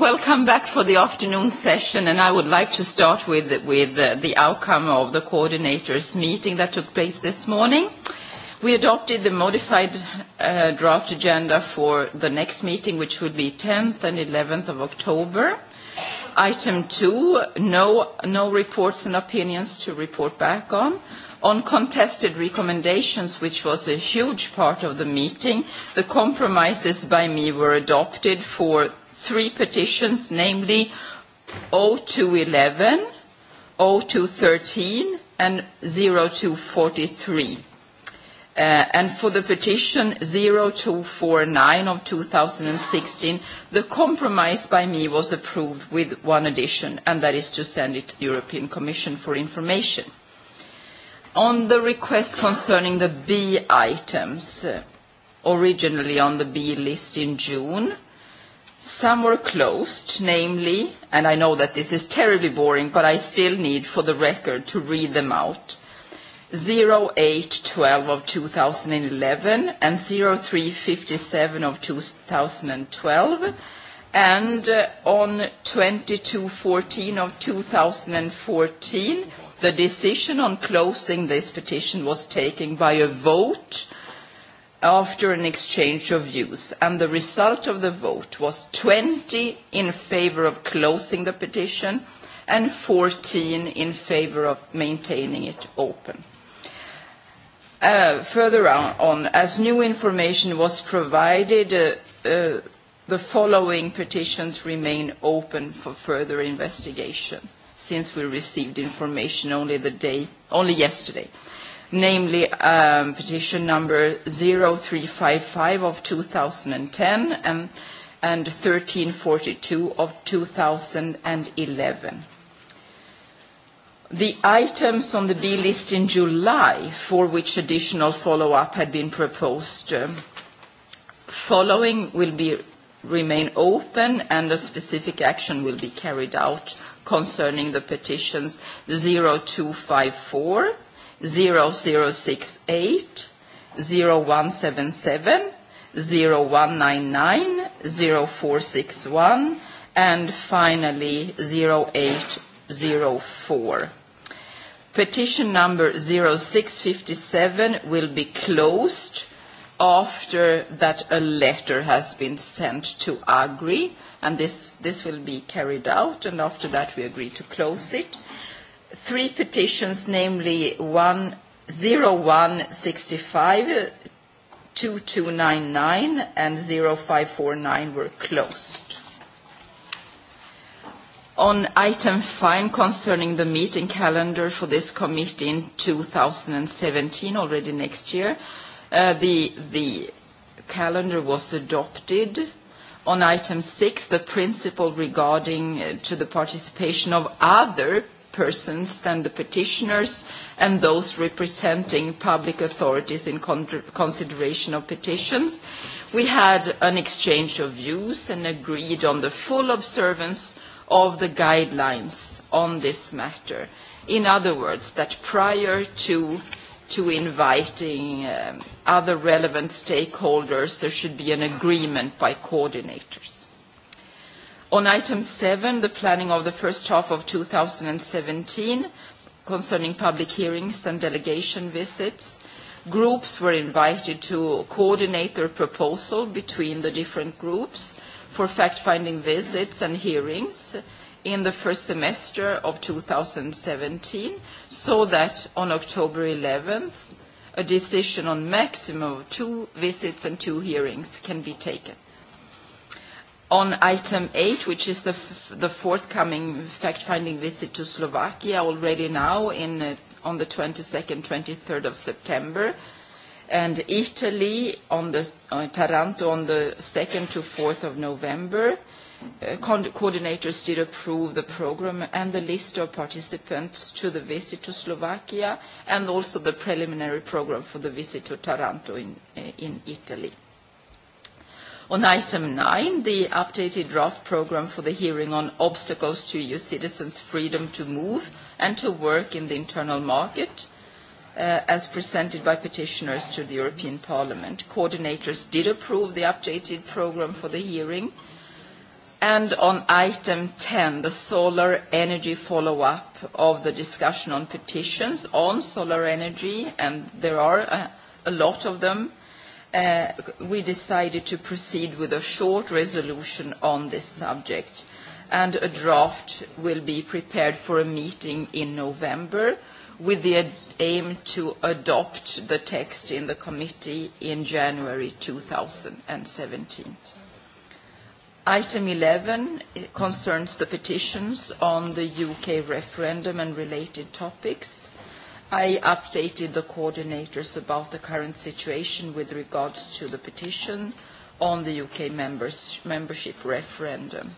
Welcome back for the afternoon session, and I would like to start with, with uh, the outcome of the coordinators' meeting that took place this morning. We adopted the modified uh, draft agenda for the next meeting, which will be 10th and 11th of October. Item two, no, no reports and opinions to report back on. On contested recommendations, which was a huge part of the meeting, the compromises by me were adopted for three petitions, namely 0211, 0213 and 0243. Uh, and for the petition 0249 of 2016, the compromise by me was approved with one addition, and that is to send it to the European Commission for information. On the request concerning the B items, uh, originally on the B list in June, Some were closed, namely, and I know that this is terribly boring, but I still need for the record to read them out. 0812 of 2011 and 0357 of 2012 and uh, on 2214 of 2014 the decision on closing this petition was taken by a vote after an exchange of views, and the result of the vote was 20 in favor of closing the petition and 14 in favor of maintaining it open. Uh, further on, on, as new information was provided, uh, uh, the following petitions remain open for further investigation, since we received information only, the day, only yesterday namely um, petition number 0355 of 2010 and, um, and 1342 of 2011. The items on the B list in July for which additional follow-up had been proposed um, following will be remain open and a specific action will be carried out concerning the petitions 0254 0068, 0177, 0199, 0461, and finally 0804. Petition number 0657 will be closed after that a letter has been sent to AGRI, and this, this will be carried out, and after that we agree to close it three petitions, namely 10165, 2299 and 0549 were closed. On item five concerning the meeting calendar for this committee in 2017, already next year, uh, the, the calendar was adopted. On item six, the principle regarding uh, to the participation of other persons than the petitioners and those representing public authorities in consideration of petitions. We had an exchange of views and agreed on the full observance of the guidelines on this matter. In other words, that prior to, to inviting um, other relevant stakeholders, there should be an agreement by coordinators. On item seven, the planning of the first half of 2017 concerning public hearings and delegation visits, groups were invited to coordinate their proposal between the different groups for fact-finding visits and hearings in the first semester of 2017 so that on October 11th a decision on maximum of two visits and two hearings can be taken on item eight, which is the, f the forthcoming fact-finding visit to Slovakia already now in, uh, on the 22nd, 23rd of September, and Italy on the, uh, Taranto on the 2nd to 4th of November. Uh, coordinators did approve the program and the list of participants to the visit to Slovakia and also the preliminary program for the visit to Taranto in, uh, in Italy. On item nine, the updated draft programme for the hearing on obstacles to EU citizens' freedom to move and to work in the internal market, uh, as presented by petitioners to the European Parliament. Coordinators did approve the updated programme for the hearing. And on item 10, the solar energy follow-up of the discussion on petitions on solar energy, and there are a, uh, a lot of them, Uh, we decided to proceed with a short resolution on this subject and a draft will be prepared for a meeting in November with the aim to adopt the text in the committee in January 2017. Item 11 concerns the petitions on the UK referendum and related topics. I updated the coordinators about the current situation with regards to the petition on the UK members, membership referendum.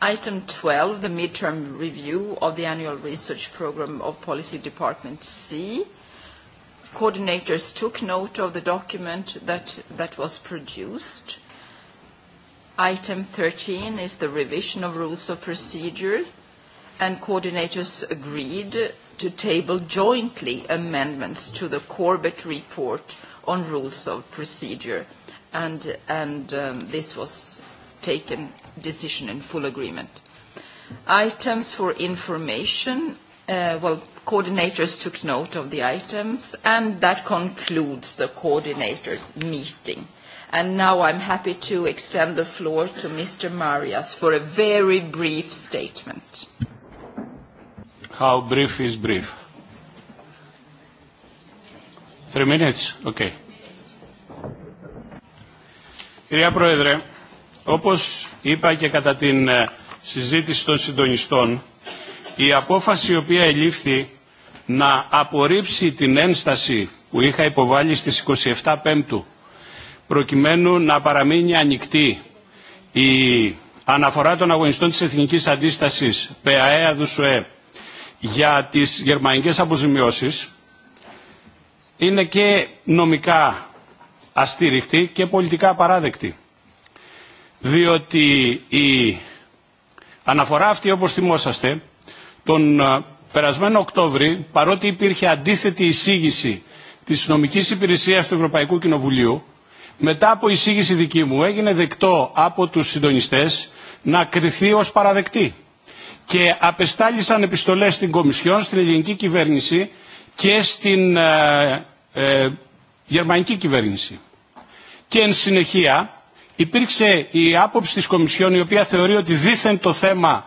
Item 12, the midterm review of the annual research programme of Policy Department C. Coordinators took note of the document that, that was produced. Item 13 is the revision of rules of procedure, and coordinators agreed to table jointly amendments to the Corbett report on rules of procedure. And, and um, this was taken decision in full agreement. Items for information, uh, well, coordinators took note of the items, and that concludes the coordinators' meeting. And now I'm happy to extend the floor to Mr. Marias for a very brief statement how brief is brief. Three minutes? Okay. Κυρία Πρόεδρε, όπως είπα και κατά την συζήτηση των συντονιστών, η απόφαση η οποία ελήφθη να απορρίψει την ένσταση που είχα υποβάλει στις 27 Πέμπτου, προκειμένου να παραμείνει ανοιχτή η αναφορά των αγωνιστών της Εθνικής Αντίστασης ΠΑΕΑ, ΔΟΣΟΕ, για τις γερμανικές αποζημιώσεις είναι και νομικά αστήριχτη και πολιτικά παράδεκτη. Διότι η αναφορά αυτή, όπως θυμόσαστε, τον περασμένο Οκτώβρη, παρότι υπήρχε αντίθετη εισήγηση της νομικής υπηρεσίας του Ευρωπαϊκού Κοινοβουλίου, μετά από εισήγηση δική μου έγινε δεκτό από τους συντονιστές να κριθεί ως παραδεκτή και απεστάλησαν επιστολές στην Κομισιόν, στην ελληνική κυβέρνηση και στην ε, ε, γερμανική κυβέρνηση. Και εν συνεχεία υπήρξε η άποψη της Κομισιόν η οποία θεωρεί ότι δήθεν το θέμα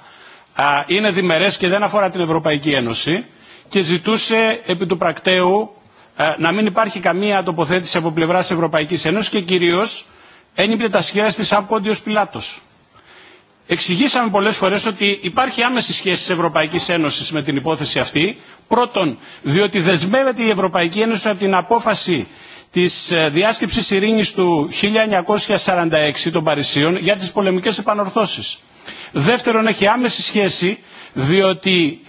α, είναι διμερές και δεν αφορά την Ευρωπαϊκή Ένωση και ζητούσε επί του πρακτέου α, να μην υπάρχει καμία τοποθέτηση από πλευράς Ευρωπαϊκής Ένωσης και κυρίως ένιπτε τα σχέδια της Απόντιος Πιλάτος. Εξηγήσαμε πολλέ φορέ ότι υπάρχει άμεση σχέση τη Ευρωπαϊκή Ένωση με την υπόθεση αυτή. Πρώτον, διότι δεσμεύεται η Ευρωπαϊκή Ένωση από την απόφαση τη διάσκεψη ειρήνη του 1946 των Παρισίων για τι πολεμικέ επανορθώσει. Δεύτερον, έχει άμεση σχέση διότι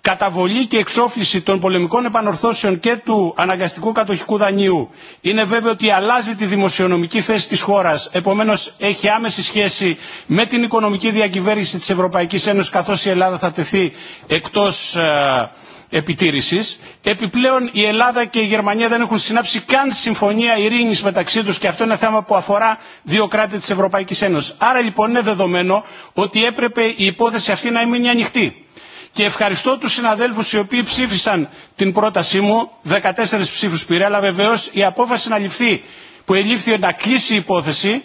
καταβολή και εξόφληση των πολεμικών επανορθώσεων και του αναγκαστικού κατοχικού δανείου είναι βέβαιο ότι αλλάζει τη δημοσιονομική θέση της χώρας, επομένως έχει άμεση σχέση με την οικονομική διακυβέρνηση της Ευρωπαϊκής Ένωσης καθώς η Ελλάδα θα τεθεί εκτός ε, επιτήρησης. Επιπλέον η Ελλάδα και η Γερμανία δεν έχουν συνάψει καν συμφωνία ειρήνης μεταξύ τους και αυτό είναι θέμα που αφορά δύο κράτη της Ευρωπαϊκής Ένωσης. Άρα λοιπόν είναι δεδομένο ότι έπρεπε η υπόθεση αυτή να μείνει ανοιχτή. Και ευχαριστώ τους συναδέλφους οι οποίοι ψήφισαν την πρότασή μου, 14 ψήφους πήρε, αλλά βεβαίως η απόφαση να ληφθεί, που ελήφθη να κλείσει η υπόθεση,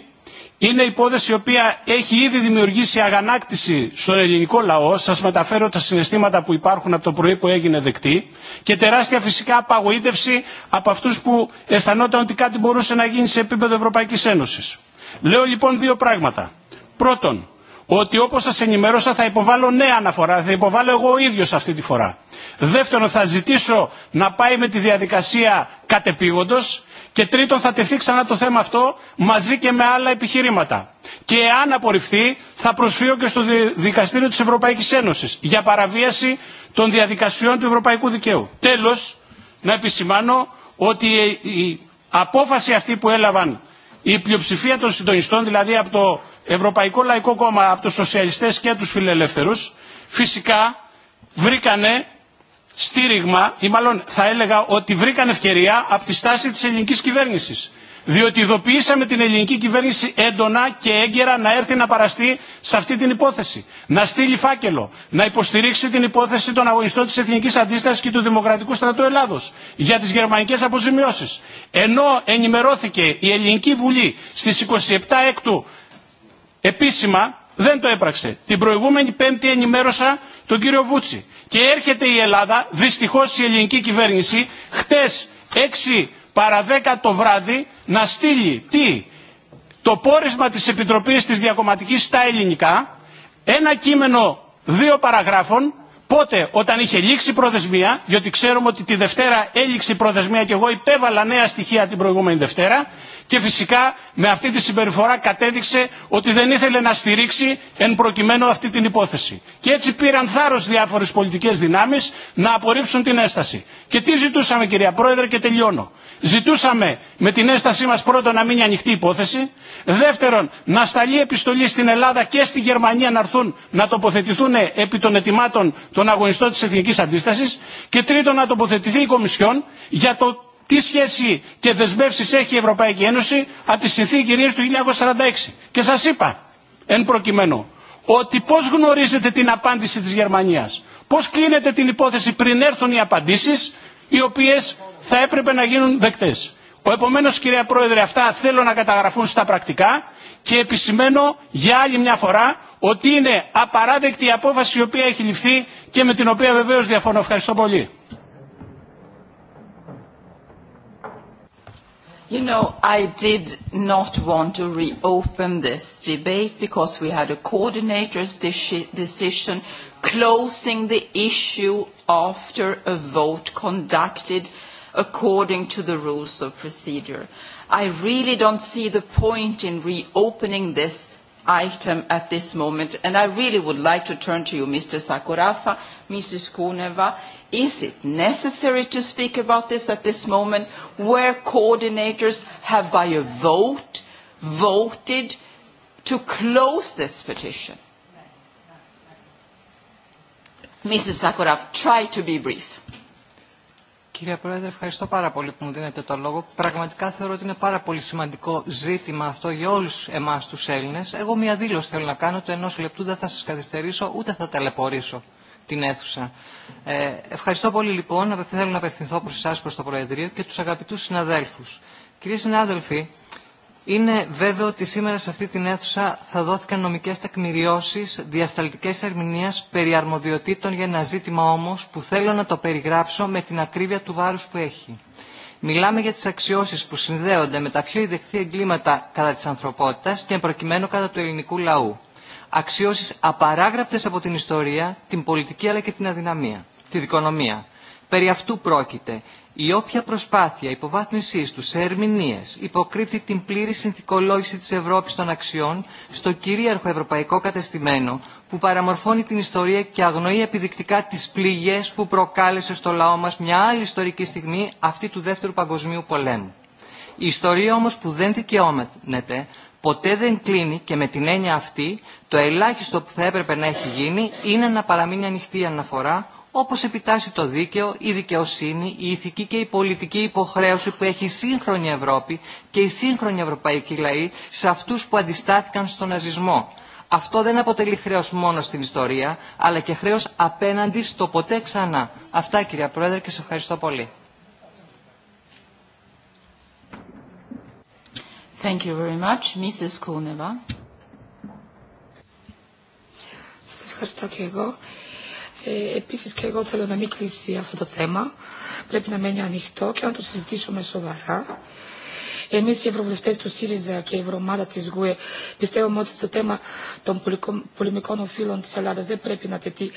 είναι υπόθεση η οποία έχει ήδη δημιουργήσει αγανάκτηση στον ελληνικό λαό. Σα μεταφέρω τα συναισθήματα που υπάρχουν από το πρωί που έγινε δεκτή και τεράστια φυσικά απαγοήτευση από αυτού που αισθανόταν ότι κάτι μπορούσε να γίνει σε επίπεδο Ευρωπαϊκή Ένωση. Λέω λοιπόν δύο πράγματα. Πρώτον, ότι όπως σας ενημέρωσα θα υποβάλω νέα αναφορά, θα υποβάλω εγώ ίδιος αυτή τη φορά. Δεύτερον, θα ζητήσω να πάει με τη διαδικασία κατεπήγοντος και τρίτον, θα τεθεί ξανά το θέμα αυτό μαζί και με άλλα επιχειρήματα. Και αν απορριφθεί, θα προσφύγω και στο Δικαστήριο της Ευρωπαϊκής Ένωσης για παραβίαση των διαδικασιών του Ευρωπαϊκού Δικαίου. Τέλος, να επισημάνω ότι η απόφαση αυτή που έλαβαν η πλειοψηφία των συντονιστών, δηλαδή από το Ευρωπαϊκό Λαϊκό Κόμμα από τους σοσιαλιστές και τους φιλελεύθερους φυσικά βρήκανε στήριγμα ή μάλλον θα έλεγα ότι βρήκαν ευκαιρία από τη στάση της ελληνικής κυβέρνησης. Διότι ειδοποιήσαμε την ελληνική κυβέρνηση έντονα και έγκαιρα να έρθει να παραστεί σε αυτή την υπόθεση. Να στείλει φάκελο, να υποστηρίξει την υπόθεση των αγωνιστών της Εθνικής Αντίστασης και του Δημοκρατικού Στρατού Ελλάδος για τις γερμανικές αποζημιώσεις. Ενώ ενημερώθηκε η Ελληνική Βουλή στις 27 έκτου Επίσημα δεν το έπραξε. Την προηγούμενη πέμπτη ενημέρωσα τον κύριο Βούτσι. Και έρχεται η Ελλάδα, δυστυχώ, η ελληνική κυβέρνηση, χτε 6 παρα 10 το βράδυ να στείλει τι, το πόρισμα τη Επιτροπή τη διακομματική στα ελληνικά, ένα κείμενο δύο παραγράφων, πότε όταν είχε λήξει η προθεσμία, διότι ξέρουμε ότι τη Δευτέρα έληξε η προθεσμία και εγώ υπέβαλα νέα στοιχεία την προηγούμενη Δευτέρα, Και φυσικά με αυτή τη συμπεριφορά κατέδειξε ότι δεν ήθελε να στηρίξει εν προκειμένου αυτή την υπόθεση. Και έτσι πήραν θάρρος διάφορες πολιτικές δυνάμεις να απορρίψουν την έσταση. Και τι ζητούσαμε κυρία Πρόεδρε και τελειώνω. Ζητούσαμε με την έστασή μας πρώτον να μείνει ανοιχτή υπόθεση, δεύτερον να σταλεί επιστολή στην Ελλάδα και στη Γερμανία να έρθουν να τοποθετηθούν επί των ετοιμάτων των αγωνιστών της Εθνικής Αντίστασης και τρίτον να τοποθετηθεί η Κομισιόν για το Τι σχέση και δεσμεύσεις έχει η Ευρωπαϊκή Ένωση από τη συνθήκη του 1946. Και σας είπα, εν προκειμένου, ότι πώς γνωρίζετε την απάντηση της Γερμανίας. Πώς κλείνετε την υπόθεση πριν έρθουν οι απαντήσεις, οι οποίες θα έπρεπε να γίνουν δεκτές. Ο επομένως, κυρία Πρόεδρε, αυτά θέλω να καταγραφούν στα πρακτικά και επισημαίνω για άλλη μια φορά ότι είναι απαράδεκτη η απόφαση η οποία έχει ληφθεί και με την οποία βεβαίως διαφωνώ. Ευχαριστώ πολύ. You know, I did not want to reopen this debate because we had a coordinator's decision closing the issue after a vote conducted according to the rules of procedure. I really don't see the point in reopening this item at this moment, and I really would like to turn to you, Mr. Sakurafa, Mrs. Kuneva, Is it necessary to speak about this at this moment where coordinators have by a vote voted to close this petition? Mrs. Sakurav, try to be brief. Κυρία Πρόεδρε, ευχαριστώ πάρα πολύ που μου δίνετε το λόγο. Πραγματικά θεωρώ ότι είναι πάρα πολύ σημαντικό ζήτημα αυτό για όλου εμά του Έλληνε. Εγώ μια δήλωση θέλω να κάνω, το ενό λεπτού δεν θα σα καθυστερήσω ούτε θα ταλαιπωρήσω την αίθουσα. Ε, ευχαριστώ πολύ λοιπόν. Θέλω να απευθυνθώ προς εσάς, προς το Προεδρείο και τους αγαπητούς συναδέλφους. Κυρίες συνάδελφοι, είναι βέβαιο ότι σήμερα σε αυτή την αίθουσα θα δόθηκαν νομικές τεκμηριώσεις διασταλτικές ερμηνείας περί αρμοδιοτήτων για ένα ζήτημα όμως που θέλω να το περιγράψω με την ακρίβεια του βάρους που έχει. Μιλάμε για τις αξιώσεις που συνδέονται με τα πιο ιδεχθή εγκλήματα κατά της ανθρωπότητας και προκειμένου κατά του ελληνικού λαού αξιώσεις απαράγραπτες από την ιστορία, την πολιτική αλλά και την αδυναμία, τη δικονομία. Περί αυτού πρόκειται. Η όποια προσπάθεια υποβάθμισή του σε ερμηνείε υποκρύπτει την πλήρη συνθηκολόγηση τη Ευρώπη των αξιών στο κυρίαρχο ευρωπαϊκό κατεστημένο που παραμορφώνει την ιστορία και αγνοεί επιδεικτικά τι πληγέ που προκάλεσε στο λαό μα μια άλλη ιστορική στιγμή, αυτή του Δεύτερου Παγκοσμίου Πολέμου. Η ιστορία όμω που δεν δικαιώνεται ποτέ δεν κλείνει και με την έννοια αυτή το ελάχιστο που θα έπρεπε να έχει γίνει είναι να παραμείνει ανοιχτή η αναφορά όπως επιτάσσει το δίκαιο, η δικαιοσύνη, η ηθική και η πολιτική υποχρέωση που έχει η σύγχρονη Ευρώπη και η σύγχρονη Ευρωπαϊκή λαή σε αυτούς που αντιστάθηκαν στον ναζισμό. Αυτό δεν αποτελεί χρέο μόνο στην ιστορία, αλλά και χρέο απέναντι στο ποτέ ξανά. Αυτά, κυρία Πρόεδρε, και σε ευχαριστώ πολύ. Thank you very much. Mrs. Kuneva. Ευχαριστώ επίσης και εγώ θέλω να μην κλείσει αυτό το θέμα. Πρέπει να μένει ανοιχτό και να το συζητήσουμε σοβαρά Εμεί οι ευρωβουλευτέ του ΣΥΡΙΖΑ και η ευρωομάδα τη ΓΟΕ πιστεύουμε ότι το θέμα των πολεμικών οφείλων τη Ελλάδα δεν πρέπει να τεθεί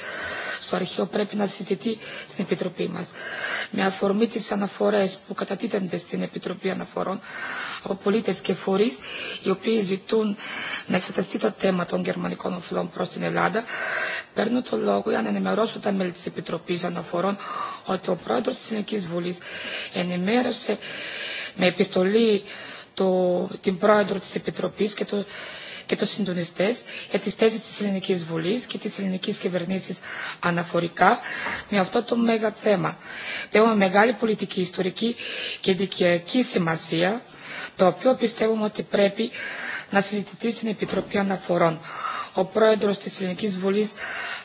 στο αρχείο, πρέπει να συζητηθεί στην Επιτροπή μα. Με αφορμή τι αναφορέ που κατατίθενται στην Επιτροπή Αναφορών από πολίτε και φορεί, οι οποίοι ζητούν να εξεταστεί το θέμα των γερμανικών οφειλών προ την Ελλάδα, παίρνουν το λόγο για να ενημερώσουν τα μέλη τη Επιτροπή Αναφορών ότι ο πρόεδρο τη Ελληνική Βουλή ενημέρωσε με επιστολή το, την πρόεδρο της Επιτροπής και, το, και τους συντονιστές για τις θέσεις της Ελληνικής Βουλής και της Ελληνικής Κυβερνήσης αναφορικά με αυτό το μέγα θέμα. Θέμα μεγάλη πολιτική, ιστορική και δικαιωτική σημασία, το οποίο πιστεύουμε ότι πρέπει να συζητηθεί στην Επιτροπή Αναφορών. Ο πρόεδρος της Ελληνικής Βουλής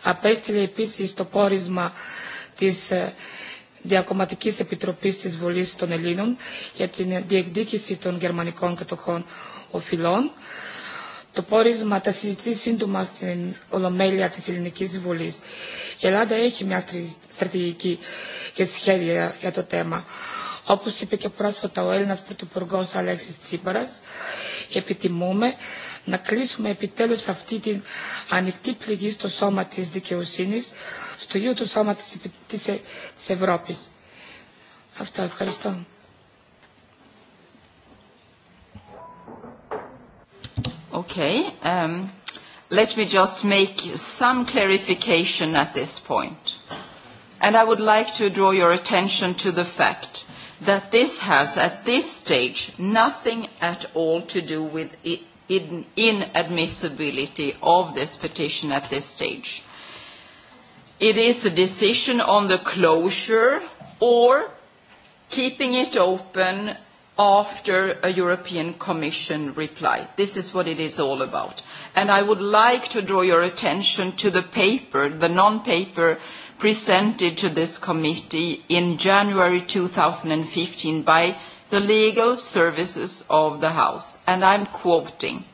απέστειλε επίσης το πόρισμα της Διακομματικής επιτροπή τη Βουλής των Ελλήνων για την διεκδίκηση των γερμανικών κατοχών οφειλών. Το πόρισμα τα συζητεί σύντομα στην Ολομέλεια της Ελληνικής Βουλής. Η Ελλάδα έχει μια στρατηγική και σχέδια για το θέμα. Όπως είπε και πρόσφατα ο Έλληνας Πρωθυπουργός Αλέξης Τσίπαρας, επιτιμούμε να κλείσουμε επιτέλους αυτή την ανοιχτή πληγή στο σώμα της δικαιοσύνης στο γιο του σώμα της, της, της Ευρώπης. Αυτό ευχαριστώ. Okay, um, let me just make some clarification at this point. And I would like to draw your attention to the fact that this has, at this stage, nothing at all to do with inadmissibility of this petition at this stage. It is a decision on the closure or keeping it open after a European Commission reply. This is what it is all about. And I would like to draw your attention to the paper, the non-paper presented to this committee in January 2015 by the legal services of the House. And I'm quoting,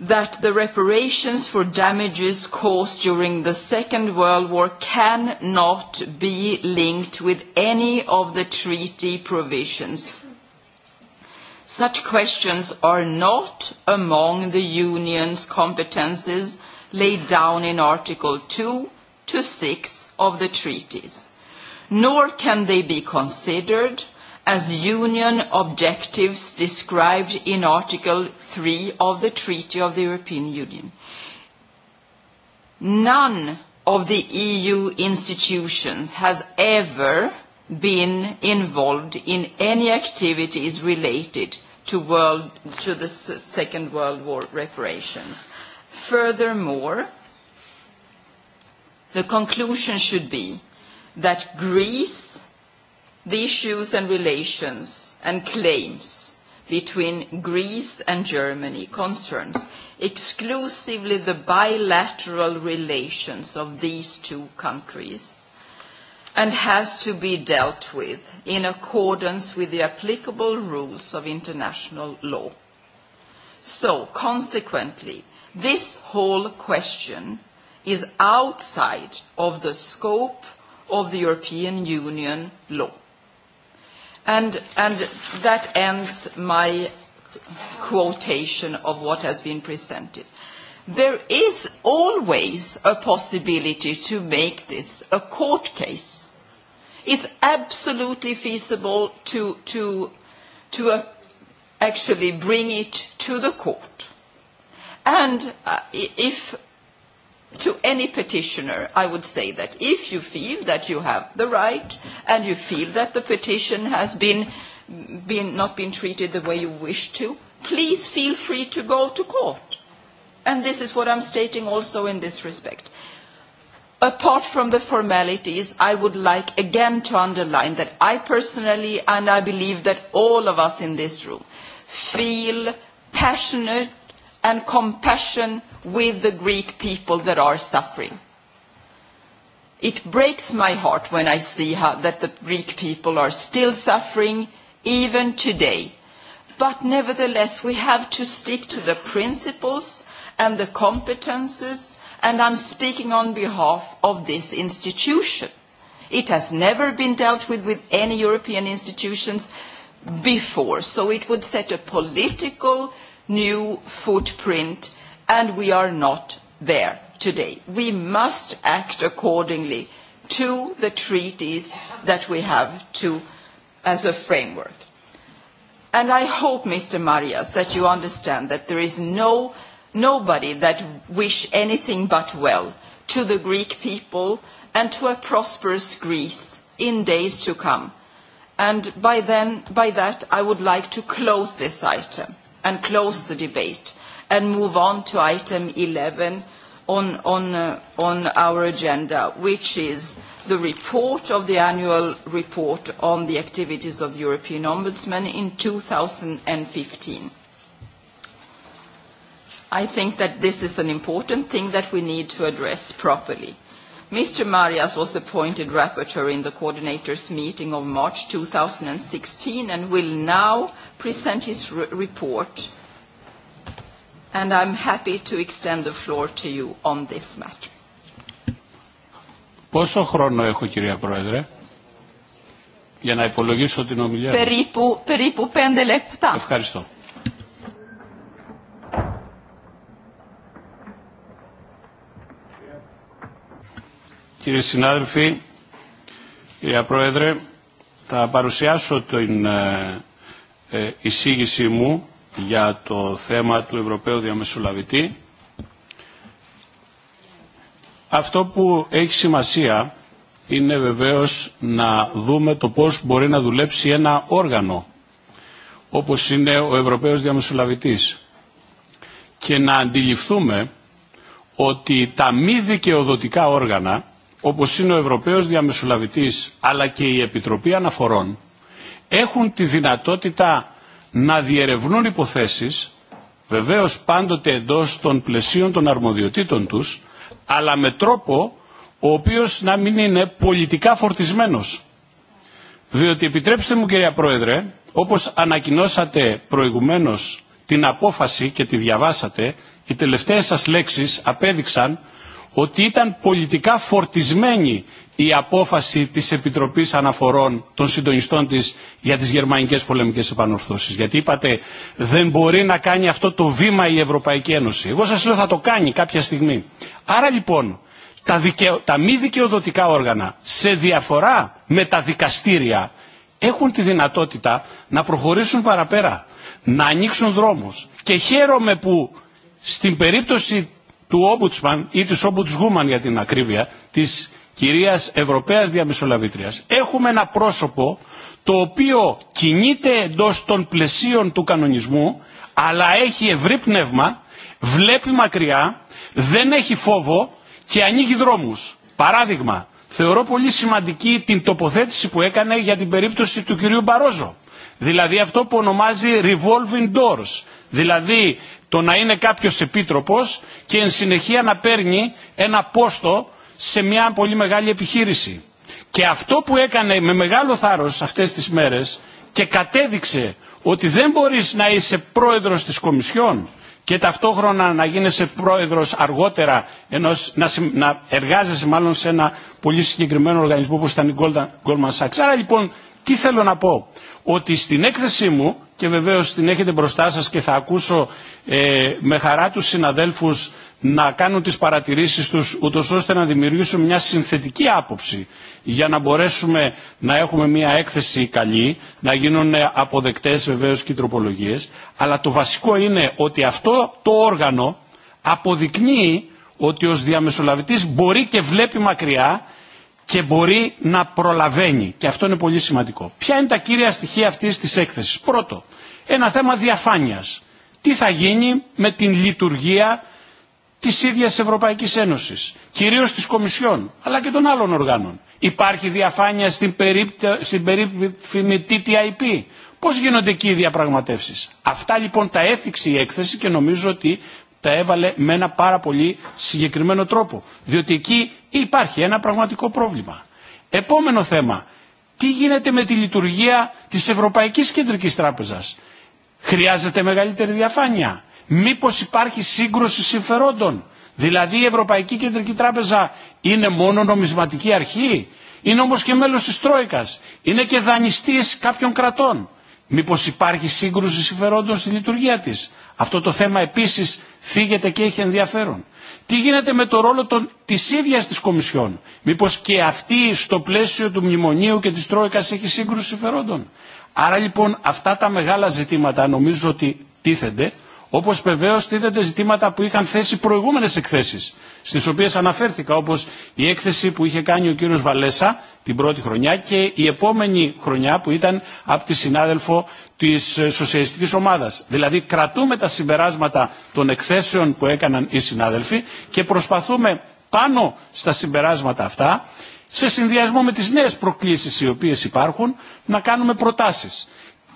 that the reparations for damages caused during the Second World War cannot be linked with any of the treaty provisions. Such questions are not among the Union's competences laid down in Article 2 to 6 of the treaties, nor can they be considered as union objectives described in Article 3 of the Treaty of the European Union. None of the EU institutions has ever been involved in any activities related to, world, to the Second World War reparations. Furthermore, the conclusion should be that Greece the issues and relations and claims between Greece and Germany concerns exclusively the bilateral relations of these two countries and has to be dealt with in accordance with the applicable rules of international law. So, consequently, this whole question is outside of the scope of the European Union law. And, and that ends my quotation of what has been presented. There is always a possibility to make this a court case. It's absolutely feasible to, to, to uh, actually bring it to the court. And uh, if to any petitioner, I would say that if you feel that you have the right and you feel that the petition has been, been not been treated the way you wish to, please feel free to go to court. And this is what I'm stating also in this respect. Apart from the formalities, I would like again to underline that I personally, and I believe that all of us in this room, feel passionate and compassion with the Greek people that are suffering. It breaks my heart when I see how, that the Greek people are still suffering even today. But nevertheless, we have to stick to the principles and the competences, and I'm speaking on behalf of this institution. It has never been dealt with with any European institutions before, so it would set a political new footprint and we are not there today. We must act accordingly to the treaties that we have to, as a framework. And I hope, Mr. Marias, that you understand that there is no, nobody that wish anything but well to the Greek people and to a prosperous Greece in days to come. And by, then, by that, I would like to close this item and close the debate and move on to item 11 on, on, uh, on our agenda, which is the report of the annual report on the activities of the European Ombudsman in 2015. I think that this is an important thing that we need to address properly. Mr. Marias was appointed rapporteur in the coordinators' meeting of March 2016 and will now present his re report and I'm happy to extend the floor to you on this matter. Πόσο χρόνο έχω, κυρία Πρόεδρε, για να υπολογίσω την ομιλία μου. Περίπου, πέντε λεπτά. Ευχαριστώ. Κύριε συνάδελφοι, κυρία Πρόεδρε, θα παρουσιάσω την εισήγησή μου για το θέμα του Ευρωπαίου Διαμεσολαβητή. Αυτό που έχει σημασία είναι βεβαίως να δούμε το πώς μπορεί να δουλέψει ένα όργανο όπως είναι ο Ευρωπαίος Διαμεσολαβητής και να αντιληφθούμε ότι τα μη δικαιοδοτικά όργανα όπως είναι ο Ευρωπαίος Διαμεσολαβητής αλλά και η Επιτροπή Αναφορών έχουν τη δυνατότητα να διερευνούν υποθέσεις, βεβαίως πάντοτε εντό των πλαισίων των αρμοδιοτήτων τους, αλλά με τρόπο ο οποίος να μην είναι πολιτικά φορτισμένος. Διότι επιτρέψτε μου κυρία Πρόεδρε, όπως ανακοινώσατε προηγουμένως την απόφαση και τη διαβάσατε, οι τελευταίες σας λέξεις απέδειξαν ότι ήταν πολιτικά φορτισμένη η απόφαση της Επιτροπής Αναφορών των συντονιστών της για τις γερμανικές πολεμικές επανορθώσεις. Γιατί είπατε δεν μπορεί να κάνει αυτό το βήμα η Ευρωπαϊκή Ένωση. Εγώ σας λέω θα το κάνει κάποια στιγμή. Άρα λοιπόν τα, δικαιο... τα μη δικαιοδοτικά όργανα σε διαφορά με τα δικαστήρια έχουν τη δυνατότητα να προχωρήσουν παραπέρα, να ανοίξουν δρόμους. Και χαίρομαι που στην περίπτωση του Ombudsman ή της Ombudswoman για την ακρίβεια, της κυρίας Ευρωπαίας Διαμεσολαβήτριας. Έχουμε ένα πρόσωπο το οποίο κινείται εντό των πλαισίων του κανονισμού, αλλά έχει ευρύ πνεύμα, βλέπει μακριά, δεν έχει φόβο και ανοίγει δρόμους. Παράδειγμα, θεωρώ πολύ σημαντική την τοποθέτηση που έκανε για την περίπτωση του κυρίου Μπαρόζο. Δηλαδή αυτό που ονομάζει revolving doors, δηλαδή το να είναι κάποιος επίτροπος και εν συνεχεία να παίρνει ένα πόστο σε μια πολύ μεγάλη επιχείρηση. Και αυτό που έκανε με μεγάλο θάρρος αυτές τις μέρες και κατέδειξε ότι δεν μπορείς να είσαι πρόεδρος της Κομισιόν και ταυτόχρονα να γίνεσαι πρόεδρος αργότερα ενός, να, να εργάζεσαι μάλλον σε ένα πολύ συγκεκριμένο οργανισμό όπως ήταν η Goldman Sachs. Άρα λοιπόν τι θέλω να πω ότι στην έκθεσή μου, και βεβαίως την έχετε μπροστά σας και θα ακούσω ε, με χαρά τους συναδέλφους να κάνουν τις παρατηρήσεις τους, ούτως ώστε να δημιουργήσουν μια συνθετική άποψη για να μπορέσουμε να έχουμε μια έκθεση καλή, να γίνουν αποδεκτές βεβαίως και οι τροπολογίες, αλλά το βασικό είναι ότι αυτό το όργανο αποδεικνύει ότι ως διαμεσολαβητής μπορεί και βλέπει μακριά και μπορεί να προλαβαίνει. Και αυτό είναι πολύ σημαντικό. Ποια είναι τα κύρια στοιχεία αυτή τη έκθεση. Πρώτο, ένα θέμα διαφάνεια. Τι θα γίνει με την λειτουργία ίδια τη Ευρωπαϊκή Ένωση, κυρίω τη Κομισιόν, αλλά και των άλλων οργάνων. Υπάρχει διαφάνεια στην, περίπτω, στην περίπτωση TTIP. Πώ γίνονται εκεί οι διαπραγματεύσει, Αυτά λοιπόν τα έθιξε η έκθεση και νομίζω ότι τα έβαλε με ένα πάρα πολύ συγκεκριμένο τρόπο. Διότι εκεί Υπάρχει ένα πραγματικό πρόβλημα. Επόμενο θέμα. Τι γίνεται με τη λειτουργία της Ευρωπαϊκής Κεντρικής Τράπεζας. Χρειάζεται μεγαλύτερη διαφάνεια. Μήπως υπάρχει σύγκρουση συμφερόντων. Δηλαδή η Ευρωπαϊκή Κεντρική Τράπεζα είναι μόνο νομισματική αρχή. Είναι όμως και μέλος της Τρόικας. Είναι και δανειστής κάποιων κρατών. Μήπως υπάρχει σύγκρουση συμφερόντων στη λειτουργία της. Αυτό το θέμα επίσης θίγεται και έχει ενδιαφέρον. Τι γίνεται με το ρόλο των, της ίδιας της Κομισιόν. Μήπως και αυτή στο πλαίσιο του μνημονίου και της Τρόικας έχει σύγκρουση φερόντων. Άρα λοιπόν αυτά τα μεγάλα ζητήματα νομίζω ότι τίθενται Όπω βεβαίω τίθενται ζητήματα που είχαν θέσει προηγούμενε εκθέσει, στι οποίε αναφέρθηκα, όπω η έκθεση που είχε κάνει ο κύριο Βαλέσα την πρώτη χρονιά και η επόμενη χρονιά που ήταν από τη συνάδελφο τη σοσιαλιστική ομάδα. Δηλαδή, κρατούμε τα συμπεράσματα των εκθέσεων που έκαναν οι συνάδελφοι και προσπαθούμε πάνω στα συμπεράσματα αυτά, σε συνδυασμό με τι νέε προκλήσει οι οποίε υπάρχουν, να κάνουμε προτάσει.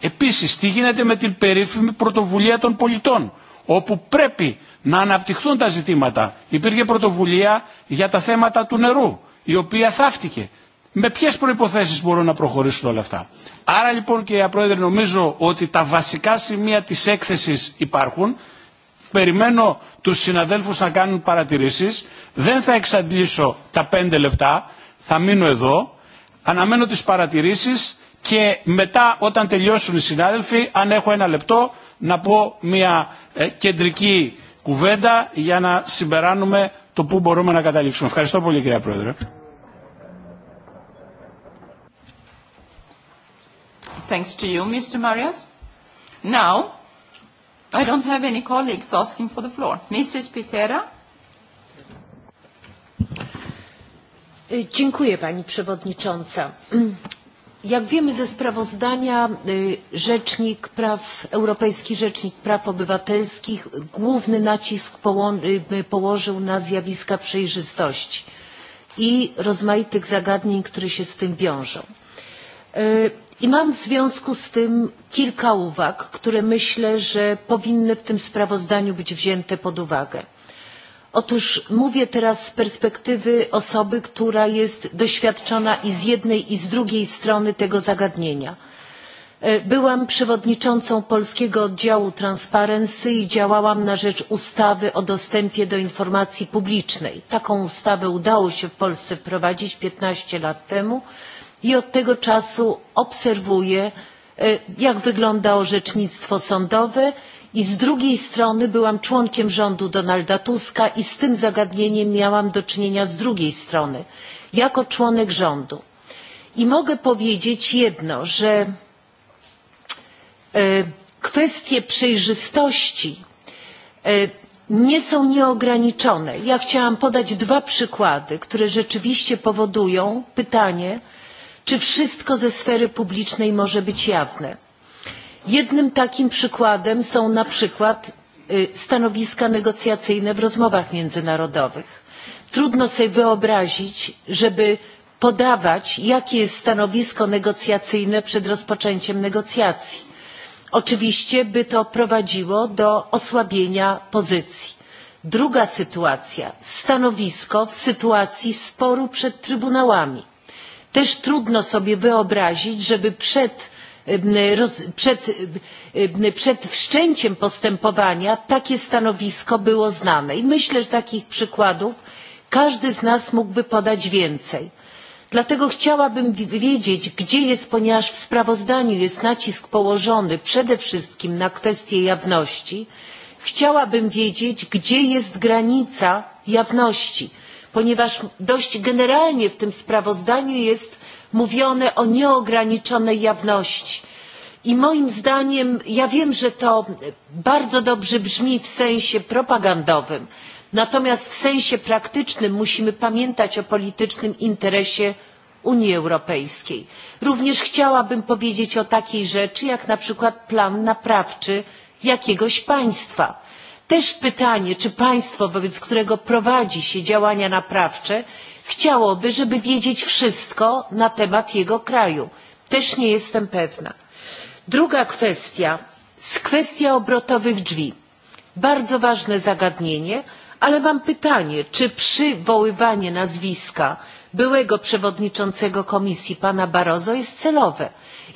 Επίσης, τι γίνεται με την περίφημη πρωτοβουλία των πολιτών, όπου πρέπει να αναπτυχθούν τα ζητήματα. Υπήρχε πρωτοβουλία για τα θέματα του νερού, η οποία θαύτηκε. Με ποιες προϋποθέσεις μπορούν να προχωρήσουν όλα αυτά. Άρα λοιπόν κυρία Πρόεδρε νομίζω ότι τα βασικά σημεία της έκθεσης υπάρχουν. Περιμένω τους συναδέλφους να κάνουν παρατηρήσεις. Δεν θα εξαντλήσω τα πέντε λεπτά. Θα μείνω εδώ. Αναμένω τις παρατηρήσεις και μετά όταν τελειώσουν οι συνάδελφοι, αν έχω ένα λεπτό, να πω μια ε, κεντρική κουβέντα για να συμπεράνουμε το πού μπορούμε να καταλήξουμε. Ευχαριστώ πολύ κύριε Πρόεδρε. Thanks to you, Mr. Marias. Now, I don't have any colleagues asking for the floor. Mrs. Pitera. Dziękuję Pani Przewodnicząca. Jak wiemy ze sprawozdania, Rzecznik Praw, Europejski Rzecznik Praw Obywatelskich główny nacisk położył na zjawiska przejrzystości i rozmaitych zagadnień, które się z tym wiążą. I mam w związku z tym kilka uwag, które myślę, że powinny w tym sprawozdaniu być wzięte pod uwagę. Otóż mówię teraz z perspektywy osoby, która jest doświadczona i z jednej i z drugiej strony tego zagadnienia. E, byłam przewodniczącą polskiego oddziału Transparency i działałam na rzecz ustawy o dostępie do informacji publicznej. Taką ustawę udało się w Polsce wprowadzić 15 lat temu i od tego czasu obserwuję, e, jak wygląda orzecznictwo sądowe I z drugiej strony byłam członkiem rządu Donalda Tuska i z tym zagadnieniem miałam do czynienia z drugiej strony, jako członek rządu. I mogę powiedzieć jedno, że e, kwestie przejrzystości e, nie są nieograniczone. Ja chciałam podać dwa przykłady, które rzeczywiście powodują pytanie, czy wszystko ze sfery publicznej może być jawne. Jednym takim przykładem są na przykład stanowiska negocjacyjne w rozmowach międzynarodowych. Trudno sobie wyobrazić, żeby podawać, jakie jest stanowisko negocjacyjne przed rozpoczęciem negocjacji. Oczywiście by to prowadziło do osłabienia pozycji. Druga sytuacja, stanowisko w sytuacji sporu przed trybunałami. Też trudno sobie wyobrazić, żeby przed przed, przed wszczęciem postępowania takie stanowisko było znane. I myślę, że takich przykładów każdy z nas mógłby podać więcej. Dlatego chciałabym wiedzieć, gdzie jest, ponieważ w sprawozdaniu jest nacisk położony przede wszystkim na kwestię jawności, chciałabym wiedzieć, gdzie jest granica jawności, ponieważ dość generalnie w tym sprawozdaniu jest mówione o nieograniczonej jawności. I moim zdaniem, ja wiem, że to bardzo dobrze brzmi w sensie propagandowym, natomiast w sensie praktycznym musimy pamiętać o politycznym interesie Unii Europejskiej. Również chciałabym powiedzieć o takiej rzeczy, jak na przykład plan naprawczy jakiegoś państwa. Też pytanie, czy państwo, wobec którego prowadzi się działania naprawcze, chciałoby, żeby wiedzieć wszystko na temat jego kraju. Też nie jestem pewna. Druga kwestia, kwestia obrotowych drzwi. Bardzo ważne zagadnienie, ale mam pytanie, czy przywoływanie nazwiska byłego przewodniczącego komisji pana Barroso jest celowe?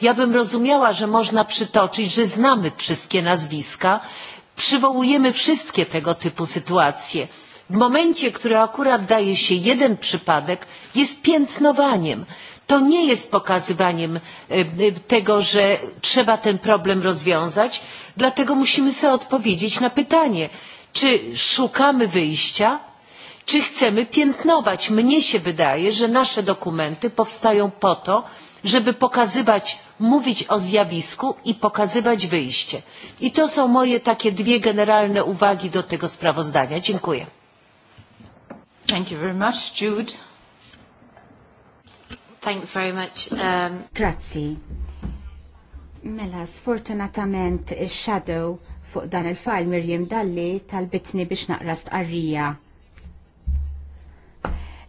Ja bym rozumiała, że można przytoczyć, że znamy wszystkie nazwiska, przywołujemy wszystkie tego typu sytuacje w momencie, który akurat daje się jeden przypadek, jest piętnowaniem. To nie jest pokazywaniem e, e, tego, że trzeba ten problem rozwiązać, dlatego musimy sobie odpowiedzieć na pytanie, czy szukamy wyjścia, czy chcemy piętnować. Mnie się wydaje, że nasze dokumenty powstają po to, żeby pokazywać, mówić o zjawisku i pokazywać wyjście. I to są moje takie dwie generalne uwagi do tego sprawozdania. Dziękuję. Thank you very much, Jude. Thanks very much. Um... Grazzi. Mela, sfortunatament il-shadow fuq dan il-fajl Mirjam Dalli talbitni biex naqra stqarrija.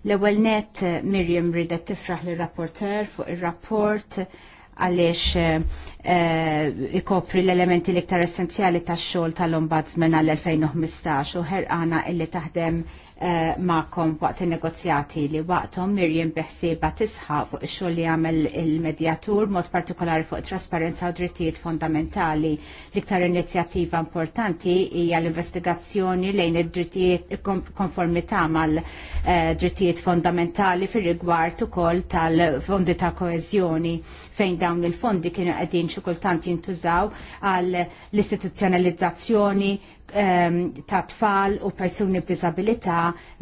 L-ewwel net Mirjam ridet tifraħ lir rapporter fuq ir-rapport għaliex uh, ikopri l-elementi l-iktar essenzjali tax-xogħol tal-Ombudsman għal 2015 u ħerqana illi taħdem Eh, ma'kom waqt il-negozjati li waqtom Mirjam biħsieba tisħa fuq ix-xogħol li għamel il-medjatur mod partikolari fuq trasparenza u drittijiet fondamentali. L-iktar inizjattiva importanti hija l-investigazzjoni lejn id-drittijiet konformità mal-drittijiet eh, fondamentali fir-rigward ukoll tal-fondi ta' koeżjoni fejn dawn il-fondi kienu qegħdin xi kultant jintużaw għal l-istituzzjonalizzazzjoni ta' tfal u persuni b'disabilità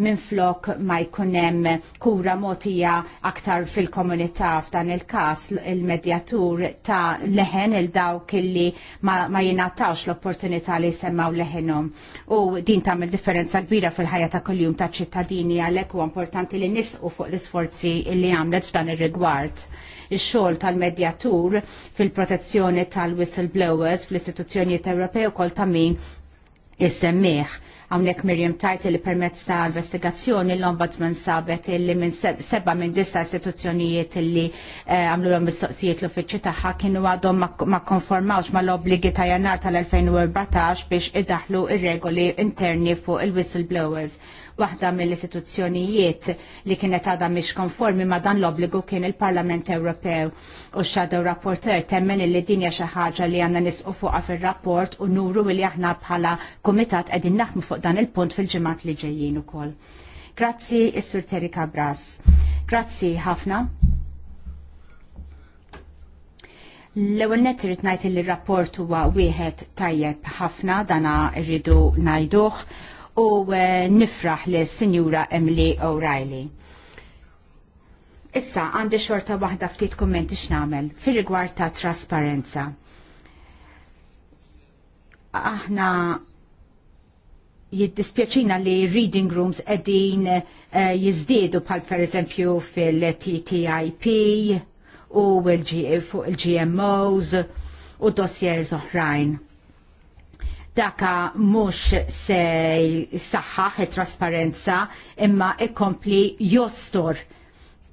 minflok ma jkun hemm kura mogħtija aktar fil-komunità f'dan il każ il-medjatur ta' leħen il dawk illi ma, ma jingħatawx l-opportunità li semmaw leħenom. U din tagħmel differenza kbira fil-ħajja ta' kuljum ta' ċittadini għalhekk huwa importanti li nisqu fuq l-isforzi li għamlet f'dan ir-rigward il-xol tal-medjatur fil-protezzjoni tal-whistleblowers fl-istituzzjonijiet Ewropew kol ta' min is semmieħ Għawnek Mirjam tajt li permezz ta' investigazzjoni l-Ombudsman sabet li minn seba minn disa istituzzjonijiet li eh, għamlu l mistoqsijiet l-uffiċċju tagħha kienu għadhom ma konformawx ma l-obbligi ta' jannar tal-2014 biex idaħlu ir-regoli interni fuq il-whistleblowers Waħda mill-istituzzjonijiet li kienet għadha mhix konformi ma dan l-obbligu kien il-Parlament Ewropew u x-Shadow Rapporteur temmen li dinja xi ħaġa li għandna nisqu fuqha fir-rapport u nuru li aħna bħala kumitat qegħdin naħdmu fuq dan il-punt fil-ġimgħat li ġejjin ukoll. Grazzi is-Sur Terika Bras. Grazzi ħafna. L-ewwel nett irid ngħid li r-rapport huwa wieħed tajjeb ħafna dana rridu ngħiduh u eh, nifraħ li Sinjura Emily O'Reilly. Issa għandi xorta waħda ftit kummenti x'namel fir-rigward ta' trasparenza. Aħna jiddispjaċina li reading rooms edin eh, jizdiedu pal per eżempju fil-TTIP u fuq il-GMOs u dossiers oħrajn daka mhux se saħħaħ it-trasparenza imma ikkompli jostor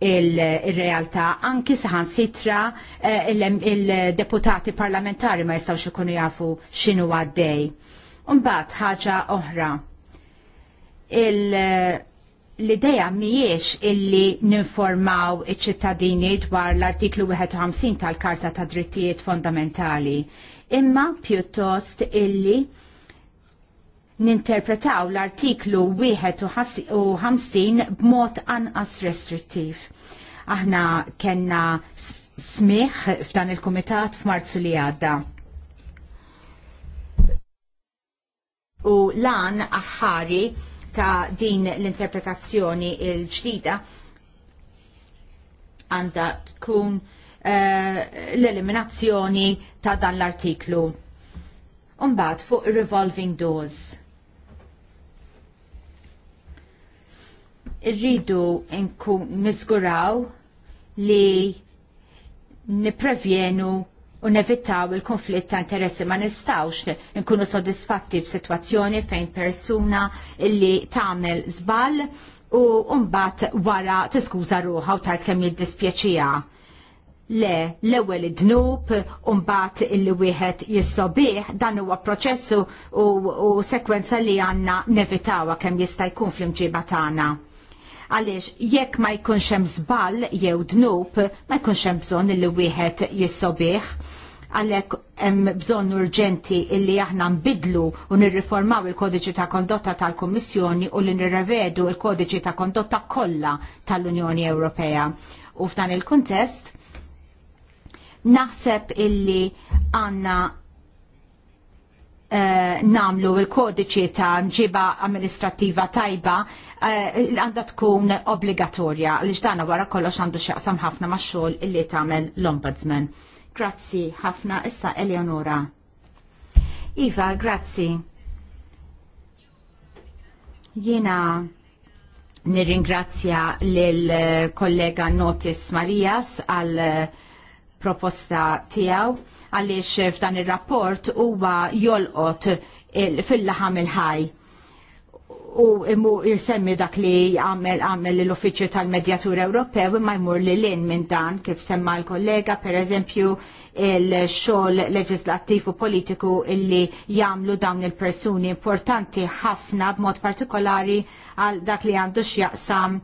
il-realtà anki saħan sitra eh, il-deputati parlamentari ma jistaw ikunu jafu x'inhu għaddej. Umbat ħaġa oħra. l-ideja mhijiex illi ninformaw iċ-ċittadini dwar l-artiklu 51 tal-Karta ta' Drittijiet Fondamentali imma pjuttost illi ninterpretaw l-artiklu 51 b'mod anqas restrittiv. Aħna kena smiħ f'dan il-komitat f'Marzu li għadda. U lan aħħari ta' din l-interpretazzjoni il-ġdida għanda tkun Eh, l-eliminazzjoni ta' dan l-artiklu. Umbad fuq revolving doors. Irridu inku nizguraw li niprevjenu u nevitaw il-konflitt ta' interessi ma nistawx nkunu sodisfatti b'sitwazzjoni fejn persuna illi tagħmel żball u mbagħad wara tiskuża ruħa u tajt kemm jiddispjaċija. Le, l-ewwel id-dnub u mbagħad illi wieħed jissobih dan huwa proċessu u sekwenza li għandna nevitawa kemm jista' jkun fl-imġiba tagħna. Għaliex jekk ma jkunx hemm żball jew dnub ma jkunx hemm bżonn illi wieħed jissobih għalek hemm bżonn urġenti illi aħna nbidlu u nirriformaw il-kodiċi ta' kondotta tal kummissjoni u li nirrevedu il-kodiċi ta' kondotta kollha tal-Unjoni Ewropea. U f'dan il-kuntest naħseb illi għanna Uh, namlu il-kodiċi ta' nġiba amministrativa tajba eh, għandha tkun obbligatorja li ġdana wara kollox għandu xaqsam ħafna ma' xogħol illi tagħmel l-Ombudsman. Grazzi ħafna issa Eleonora. Iva, grazzi. Jiena nirringrazzja lil kollega Notis Marias għal uh, proposta tiegħu għaliex f'dan ir-rapport huwa jolqot fil-laħam il-ħaj u imu jisemmi dak li għamel għamel l-Uffiċċju tal-Medjatur Ewropew imma jmur li l-in minn dan kif semma l-kollega per eżempju il-xogħol leġislattiv u politiku illi jagħmlu dawn il-persuni importanti ħafna b'mod partikolari għal dak li għandu x'jaqsam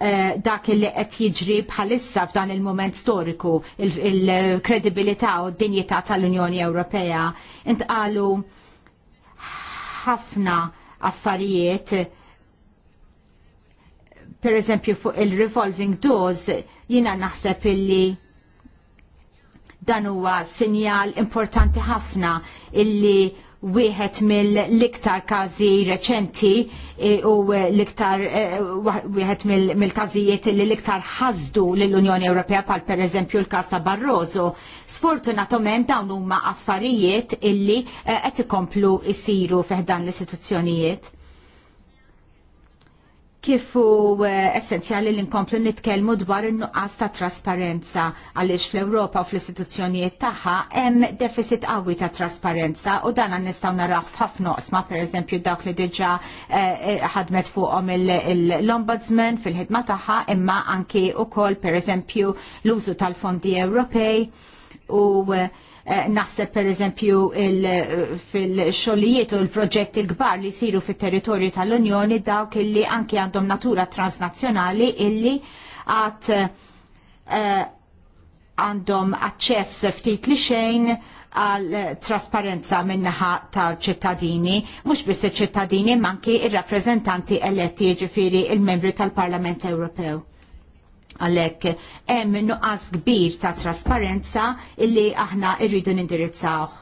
Eh, dak li qed jiġri bħalissa f'dan il-moment storiku il-kredibilità u d-dinjità tal-Unjoni Ewropea intqalu ħafna affarijiet per eżempju fuq il-revolving doors jina naħseb illi dan huwa sinjal importanti ħafna illi wieħed mill-iktar każi reċenti e, u l-iktar e, wieħed mill-każijiet li l-iktar ħasdu lill-Unjoni Ewropea pal pereżempju l-każ ta' Barroso. Sfortunatament dawn huma affarijiet illi e, qed ikomplu jsiru fih l-istituzzjonijiet kif hu eh, essenzjali li nkomplu nitkellmu dwar in-nuqqas ta' trasparenza għaliex fl-Ewropa u fl-istituzzjonijiet tagħha hemm deficit qawwi ta' trasparenza u dan nistgħu naraw f'ħafna per pereżempju dawk li diġà eh, eh, ħadmet fuqhom l-Ombudsman fil-ħidma tagħha imma anki wkoll pereżempju l-użu tal-fondi Ewropej u Eh, naħseb per eżempju fil-xolijiet u l-proġetti kbar li siru fit-territorju tal-Unjoni dawk illi anki għandhom natura transnazzjonali illi għat eh, għandhom aċċess ftit li xejn għal trasparenza minnaħa tal-ċittadini, mux biss ċittadini manki il-rappresentanti eletti ġifiri il-membri tal-Parlament Ewropew. Għalhekk hemm nuqqas kbir ta' trasparenza illi aħna rridu nindirizzawh.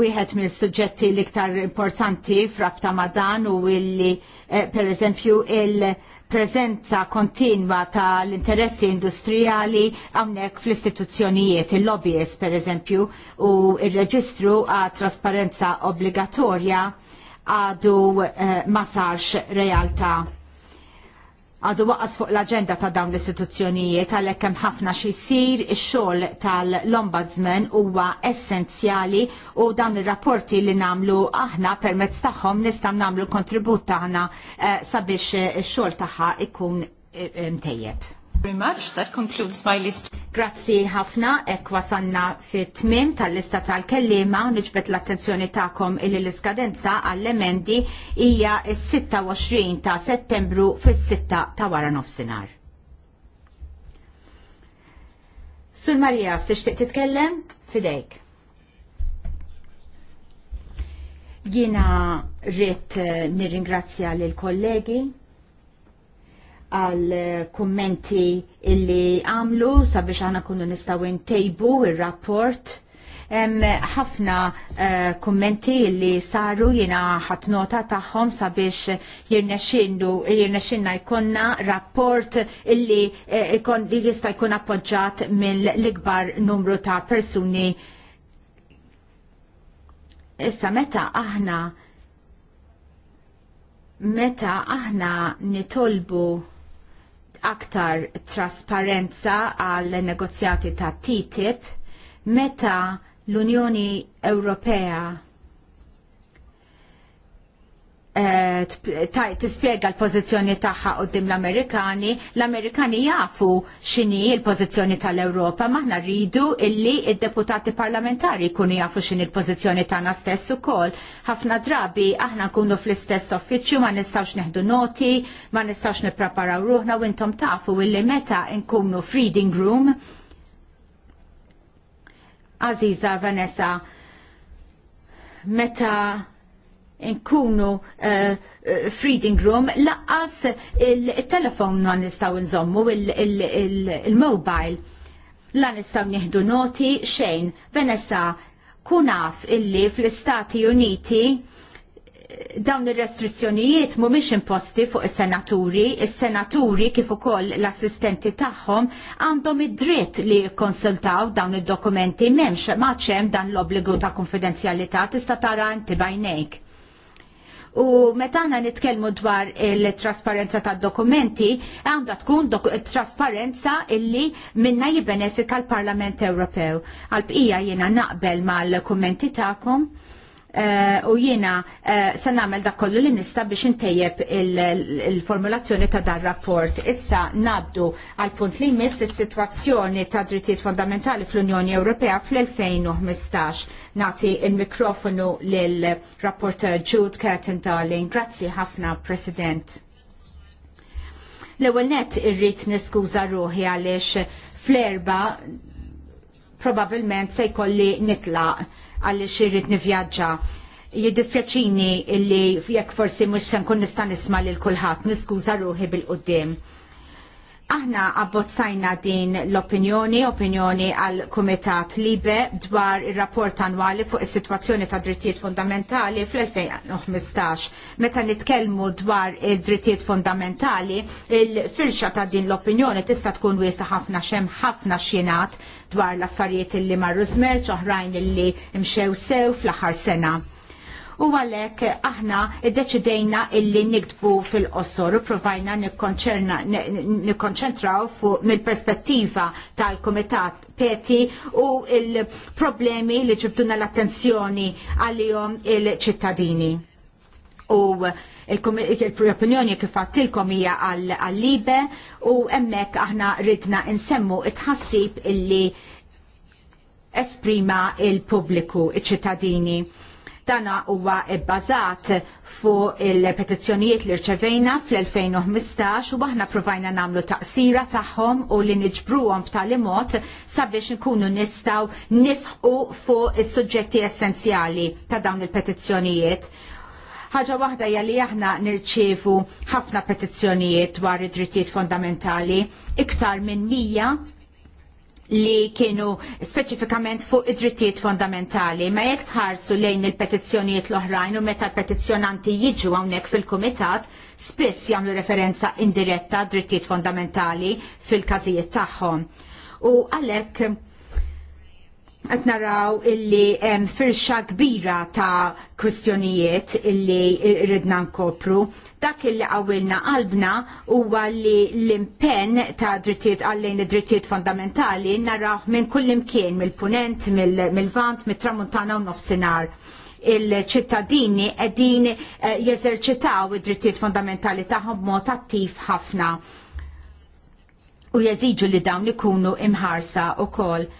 Wieħed mill-suġġetti l-iktar importanti frabta ma' dan u illi eh, per pereżempju il- prezenza kontinwa ta' l-interessi industrijali għamnek fl-istituzzjonijiet, il-lobbyist per eżempju, u il-reġistru għat trasparenza obbligatorja għadu eh, ma sarx realtà għadu waqqas fuq l-agenda ta' dawn l-istituzzjonijiet għalhekk hemm ħafna xi jsir ix-xogħol tal-Ombudsman huwa essenzjali u dawn ir-rapporti li nagħmlu aħna permezz tagħhom nistgħu nagħmlu l-kontribut tagħna eh, sabiex ix-xogħol tagħha ikun eh, eh, mtejjeb. Very much. That concludes my list. Grazzi ħafna, ek wasanna fit tmim tal-lista tal-kellima u nġbet l-attenzjoni ta'kom illi l-iskadenza għall-emendi hija s-26 ta' settembru fis-6 ta' wara nofsinhar. Sur Marija, tixtieq titkellem? Fidejk. Jiena rrit nirringrazzja l kollegi għal eh, kommenti illi għamlu sabiex għana kunu nistaw intejbu il-rapport. ħafna eh, kummenti kommenti illi saru jina ħat nota taħħom sabiex jirnexinna jkonna rapport illi eh, jista jkun appoġġat mill-ikbar numru ta' persuni. Issa meta aħna meta aħna nitolbu aktar trasparenza għal negozjati ta' TTIP meta l-Unjoni Ewropea Eh, tispjega l-pożizzjoni tagħha qudiem l-Amerikani, l-Amerikani jafu x'inhi l-pożizzjoni tal-Ewropa, maħna rridu illi id-deputati parlamentari jkunu jafu xini l-pożizzjoni tagħna stess ukoll. Ħafna drabi aħna nkunu fl-istess uffiċċju ma nistgħux neħdu noti, ma nistawx nippreparaw ruħna u intom tafu illi meta nkunu f'reading room. Aziza Vanessa, meta nkunu eh, eh, freeding room laqqas il-telefon għan nistaw nżommu il-mobile la nistaw nieħdu noti xejn Venessa kunaf illi fl-Istati Uniti eh, dawn ir-restrizzjonijiet mhumiex imposti fuq is-senaturi, is-senaturi kif ukoll l-assistenti tagħhom għandhom id-dritt li jikkonsultaw dawn id-dokumenti m'hemmx ma dan l-obbligu ta' konfidenzjalità tista' tara inti bajnejk. U meta aħna nitkellmu dwar il-trasparenza tad dokumenti, għandha tkun trasparenza illi minna jibbenefika l-Parlament Ewropew. Għalbqija jiena naqbel mal-kummenti tagħkom Eh, u jiena eh, se nagħmel dak kollu li nista' biex intejjeb il-formulazzjoni ta' dar rapport. Issa naddu għal punt li jmiss is-sitwazzjoni ta' drittijiet fondamentali fl-Unjoni Ewropea fl-2015. Nati il-mikrofonu lil rapporter Jude Curtin Darling. Grazzi ħafna, President. L-ewwel nett irrid niskuża ruħi għaliex fl-erba' probabilment se jkolli nitlaq għalli xirrit nivvjaġġa jiddispjaċini illi jekk forsi mhux se nkun nista' nisma' lil kulħadd niskuża ruħi bil-qudiem. Aħna abbozzajna din l-opinjoni, opinjoni għal Kumitat Libe dwar ir-rapport annwali fuq is-sitwazzjoni ta' drittijiet fundamentali fl-2015. Meta nitkellmu dwar id-drittijiet fundamentali, il-firxa ta' din l-opinjoni tista' tkun wiesa ħafna xem ħafna xinat dwar l-affarijiet illi marru smerċ oħrajn illi mxew sew fl-aħħar sena u għalhekk aħna id-deċidejna illi nikdbu fil-qosor u provajna nikkonċentraw fuq mill-perspettiva tal-Kumitat Peti u il-problemi li ġibduna l-attenzjoni għalihom il-ċittadini. U il-opinjoni kif għattilkom hija għall-libe u emmek aħna ridna insemmu it-ħassib illi esprima il-pubbliku, iċ-ċittadini. il pubbliku ċittadini Dana huwa bbażat fuq il-petizzjonijiet li rċevejna fl-2015 u aħna provajna namlu taqsira tagħhom u li niġbruhom b'tali mod sabiex nkunu nistgħu nisħu fuq is-suġġetti essenzjali ta' dawn il-petizzjonijiet. Ħaġa waħda hija li aħna nirċievu ħafna petizzjonijiet dwar id-drittijiet fondamentali, iktar minn mija li kienu speċifikament fuq id-drittijiet fondamentali. Ma jekk tħarsu lejn il-petizzjonijiet l-oħrajn u meta l-petizzjonanti jiġu hawnhekk fil-kumitat, spiss jagħmlu referenza indiretta drittijiet fondamentali fil-każijiet tagħhom. U għalhekk qed naraw illi hemm firxa kbira ta' kwistjonijiet illi rridna nkopru. Dak illi għawilna qalbna huwa li l-impenn ta' drittijiet għallejn id-drittijiet fondamentali naraw minn kull imkien mill-punent, mill-vant, mit-tramuntana u nofsinhar il-ċittadini qegħdin eh, jeżerċitaw id-drittijiet fondamentali tagħhom mod attiv ħafna u jeżiġu li dawn ikunu imħarsa wkoll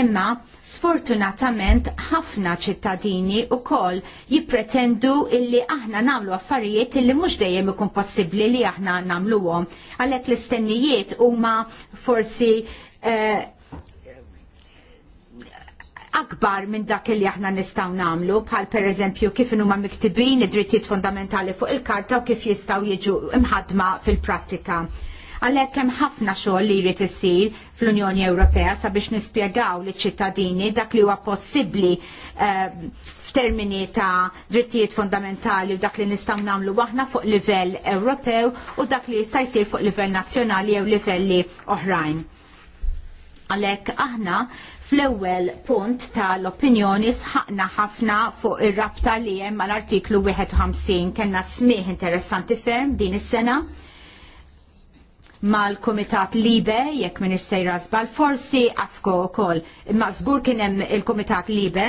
Imma sfortunatament ħafna ċittadini u jippretendu jipretendu illi aħna namlu affarijiet illi mux dejjem ikun possibli li aħna nagħmluhom, Għalhekk l-istennijiet huma forsi eh, akbar minn dak li aħna nistgħu nagħmlu bħal pereżempju kif huma miktibin id-drittijiet fundamentali fuq il-karta u kif jistgħu jiġu imħadma fil-prattika. Għalhekk hemm ħafna xogħol li jrid isir fl-Unjoni Ewropea sabiex nispjegaw liċ ċittadini dak li huwa possibbli ehm, f'termini ta' drittijiet fundamentali u dak li nistgħu nagħmlu waħna fuq livell Ewropew u dak li jista' jsir fuq livell nazzjonali jew livelli oħrajn. Għalhekk aħna fl-ewwel punt tal-opinjoni sħaqna ħafna fuq ir-rabta li hemm mal-artiklu 51 kellna smih interessanti ferm din is-sena mal-Kumitat Libe, jekk minn sejra żball, forsi afko wkoll, imma żgur kien hemm il-Kumitat Libe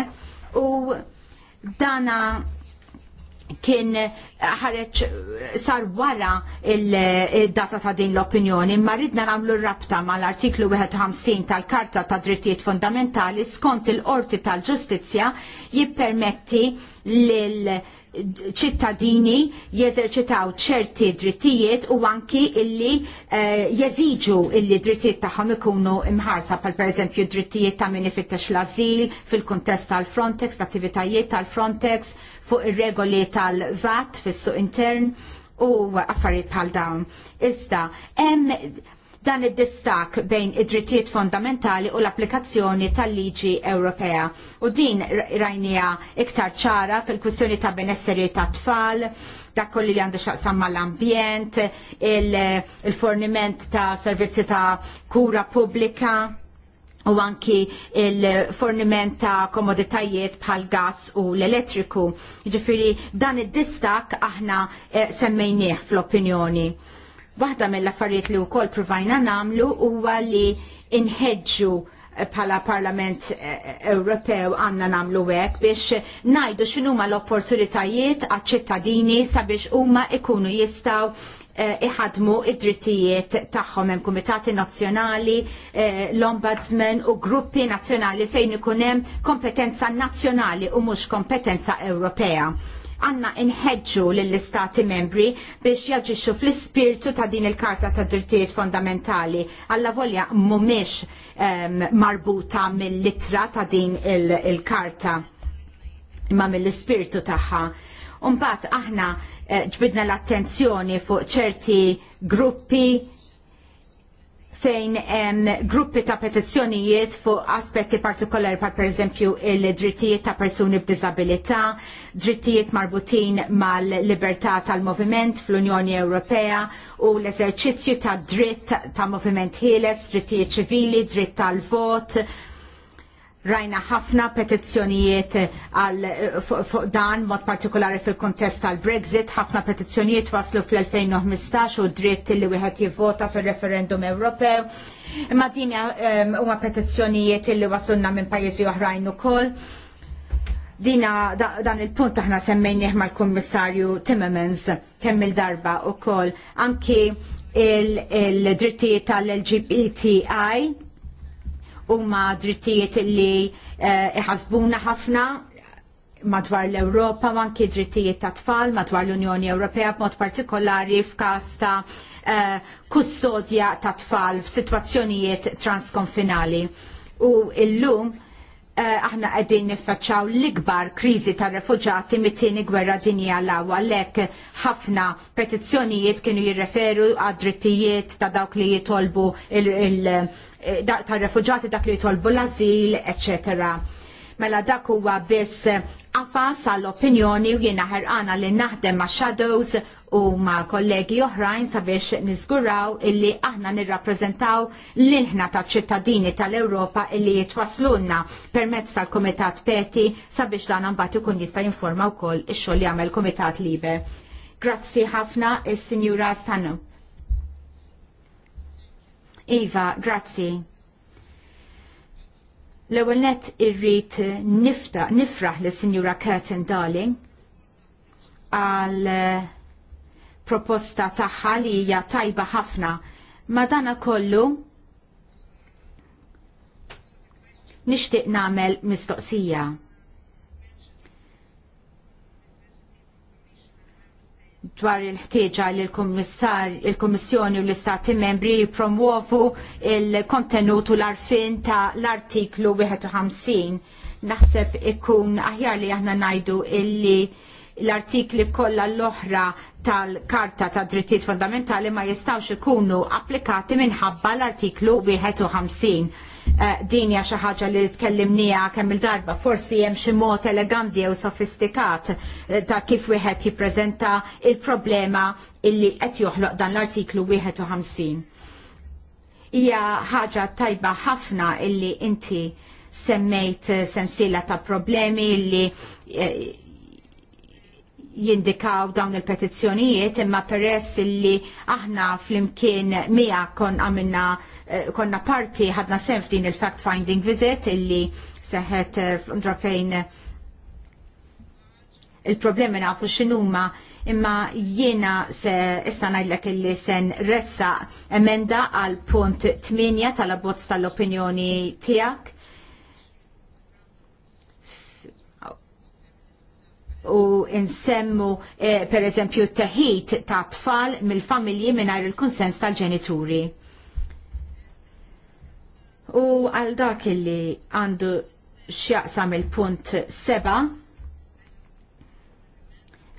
u dana kien ħareċ sar wara il-data ta' din l-opinjoni, ma ridna nagħmlu rabta mal-artiklu 51 tal-Karta ta' Drittijiet Fundamentali skont il-Qorti tal-Ġustizzja jippermetti lil ċittadini jeżerċitaw ċerti drittijiet u anki illi eh, jeżiġu illi drittijiet tagħhom ikunu imħarsa pal pereżempju drittijiet ta' min ifittex l-azil fil-kuntest tal-Frontex, l-attivitajiet tal-Frontex fuq ir-regoli tal-VAT fis-suq intern u affarijiet bħal dawn. Iżda, hemm dan id-distak bejn id-drittijiet fondamentali u l-applikazzjoni tal-liġi Ewropea. U din rajnija iktar ċara fil kwissjoni ta' benesseri ta' tfal, dak kolli li għandu xaqsam mal-ambjent, il-forniment ta' servizzi ta' kura pubblika u anki il-forniment ta' komoditajiet bħal gas u l-elettriku. Ġifiri, dan id-distak aħna eh, semmejnieh fl-opinjoni. Waħda mill-affarijiet li wkoll provajna namlu huwa li inħeġġu bħala Parlament eh, eh, Ewropew għanna namlu hekk biex najdu x'inhuma l-opportunitajiet għaċ-ċittadini sabiex huma ikunu jistgħu eh, iħadmu id-drittijiet tagħhom hemm kumitati nazzjonali, l-ombudsman u gruppi nazzjonali fejn ikun hemm kompetenza nazzjonali u mhux kompetenza Ewropea għanna inħedġu lill-istati membri biex jaġixxu fl-ispirtu ta' din il-Karta ta' Drittijiet Fondamentali għalla volja mumiex um, ehm, marbuta mill-litra ta' din il-Karta il imma mill-ispirtu tagħha. Umbat aħna eh, ġbidna l-attenzjoni fuq ċerti gruppi fejn hemm gruppi ta' petizzjonijiet fuq aspetti partikolari pa' pereżempju il-drittijiet ta' persuni b'diżabilità, drittijiet marbutin mal-libertà tal-moviment fl-Unjoni Ewropea u l-eżerċizzju ta' dritt ta' moviment ħieles, drittijiet ċivili, dritt tal-vot, rajna ħafna petizzjonijiet għal fuq dan mod partikolari fil-kontest tal-Brexit, ħafna petizzjonijiet waslu fl-2015 u dritt li wieħed jivvota fil-referendum Ewropew. Imma din huma petizzjonijiet li waslunna minn pajjiżi oħrajn ukoll. Dina dan il-punt aħna semmejnieh mal-Kummissarju Timmermans kemm il-darba ukoll anki l drittijiet il drittijiet tal lgbti huma drittijiet li eh, iħasbuna ħafna madwar l-Ewropa u anki drittijiet ta' tfal madwar l-Unjoni Ewropea b'mod partikolari f'każ ta' eh, kustodja ta' tfal f'sitwazzjonijiet transkonfinali. U illum Eh, aħna qegħdin niffaċċaw l-ikbar kriżi tar-refuġati mit-tieni gwerra dinja l għalhekk ħafna petizzjonijiet kienu jirreferu għad drittijiet ta' dawk li jitolbu eh, tar-refuġati dak li jitolbu l-azil, eċċetera. Mela dak huwa biss qafas għall-opinjoni u jiena ħerqana li naħdem ma' shadows u ma' kollegi oħrajn sabiex niżguraw illi aħna nirrappreżentaw l-inħna ta' ċittadini tal-Ewropa illi jitwaslunna permezz tal-Komitat Peti sabiex dan mbagħad ikun jista' jinforma wkoll ix-xogħol li jagħmel Komitat Libe. Grazzi ħafna is-Sinjura Stanu. Iva, grazzi. L-ewwel nett irrid nifta nifraħ lis sinjura Curtin Darling għal eh, proposta tagħha li hija tajba ħafna. Madana kollu nixtieq nagħmel mistoqsija. dwar il-ħtieġa li l-Kummissar, il-Kummissjoni u l-Istati membri jipromuovu il-kontenut u l-arfin ta' l-artiklu 51. Naħseb ikun aħjar li aħna najdu illi l-artikli kollha l-oħra tal-Karta ta' Drittijiet Fundamentali ma jistawx ikunu applikati minħabba l-artiklu 51 Eh, din hija xi ħaġa li tkellimnija kemm il-darba forsi hemm xi mod eleganti jew sofistikat eh, ta' kif wieħed jippreżenta il-problema illi qed joħloq dan l-artiklu 51. Hija ħaġa tajba ħafna illi inti semmejt eh, sensiela ta' problemi illi jindikaw dawn il-petizzjonijiet imma peress illi aħna fl-imkien mija kon għamilna Eh, konna parti ħadna sem f'din il-fact-finding visit illi seħet eh, fl-undra fejn eh, il-problemi nafu x'inhuma imma jiena se issa ngħidlek illi sen ressa emenda għal punt 8 tal-abbozz tal-opinjoni tiegħek. u insemmu eh, per eżempju teħid ta' tfal mill-familji mingħajr il-konsens tal-ġenituri. U għal dak illi għandu xjaqsam il-punt seba'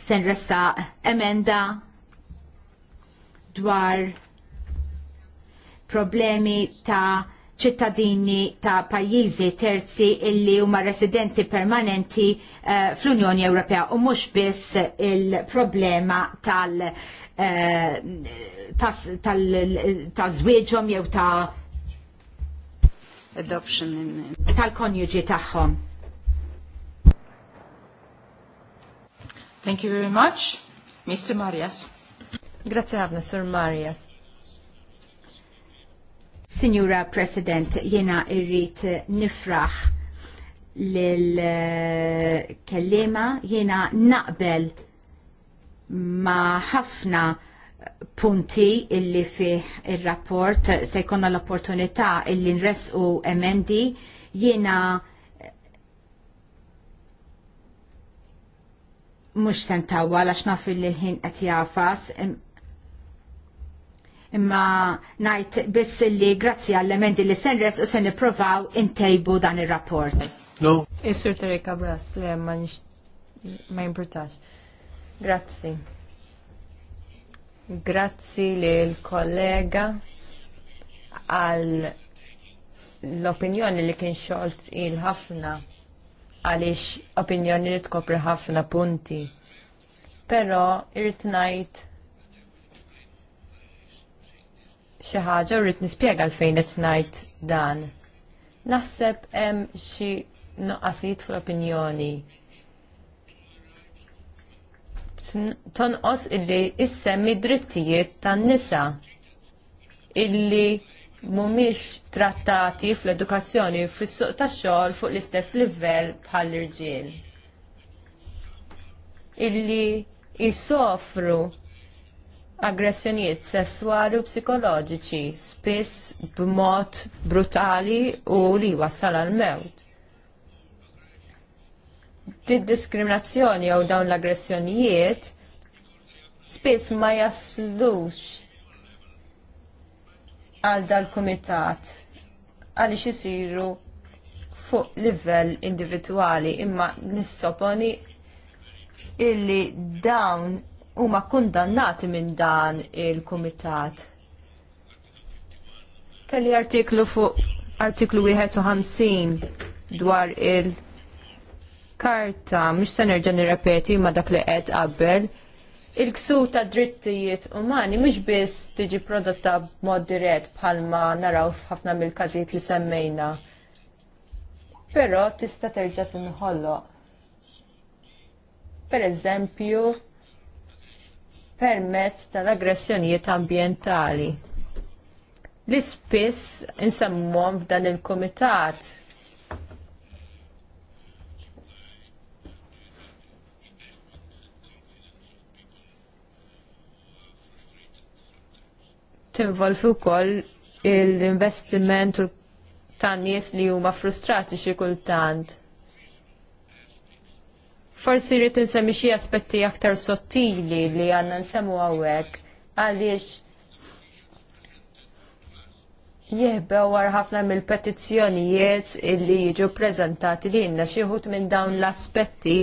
sen ressa emenda dwar problemi ta' ċittadini ta' pajjiżi terzi illi huma residenti permanenti uh, fl-Unjoni Ewropea u mhux biss il-problema tal- uh, ta' żwieġhom jew ta' adoption in tal-konjuġi tagħhom. Thank you very much. Mr. Marias. Grazie ħafna, Sir Marias. Signora President, jena irrit nifraħ lil-kellima, eh, jena naqbel ma ħafna punti illi fih il-rapport se jkollna l-opportunità illi nresqu emendi jiena mhux sentawa għax naf illi l-ħin qed jafas imma najt biss li grazzi għall-emendi li nres u se nipprovaw intejbu dan ir-rapport. No. Is-sur Terika Bras, le ma ma importax. Grazzi. Grazzi lil kollega għal l-opinjoni li kien xolt il-ħafna għaliex opinjoni li tkopri ħafna punti. Pero irrit ngħid xi ħaġa rrid nispjega għalfejn qed ngħid dan. Naħseb hemm xi noqqasijiet fl-opinjoni tonqos illi issemmi drittijiet tan-nisa illi mhumiex trattati fl-edukazzjoni fis-suq tax-xogħol fuq l-istess livell bħall-irġiel. Illi jisofru aggressjonijiet sesswali u psikoloġiċi spiss b'mod brutali u li wassal għal mewt. Did-diskriminazzjoni jew dawn l-aggressjonijiet spiss ma jaslux għal dal-kumitat għaliex isiru fuq livell individwali imma nissoponi illi dawn huma kundannati minn dan il-kumitat. Kelli artiklu fuq artiklu 51 dwar il- karta, mux se nerġa' nirrepeti ma dak li qed qabel, il ksu ta' drittijiet umani mux biss tiġi prodotta b'mod dirett bħalma naraw f'ħafna mill-każijiet li semmejna. Però tista' terġa' tinħolloq. Per eżempju, permezz tal-aggressjonijiet ambjentali. Li spiss insemmuhom f'dan il-kumitat tinvolvi wkoll l-investiment tan nies li huma frustrati xi kultant. Forsi rrid insemmi xi aspetti aktar sottili li għandna nsemmu hawnhekk għaliex jihbew war ħafna mill-petizzjonijiet illi jiġu prezentati li jenna xieħut minn dawn l-aspetti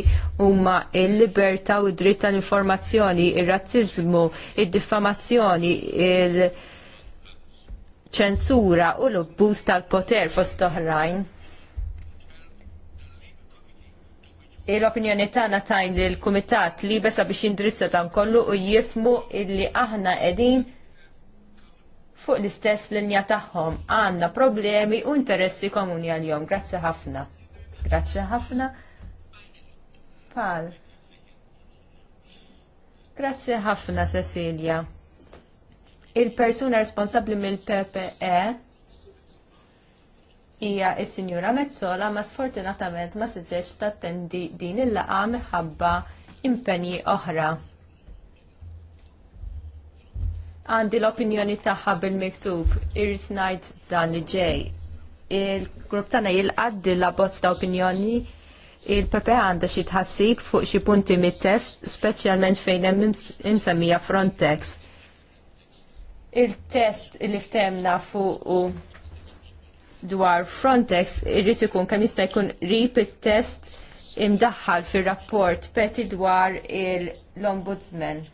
huma il-liberta u dritt tal-informazzjoni, il-razzizmu, il-diffamazzjoni, il-ċensura u l-obbuż tal-poter fost oħrajn. Il-opinjoni tagħna tajn lill kumitat li besa biex jindrizza tan kollu u jifmu illi aħna qegħdin fuq l-istess linja tagħhom. Għandna problemi u interessi komuni għal-jom. Grazzi ħafna. Grazzi ħafna. Pal. Grazzi ħafna, Cecilia. Il-persuna responsabbli mill-PPE hija s-Sinjura Mezzola ma sfortunatament ma siġġex tattendi din il laqgħa minħabba impenji oħra għandi l-opinjoni tagħha bil-miktub irrid ngħid dan li ġej. Il-grupp tagħna jilqaddi la bozz ta' opinjoni il-Pepe għandha xi tħassib fuq xi punti mit-test, speċjalment fejn hemm imsemmija Frontex. Il-test li ftemna fuq dwar Frontex irrit ikun kemm jista' jkun rip it-test imdaħħal fir-rapport peti dwar l-Ombudsman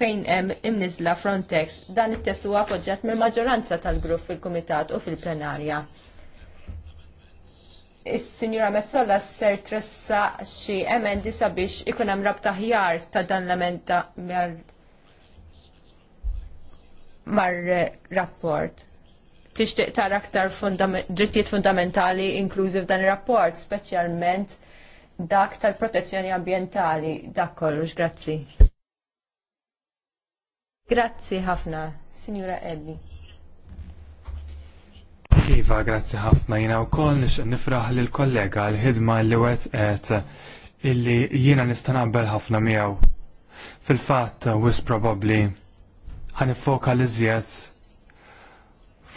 fejn hemm imniżla Frontex. Dan it-test huwa appoġġjat mill-maġġoranza tal-grupp fil-Kumitat u fil-Plenarja. Is-Sinjura Mezzola ser tressa xi emendi sabiex ikun hemm rabta ħjar ta' dan l-emenda mar, rapport. Tixtieq tara aktar drittijiet fundamentali inklużi f'dan ir-rapport, speċjalment dak tal-protezzjoni ambjentali, dak kollox, grazzi. Grazzi ħafna, Signora Ebbi. Iva, grazzi ħafna jina u koll nix nifraħ li l-kollega l-ħidma li wet għet illi jina nistanabbel ħafna miegħu. Fil-fatt, wis probabli ħanifoka li zjed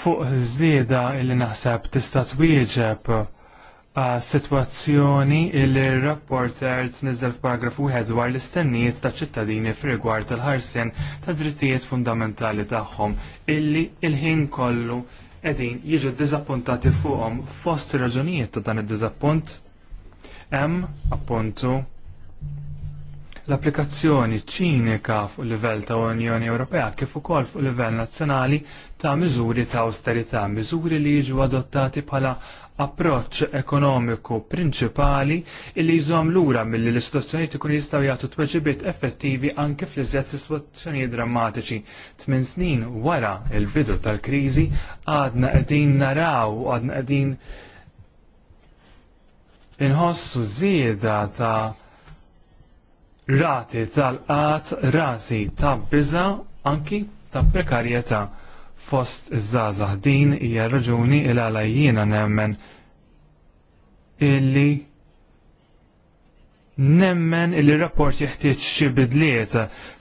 fuq żieda illi naħseb tista' twieġeb situazzjoni il-rapporters nizzel f'paragrafu 1 dwar l-istennijiet ta' ċittadini f-rigward il ħarsien ta' drittijiet fundamentali tagħhom illi il-ħin kollu qegħdin jiġu dizappuntati fuqhom fost raġunijiet ta' dan id-diżappunt hemm appuntu L-applikazzjoni ċinika fuq livell ta' Unjoni Ewropea kif ukoll fuq livell nazzjonali ta' miżuri ta' austerità, miżuri li jiġu adottati bħala approċċ ekonomiku prinċipali li jżomm lura milli l-istituzzjonijiet ikun jistgħu jagħtu tweġibiet effettivi anke fl-iżjed sitwazzjonijiet drammatiċi. Tmien snin wara il-bidu tal-kriżi għadna qegħdin naraw għadna qegħdin inħossu żieda ta' rati tal-qat rati ta' biza', anki ta' prekarjetà fost iż-żgħażagħ din hija raġuni il għala jiena nemmen illi nemmen illi rapport jeħtieġ xi bidliet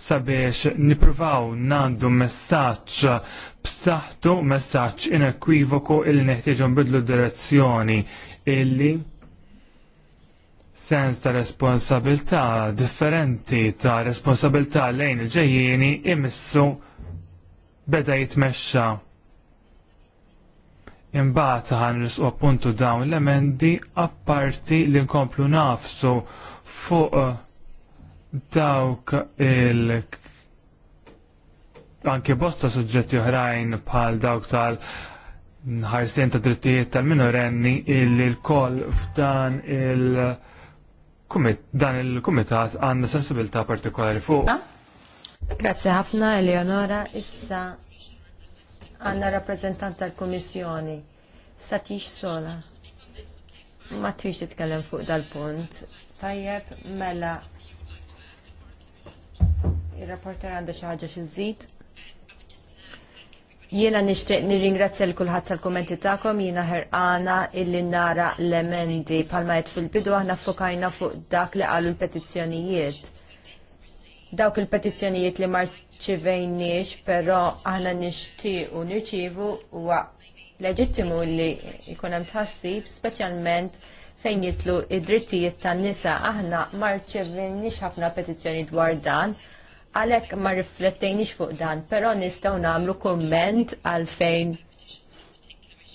sabiex nippruvaw nandu messaġġ b'saħħtu messaġġ inekwivoku illi neħtieġu nbidlu direzzjoni illi sens ta' responsabilità differenti ta' responsabilità lejn il-ġejjieni imissu beda jitmexxa. Imbagħad ħan nisqu appuntu dawn l-emendi apparti li nkomplu nafsu fuq eh, dawk il anke bosta suġġetti oħrajn bħal dawk tal ħarsien ta' drittijiet tal-minorenni illi l-koll f'dan il-, -il dan il-kumitat għandna sensibilità partikolari fuq. Ah. Grazzi ħafna, Eleonora. Issa għandna rappresentant tal-Kummissjoni, Satix Sola. Ma trix titkellem fuq dal-punt. Tajjeb, mela, il-rapporter għandha xi ħaġa xi żid. Jiena nixtieq nirringrazzja l kulħadd tal-kummenti tagħkom, jiena ħerqana illi nara l-emendi palma qed fil-bidu aħna fokajna fuq dak li qalu l-petizzjonijiet. Dawk il-petizzjonijiet li marċivejniex, però aħna nixtiequ nirċievu huwa leġittimu li jkun hemm tħassib speċjalment fejn jitlu id-drittijiet tan-nisa aħna marċivejniex ħafna petizzjoni dwar dan għalek ma riflettejnix fuq dan, pero nistaw namlu komment għalfejn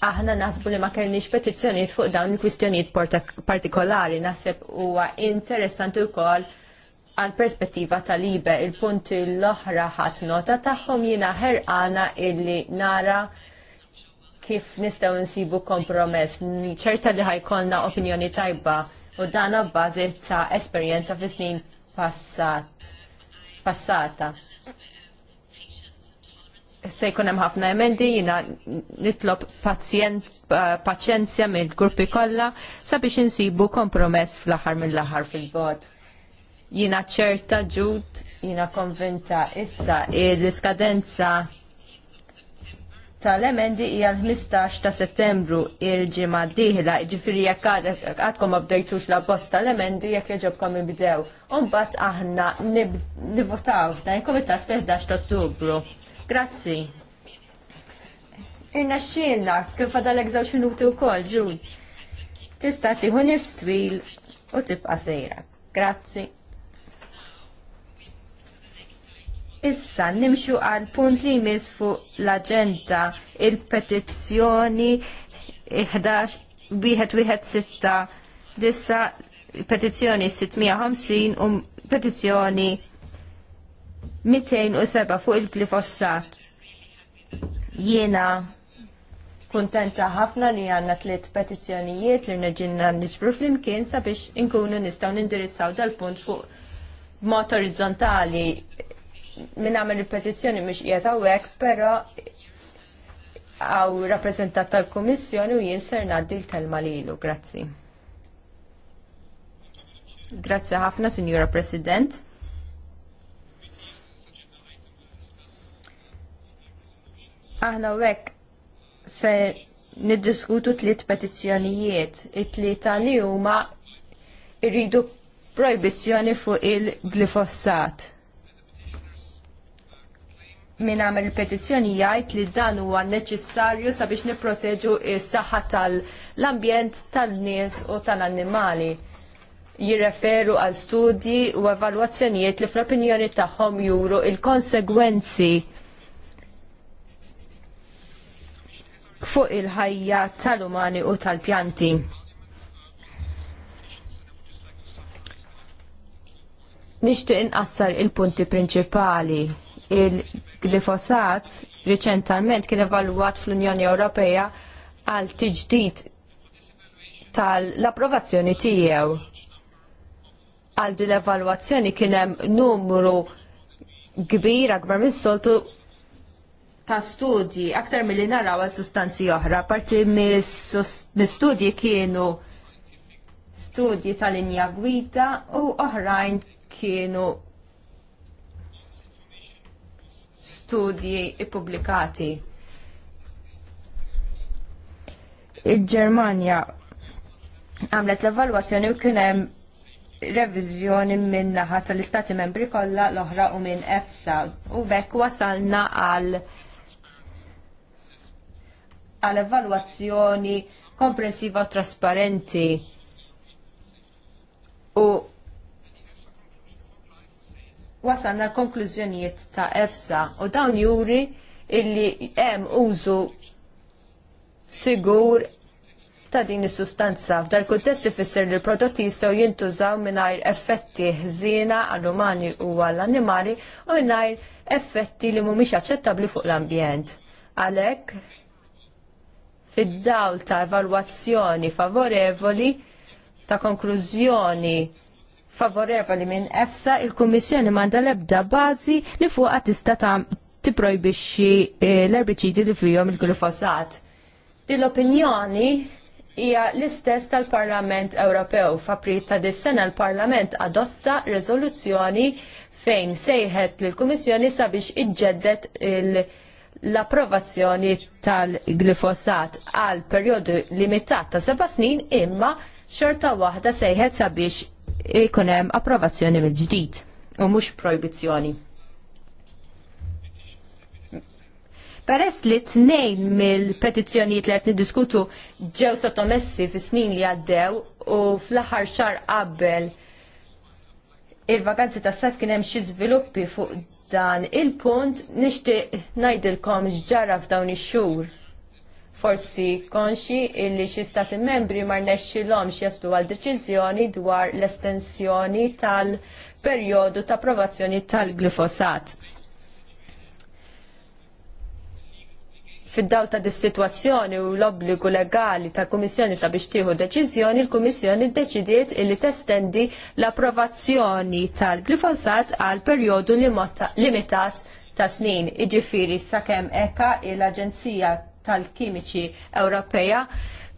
aħna nasbu li ma kellniex petizzjoniet fuq dawn il-kwistjoniet partikolari, naseb huwa interessanti wkoll għal perspettiva tal-ibe il-punti l-oħra ħadd nota tagħhom jiena ħerqana illi nara kif nistgħu nsibu kompromess. ċerta li ħajkolna opinjoni tajba u dan bbażi ta' esperjenza fi snin passat passata. Se jkun hemm ħafna emendi jiena nitlob pazienzja mill-gruppi kollha sabiex insibu kompromess fl-aħħar mill-aħħar fil-vot. Jiena ċerta ġud, jiena konvinta issa l-iskadenza tal-emendi hija l-15 ta' settembru il-ġimgħa d-dieħla, jiġifieri jekk għadkom ma bdejtux la bost tal-emendi jekk jaġobkom ibdew. mbagħad aħna nivvotaw f'dan il-kumitat fil-11 ta' Ottubru. Grazzi. Irna xilna, kif għadalek żewġ minuti wkoll, ġun. Tista' tieħu nistwil u tibqa' sejra. Grazzi. Issa nimxu għal punt li jmiss fuq l-agenda il-petizzjoni 11-1-6 dissa petizzjoni 650 u um petizzjoni 207 fuq il-glifossat. Jiena kuntenta ħafna li għanna tliet petizzjonijiet li nġinna nġbru fl-imkien sabiex inkunu nistaw nindirizzaw dal-punt fuq mod orizzontali minn għamil il-petizzjoni mhux qiegħed pero però għaw rappresentat tal-Kummissjoni u jien ser ngħaddi l-kelma lilu. Grazzi. Grazzi ħafna, Signora President. Aħna wek se niddiskutu tliet petizzjonijiet, it-tlieta li huma irridu projbizzjoni fuq il-glifosat minn għamil il-petizzjoni jgħid li dan huwa neċessarju sabiex nipproteġu s saħħa tal-ambjent tan-nies u tal-annimali. Jirreferu għal studji u evalwazzjonijiet li fl-opinjoni tagħhom juru il-konsegwenzi fuq il-ħajja tal-umani u tal-pjanti. Nixtieq inqassar il-punti prinċipali il glifosat riċentament kien evalwat fl-Unjoni Ewropea għal tiġdid tal-approvazzjoni tiegħu. Għal din l-evalwazzjoni kien hemm numru kbir akbar minn soltu ta' studji aktar milli naraw għal sustanzi oħra, parti mis-studji kienu studji tal-linja gwita u oħrajn kienu studji ippubblikati. Il-Ġermanja għamlet l-evalwazzjoni u kien hemm reviżjoni minn naħa tal-Istati Membri kollha l-oħra u minn EFSA u bekk wasalna għal għal evalwazzjoni komprensiva u trasparenti u wasalna konklużjonijiet ta' EFSA u dawn juri illi hemm użu sigur ta' din is-sustanza. F'dal kuntest ifisser li l-prodotti jistgħu jintużaw mingħajr effetti ħżiena għall-umani u għall-annimali u mingħajr effetti li mhumiex aċċettabbli fuq l-ambjent. Għalhekk fid-dawl ta' evalwazzjoni favorevoli ta' konklużjoni favorevoli minn EFSA, il-Kummissjoni manda lebda bażi li fuqha tista' tipprojbixxi eh, l-erbiċidi li fihom il-glifosat. Din l-opinjoni hija l-istess tal-Parlament Ewropew. F'April ta' dis-sena l-Parlament adotta riżoluzzjoni fejn sejħet lill kummissjoni sabiex iġġeddet l-approvazzjoni tal-glifosat għal perjodu limitat ta' seba' snin imma xorta waħda sejħet sabiex Ikun hemm approvazzjoni mill-ġdid u mhux projbizzjoni. Peress li t tnejn mill-petizzjonijiet li qed niddiskutu ġew sottomessi fis-snin li għaddew u fl-aħħar xar qabel il-vakanzi tas saf kien hemm xi żviluppi fuq dan il-punt nixtieq ngħidilkom x'ġara f'dawn ix-xhur forsi konxi illi xi stati membri ma rnexxilhom jaslu għal deċiżjoni dwar l-estensjoni tal-perjodu ta' approvazzjoni tal-glifosat. Fid-dawl ta' dis-sitwazzjoni u l-obbligu legali tal-Kummissjoni sabiex tieħu deċiżjoni, il-Kummissjoni ddeċidiet illi testendi l-approvazzjoni tal-glifosat għal perjodu limitat ta' snin. Iġifieri sakemm eka l-Aġenzija tal-kimiċi Ewropeja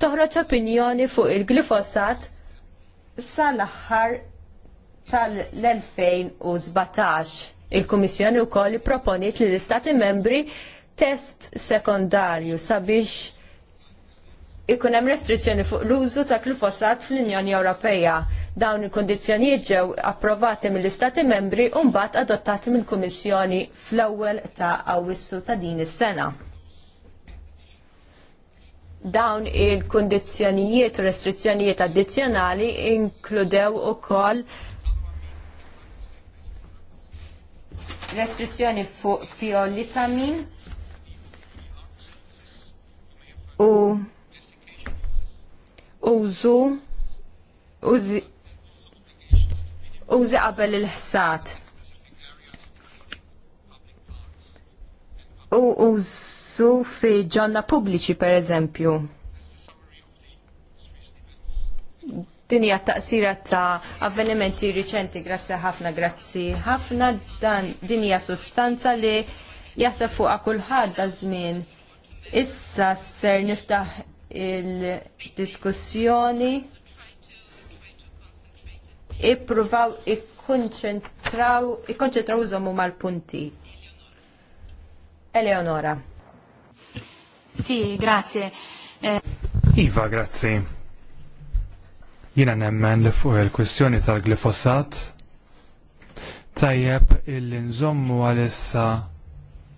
toħroġ opinjoni fuq il-glifosat sal-aħħar tal-2017. Il-Kummissjoni wkoll proponiet li l-Istati membri test sekondarju sabiex ikun hemm restrizzjoni fuq l-użu ta' glifosat fl-Unjoni Ewropea. Dawn il-kondizzjonijiet ġew approvati mill-Istati membri u mbagħad adottati mill-Kummissjoni fl-ewwel ta' Awwissu ta' din is-sena dawn il-kondizjonijiet u restrizzjonijiet addizzjonali inkludew ukoll restrizzjoni fuq piolitamin u użu użi qabel il-ħsat u użu nqisu fi ġanna pubbliċi per eżempju. Din hija taqsira ta' avvenimenti riċenti, grazzi ħafna, grazzi ħafna dan din hija sostanza li jasab fuqha kulħadd żmien. Issa ser niftaħ il-diskussjoni ippruvaw ikkonċentraw ikkonċentraw żommu mal-punti. Eleonora. Sì, grazie. Eh... Iva, grazie. Jina nemmen li fuq il-kwestjoni tal-glifosat tajjeb il nżommu għalissa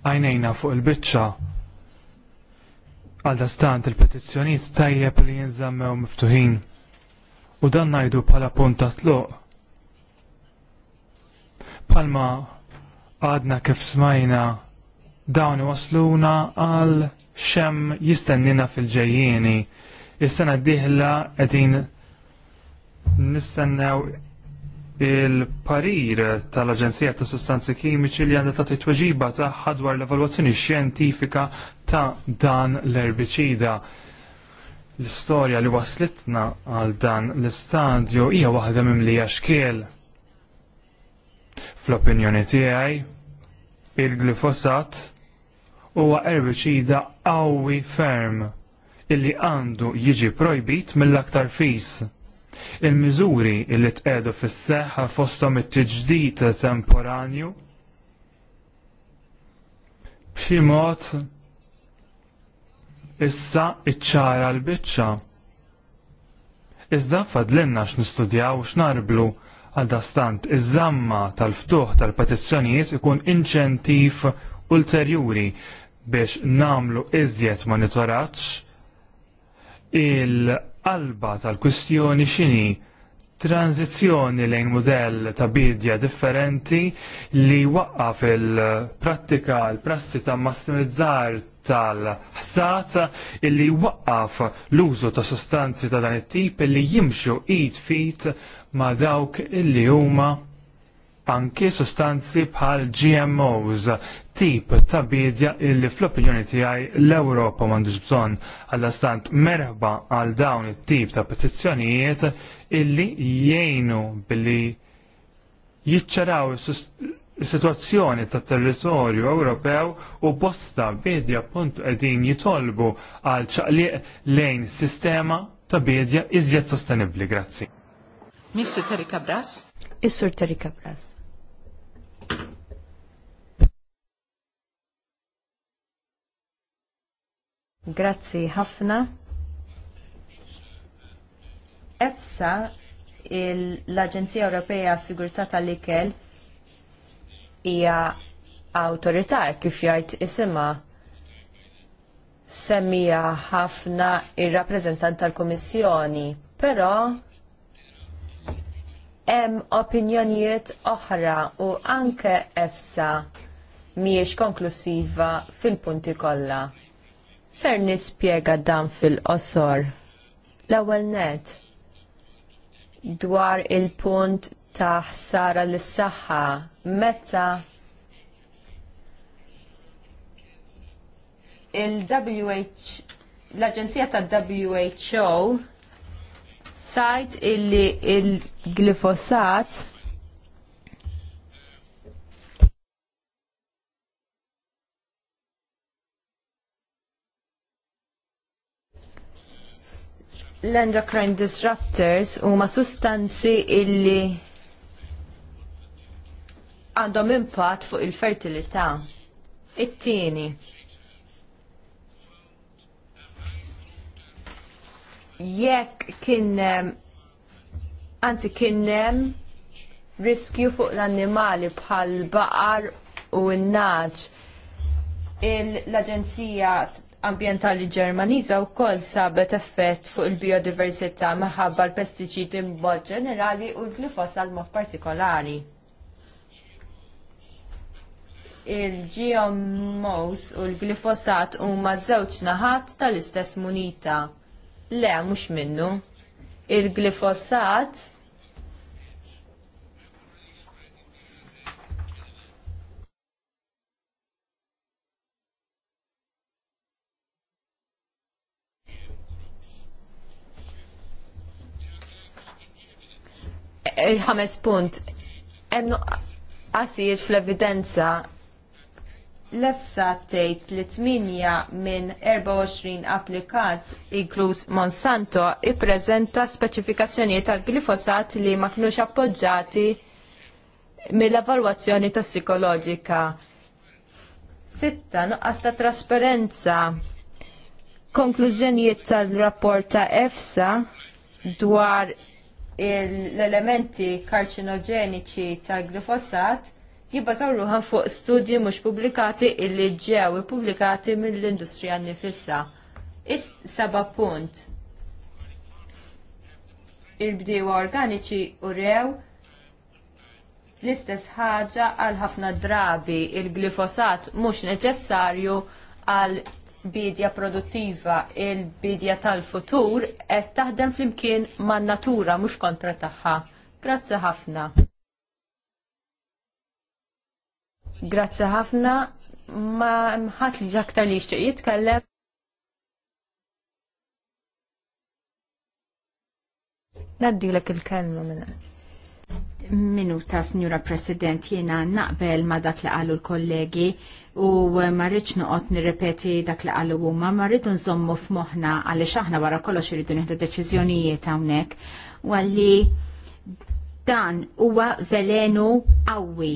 għajnejna fuq il-bicċa għal dastant il-petizzjoniet tajjeb li jinżammew miftuħin u dan najdu bħala punta tluq. Palma għadna kif smajna dawn wasluna għal xem jistennina fil-ġejjieni. Is-sena d-dieħla qegħdin nistennew il-parir tal-Aġenzija ta' Sustanzi Kimiċi li għandha tagħti tweġiba tagħha dwar l-evalwazzjoni xjentifika ta' dan l-erbiċida. L-istorja li waslitna għal dan l-istadju hija waħda mimlija xkiel. Fl-opinjoni tiegħi, il-glifosat huwa erbiċida qawwi ferm illi għandu jiġi projbit mill-aktar fis. Il-miżuri illi tqedu fis-seħħa fosthom it-tiġdid temporanju b'xi mod issa iċċara l-biċċa. Iżda fadlinna x'nistudjaw x'narblu għal dastant iż-żamma tal-ftuħ tal-petizzjonijiet ikun inċentiv ulterjuri biex namlu iżjed monitoraġġ il-qalba tal-kwistjoni xini tranzizjoni lejn model ta' bidja differenti li waqqa fil-prattika l-prassi ta' massimizzar tal-ħsat illi waqqaf l-użu ta' sostanzi ta' dan it-tip illi jimxu id fit ma' dawk illi huma anki sostanzi bħal GMOs, tip ta' bidja illi fl-opinjoni tiegħi l-Ewropa mandiġ bżonn għalla astant merħba għal dawn it-tip ta' petizzjonijiet illi jgħinu billi jiċċaraw is-sitwazzjoni ta' territorju Ewropew u bosta bidja punt qegħdin jitolbu għal ċaqliq lejn sistema ta' bidja iżjed sostenibbli. Grazzi. Mr. Terry Cabras is-Sur Terika Plas. Grazzi ħafna. EFSA, l-Aġenzija Ewropea Sigurtà tal-Ikel, hija awtorità kif jgħid isimha semmija ħafna ir-rappreżentant tal-Kummissjoni, però hemm opinjonijiet oħra u anke EFSA miex konklusiva fil-punti kollha. Ser nispjega dan fil-qosor. L-ewwel net dwar il-punt ta' ħsara lis saħħa meta il-WH l-Aġenzija tal WHO tajt illi il-glifosat l-endocrine disruptors huma sustanzi illi għandhom impatt fuq il-fertilità. It-tieni. jekk kien anzi kien hemm riskju fuq l-annimali bħal baqar u n-naġ. L-Aġenzija Ambientali Ġermaniża wkoll sabet effett fuq il-biodiversità minħabba l-pestiċidi b'mod ġenerali u l-glifosal mod partikolari. Il-GMOs u l-glifosat huma żewġ naħat tal-istess munita Le, mux minnu. Il-glifosat il-ħames punt, hemm għasir fl-evidenza l-EFSA tgħid li 8 minn 24 applikat inkluż Monsanto ippreżenta speċifikazzjonijiet tal-glifosat li ma kinux appoġġjati mill-evalwazzjoni tossikoloġika. Sitta, nuqqas ta' trasparenza. Konklużjonijiet tal-rapport ta' EFSA dwar l-elementi karċinoġeniċi tal-glifosat jibbażaw ruħan fuq studji mhux pubblikati illi ġew ippubblikati mill-industrija nifissa. Is saba punt. Il-bdiewa organiċi u rew l-istess ħaġa għal ħafna drabi il-glifosat mhux neċessarju għal bidja produttiva il-bidja tal-futur qed taħdem flimkien man natura mhux kontra tagħha. Grazzi ħafna. Grazzi ħafna, ma mħat li aktar li xċeq jitkellem. l il-kelma minna. Minuta, Signora President, jena naqbel ma dak li qalu l-kollegi u ma rridx noqgħod nirrepeti dak li qalu huma, ma rridu nżommu f'moħħna għaliex aħna wara kollox irridu nieħdu deċiżjonijiet hawnhekk u għalli dan huwa velenu qawwi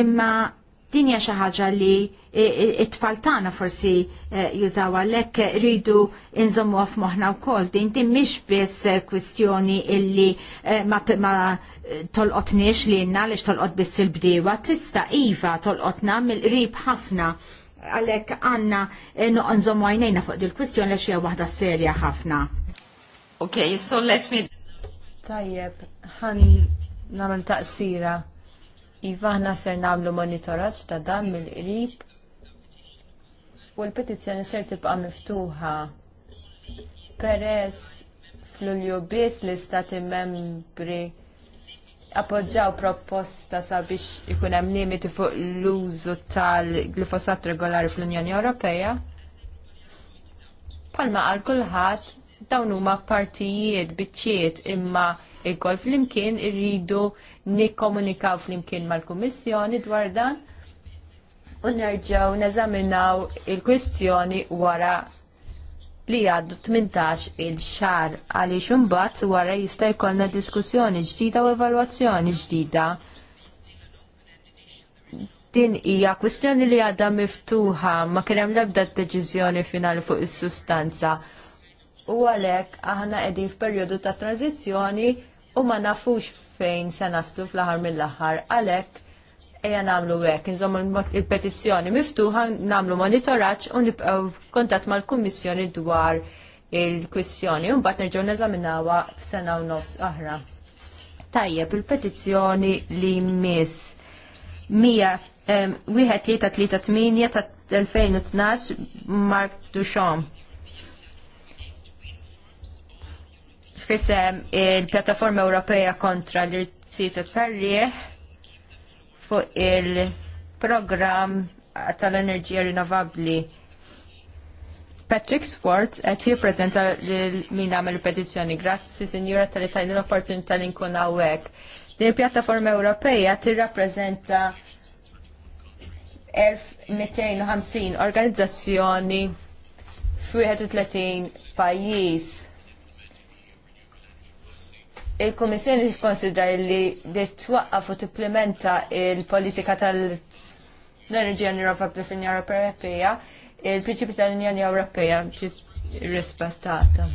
imma dinja xaħġa xi ħaġa li it-tfal tagħna forsi eh, jużaw għalhekk rridu inżommu f'moħħna wkoll din din mhix biss kwistjoni illi eh, ma eh, tolqotniex lilna lix tolqot biss il bdewa tista' iva tolqotna mill-qrib ħafna għalhekk għandna nżommu għajnejna fuq dil-kwistjoni għax hija waħda serja ħafna. Okay, so let me Tajjeb, ħan nagħmel taqsira Iva ħna ser namlu monitoraġġ ta' dan mill-qrib u l-petizzjoni ser tibqa' miftuħa. Peress fl-ulju biss li stati membri appoġġaw proposta sabiex ikun hemm limiti fuq l-użu tal-glifosat regolari fl-Unjoni Ewropea. Palma għal kulħadd dawn huma partijiet biċċiet imma il-kol fl-imkien irridu nikkomunikaw flimkien mal-Kummissjoni dwar dan u nerġaw neżaminaw il-kwistjoni wara li għaddu 18 il-xar għaliex imbagħad wara jista' jkollna diskussjoni ġdida u evalwazzjoni ġdida. Din hija kwistjoni li għadha miftuħa ma kien hemm l-ebda deċiżjoni finali fuq is-sustanza. U għalhekk aħna qegħdin f'perjodu ta' tranzizzjoni u ma nafux fejn se naslu fl-aħħar mill-aħħar għalhekk ejja nagħmlu hekk, insomma il-petizzjoni miftuħa nagħmlu monitoraċ u nibqgħu kontatt mal-Kummissjoni dwar il-kwissjoni u mbagħad nerġgħu neżaminawha f'sena u nofs oħra. Tajjeb il-petizzjoni li miss 100 wieħed ta' 2012 Mark Duchamp fisem il-Pjattaforma Ewropea kontra l-Irtiet Tarrieħ fuq il-programm tal-enerġija rinnovabbli. Patrick Swartz qed jippreżenta lil min għamel petizzjoni. Grazzi Sinjura tal tajni l-opportunità li nkun hawnhekk. Din il-pjattaforma Ewropea tirrappreżenta 1250 organizzazzjoni u 31 pajjiż il-Komissjoni konsidra li li twaqqaf u tipplementa il-politika tal-enerġija nirrapabli fil-Unjoni Ewropea, il-prinċipi tal-Unjoni Ewropea rispettata.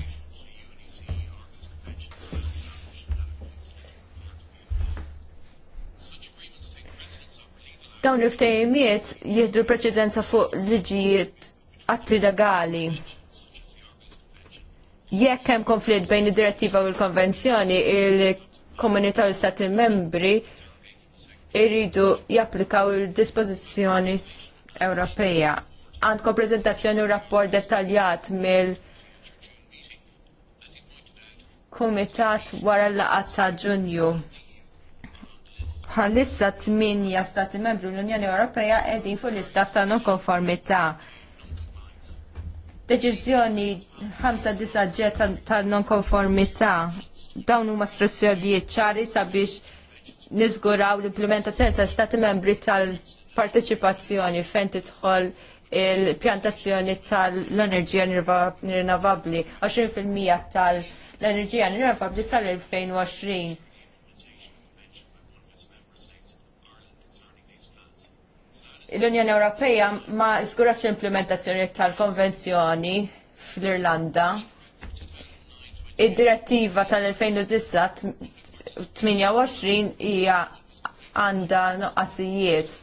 dawn il-ftejmiet jihdu preċedenza fuq liġijiet atti legali jekk hemm konflitt bejn id-direttiva u l-konvenzjoni, il-komunità u stati membri irridu japplikaw il-dispożizzjoni Ewropea. Għandkom prezentazzjoni u rapport dettaljat mill kumitat wara l-laqat ta' Ġunju. Bħalissa tminja stati membri l-Unjoni Ewropea qegħdin fuq l-istat ta' non-konformità. Deċiżjoni 5-9 ġet tal-nonkonformità dawn huma struzzjonijiet ċari sabiex niżguraw l-implementazzjoni ta' stati membri tal-parteċipazzjoni fejn tidħol il-pjantazzjoni tal-enerġija rinnovabbli 20% tal-enerġija rinnovabbli sal-2020 l-Unjoni Ewropea ma żgurax l-implementazzjoni tal-konvenzjoni fl-Irlanda. Id-direttiva tal-2009-28 hija għandha noqqasijiet.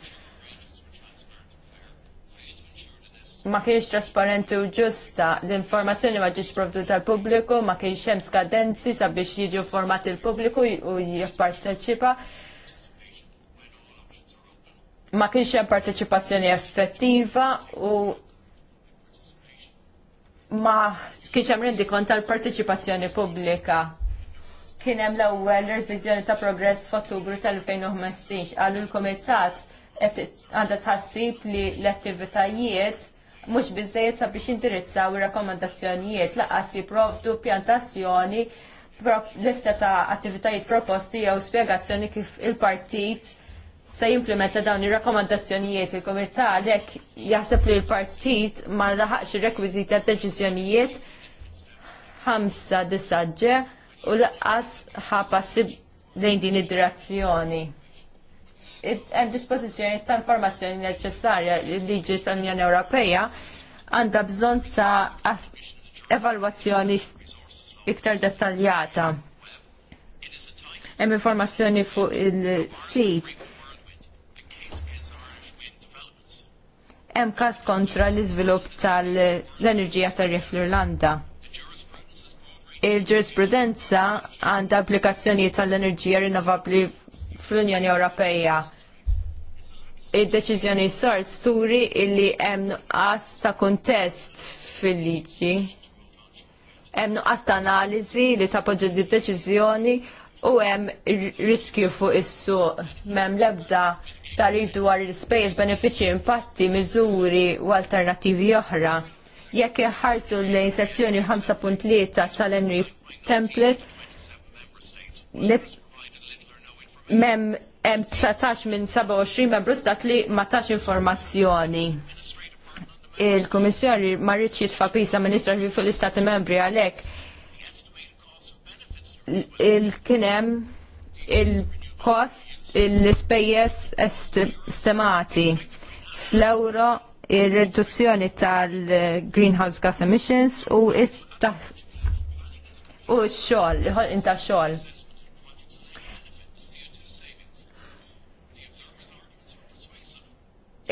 Ma kienx trasparenti u ġusta, l-informazzjoni ma ġiex provdu tal-pubbliku, ma kienx hemm skadenzi sabiex jiġu formati l-pubbliku u jipparteċipa ma kienx hemm partecipazzjoni effettiva u ma kienx hemm rendi kont tal-partecipazzjoni pubblika. Kien hemm l-ewwel reviżjoni ta' progress f'Ottubru tal-2015 għallu l-Kumitat għandha tħassib li l-attivitajiet mhux biżejjed sabiex indirizzaw ir-rakkomandazzjonijiet laqas jipprovdu pjantazzjoni l lista ta' attivitajiet proposti jew spjegazzjoni kif il-partit se jimplementa dawn ir-rakkomandazzjonijiet il-komitat għalhekk jaħseb li l-partit ma laħaqx ir-rekwiżiti għad-deċiżjonijiet ħamsa disaġġe u laqqas passib lejn din id-direzzjoni. Hemm dispożizzjoni ta' informazzjoni neċessarja l-liġi tal-Unjoni Ewropea għandha bżonn ta' evalwazzjoni iktar dettaljata. Hemm informazzjoni fuq il-sit hemm każ kontra l-iżvilupp tal-enerġija tar-rif l-Irlanda. Il-ġurisprudenza għandha applikazzjonijiet tal-enerġija rinnovabbli fl-Unjoni Ewropea. Id-deċiżjoni sort turi illi hemm nuqqas ta' kuntest fil-liġi. Hemm nuqqas ta' analiżi li tappoġġi d-deċiżjoni u hemm riskju fuq is-suq m'hemm l-ebda tarif dwar il-spejjeż benefiċċji impatti, miżuri u alternattivi oħra. Jekk iħarsu lejn sezzjoni 5.3 tal-Henry Template, mem hemm 19 minn 27 membru stat li ma tax informazzjoni. Il-Kummissjoni ma rridx jitfa' li fuq l istati Membri għalhekk il-kien il kost l spejjes estimati. Fl-euro ir-reduzzjoni tal-greenhouse gas emissions u u x-xogħol, inta xogħol.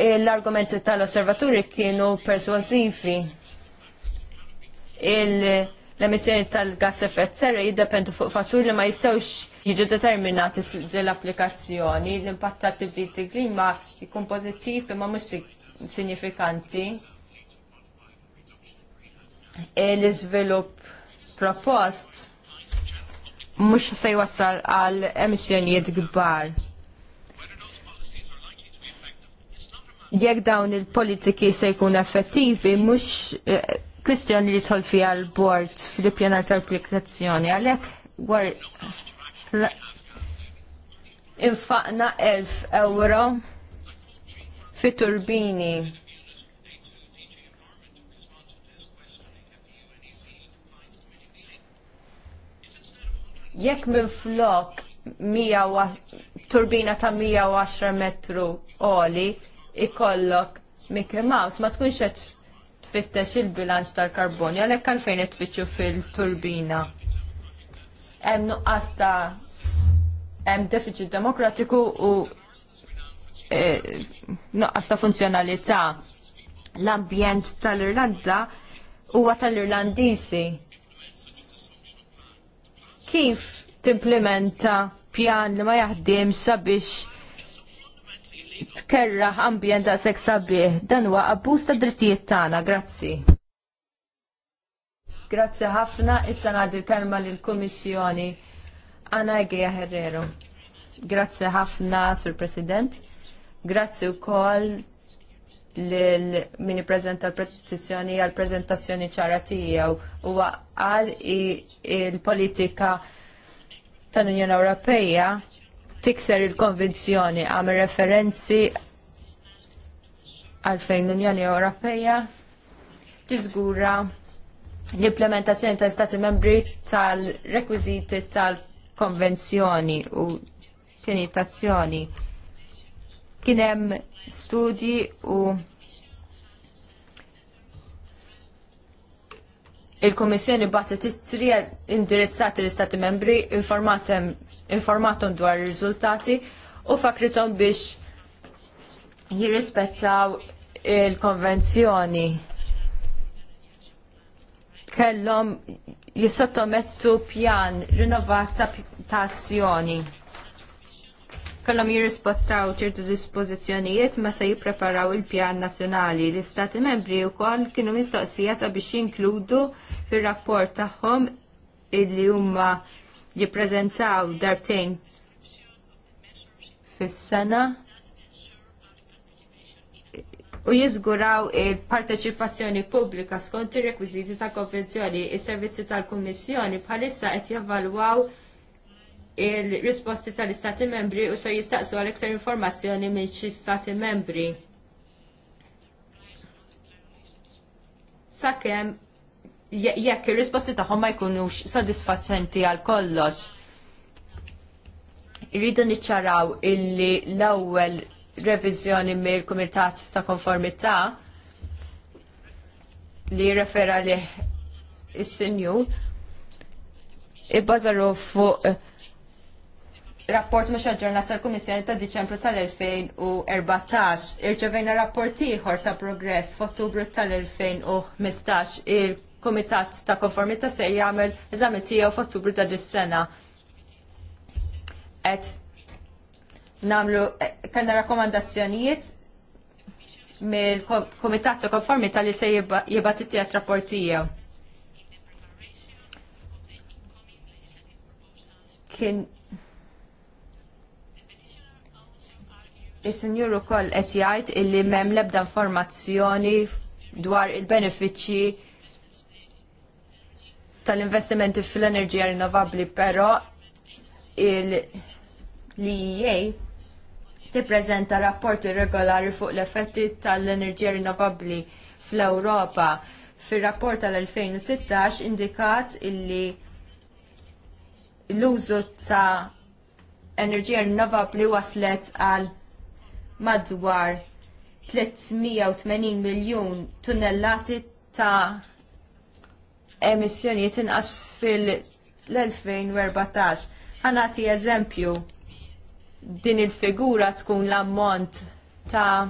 L-argumenti tal-osservaturi kienu perswasivi. il- l-emissjoni tal-gas effett serra jiddependu fuq fattur li ma jistawx jiġu determinati fil-applikazzjoni. L-impatt tal-tibdil ta' klima jkun pozittiv imma mhux sinifikanti. E l-iżvilupp propost mhux se jwassal għal emissjonijiet kbar. Jekk dawn il-politiki se jkun effettivi, mhux eh, kwistjoni li tħol fija l-bord fil-pjanar tal-applikazzjoni, għalek war infaqna 1000 euro fi turbini jekk minn flok turbina ta' 110 metru oli ikollok Mickey Mouse ma tkunx tfittex il-bilanċ tal-karbonju għalhekk għalfejn qed tfittxu fil-turbina. Hemm nuqqas ta' hemm deficit demokratiku u e, nuqqas ta' funzjonalità l-ambjent tal-Irlanda huwa tal-Irlandisi. Kif timplementa pjan li ma jaħdimx sabiex tkerraħ ambjent da' seksa bih. Dan huwa abbuż ta' drittijiet tagħna, grazzi. Grazzi ħafna, issa ngħaddi kelma lill kummissjoni Anna Egea Herrero. Grazzi ħafna, Sur President. Grazzi wkoll lil mini prezenta l petizzjoni għal-prezentazzjoni ċara tiegħu huwa qal il-politika tal-Unjoni Ewropea tikser il-konvenzjoni għam referenzi għalfejn l-Unjoni Ewropeja tiżgura l-implementazzjoni ta' stati membri tal-rekwiziti tal-konvenzjoni u pianitazzjoni. Kienem studji u Il-Komissjoni batet it-trija indirizzati l-Istati membri informatum dwar ir-riżultati u fakritom biex jirrispettaw il-konvenzjoni. Kellhom jisottomettu pjan rinnovat ta' azzjoni. Kellhom jirrispettaw ċertu dispożizzjonijiet meta jippreparaw il-pjan nazzjonali. L-Istati membri wkoll kienu mistoqsija sabiex jinkludu fir-rapport tagħhom illi huma jippreżentaw dartejn fis-sena u jiżguraw il-parteċipazzjoni pubblika skont ir-rekwiżiti ta' konvenzjoni is-servizzi tal-Kummissjoni bħalissa qed jevalwaw il-risposti tal-Istati membri u se jistaqsu għal iktar informazzjoni minn xi Stati membri. Sakemm jekk ir-risposti tagħhom ma jkunux soddisfazzenti għal kollox. Irridu niċċaraw illi l-ewwel reviżjoni mill-Kumitat ta' Konformità li jirrefera li is-sinju i-bazaru fuq eh, rapport mhux aġġornat tal-Kummissjoni ta' Diċembru tal-2014. irġevejna rapporti ieħor ta' progress f'Ottubru tal-2015 il il-Kumitat ta' Konformità se jagħmel eżami tiegħu f'Ottubru ta' dis-sena. Qed namlu, eh, kellna rakkomandazzjonijiet mill-Kumitat ta' Konformità li se jibat it tijat rapport tiegħu. Kien Is-senjur ukoll qed jgħid illi m'hemm l-ebda informazzjoni dwar il-benefiċċji tal-investimenti fil-enerġija rinnovabbli, però l iea tippreżenta rapporti regolari fuq l-effetti tal-enerġija rinnovabbli fl-Ewropa. Fir-rapport tal-2016 indikat illi l-użu ta' enerġija rinnovabbli waslet għal madwar 380 miljun tunnellati ta' emissjonijiet inqas fil-2014. Ħanati eżempju, din il-figura tkun l-ammont ta'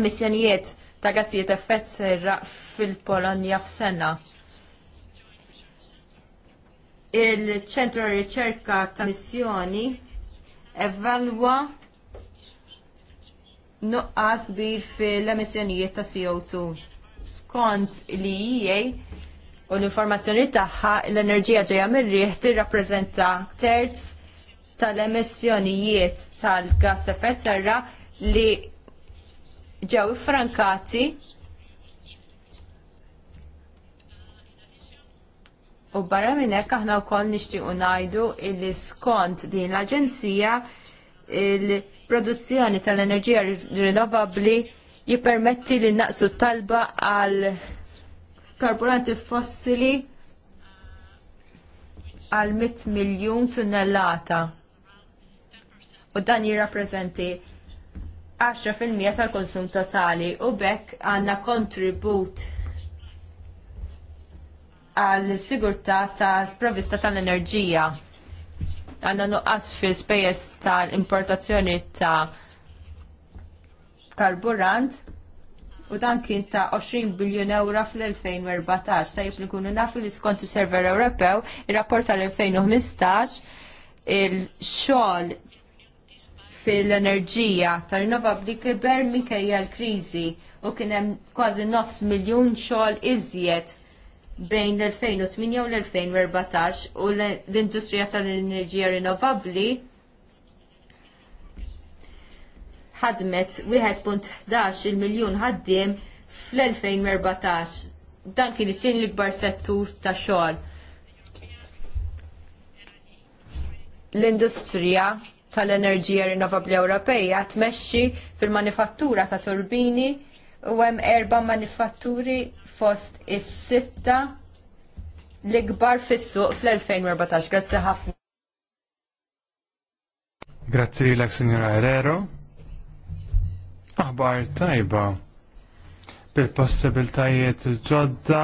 emissjonijiet ta' gassijiet effett serra fil-Polonja f'sena. Il-ċentru riċerka ta' missjoni evalwa nuqqas kbir fil-emissjonijiet ta' CO2. Skont li EA u l-informazzjoni tagħha l-enerġija ġejja mir-riħ tirrappreżenta terz tal-emissjonijiet tal-gas effett serra li ġew frankati u barra minn hekk aħna wkoll nixtiequ ngħidu li skont din l-aġenzija il-produzzjoni tal-enerġija rinnovabbli jippermetti li naqsu talba għal karburanti fossili għal 100 miljun tunnellata. U dan jirrappreżenti 10% tal-konsum totali u bekk għandna kontribut għal sigurtà ta' sprovvista tal-enerġija. Għandna nuqqas fi spejjeż tal-importazzjoni ta' karburant u dan kien ta' 20 biljun euro fl-2014. Ta' li kunu nafu li skont server Ewropew, il-rapport tal-2015, il-xol fil-enerġija ta' rinnovabli kiber minkejja l-krizi u kien hemm kważi nofs miljun xogħol iżjed bejn l-2008 u l-2014 u l-industrija tal-enerġija rinnovabbli ħadmet 1.11 il-miljun ħaddiem fl-2014. Dan kien it-tieni l-ikbar settur ta' xogħol. L-industrija tal-enerġija rinnovabbli Ewropeja tmexxi fil-manifattura ta' turbini u hemm erba' manifatturi fost is-sitta l-ikbar fis-suq fl-2014. Grazzi ħafna. Grazzi lilek, Signora Herrero. Aħbar tajba bil-possibiltajiet ġodda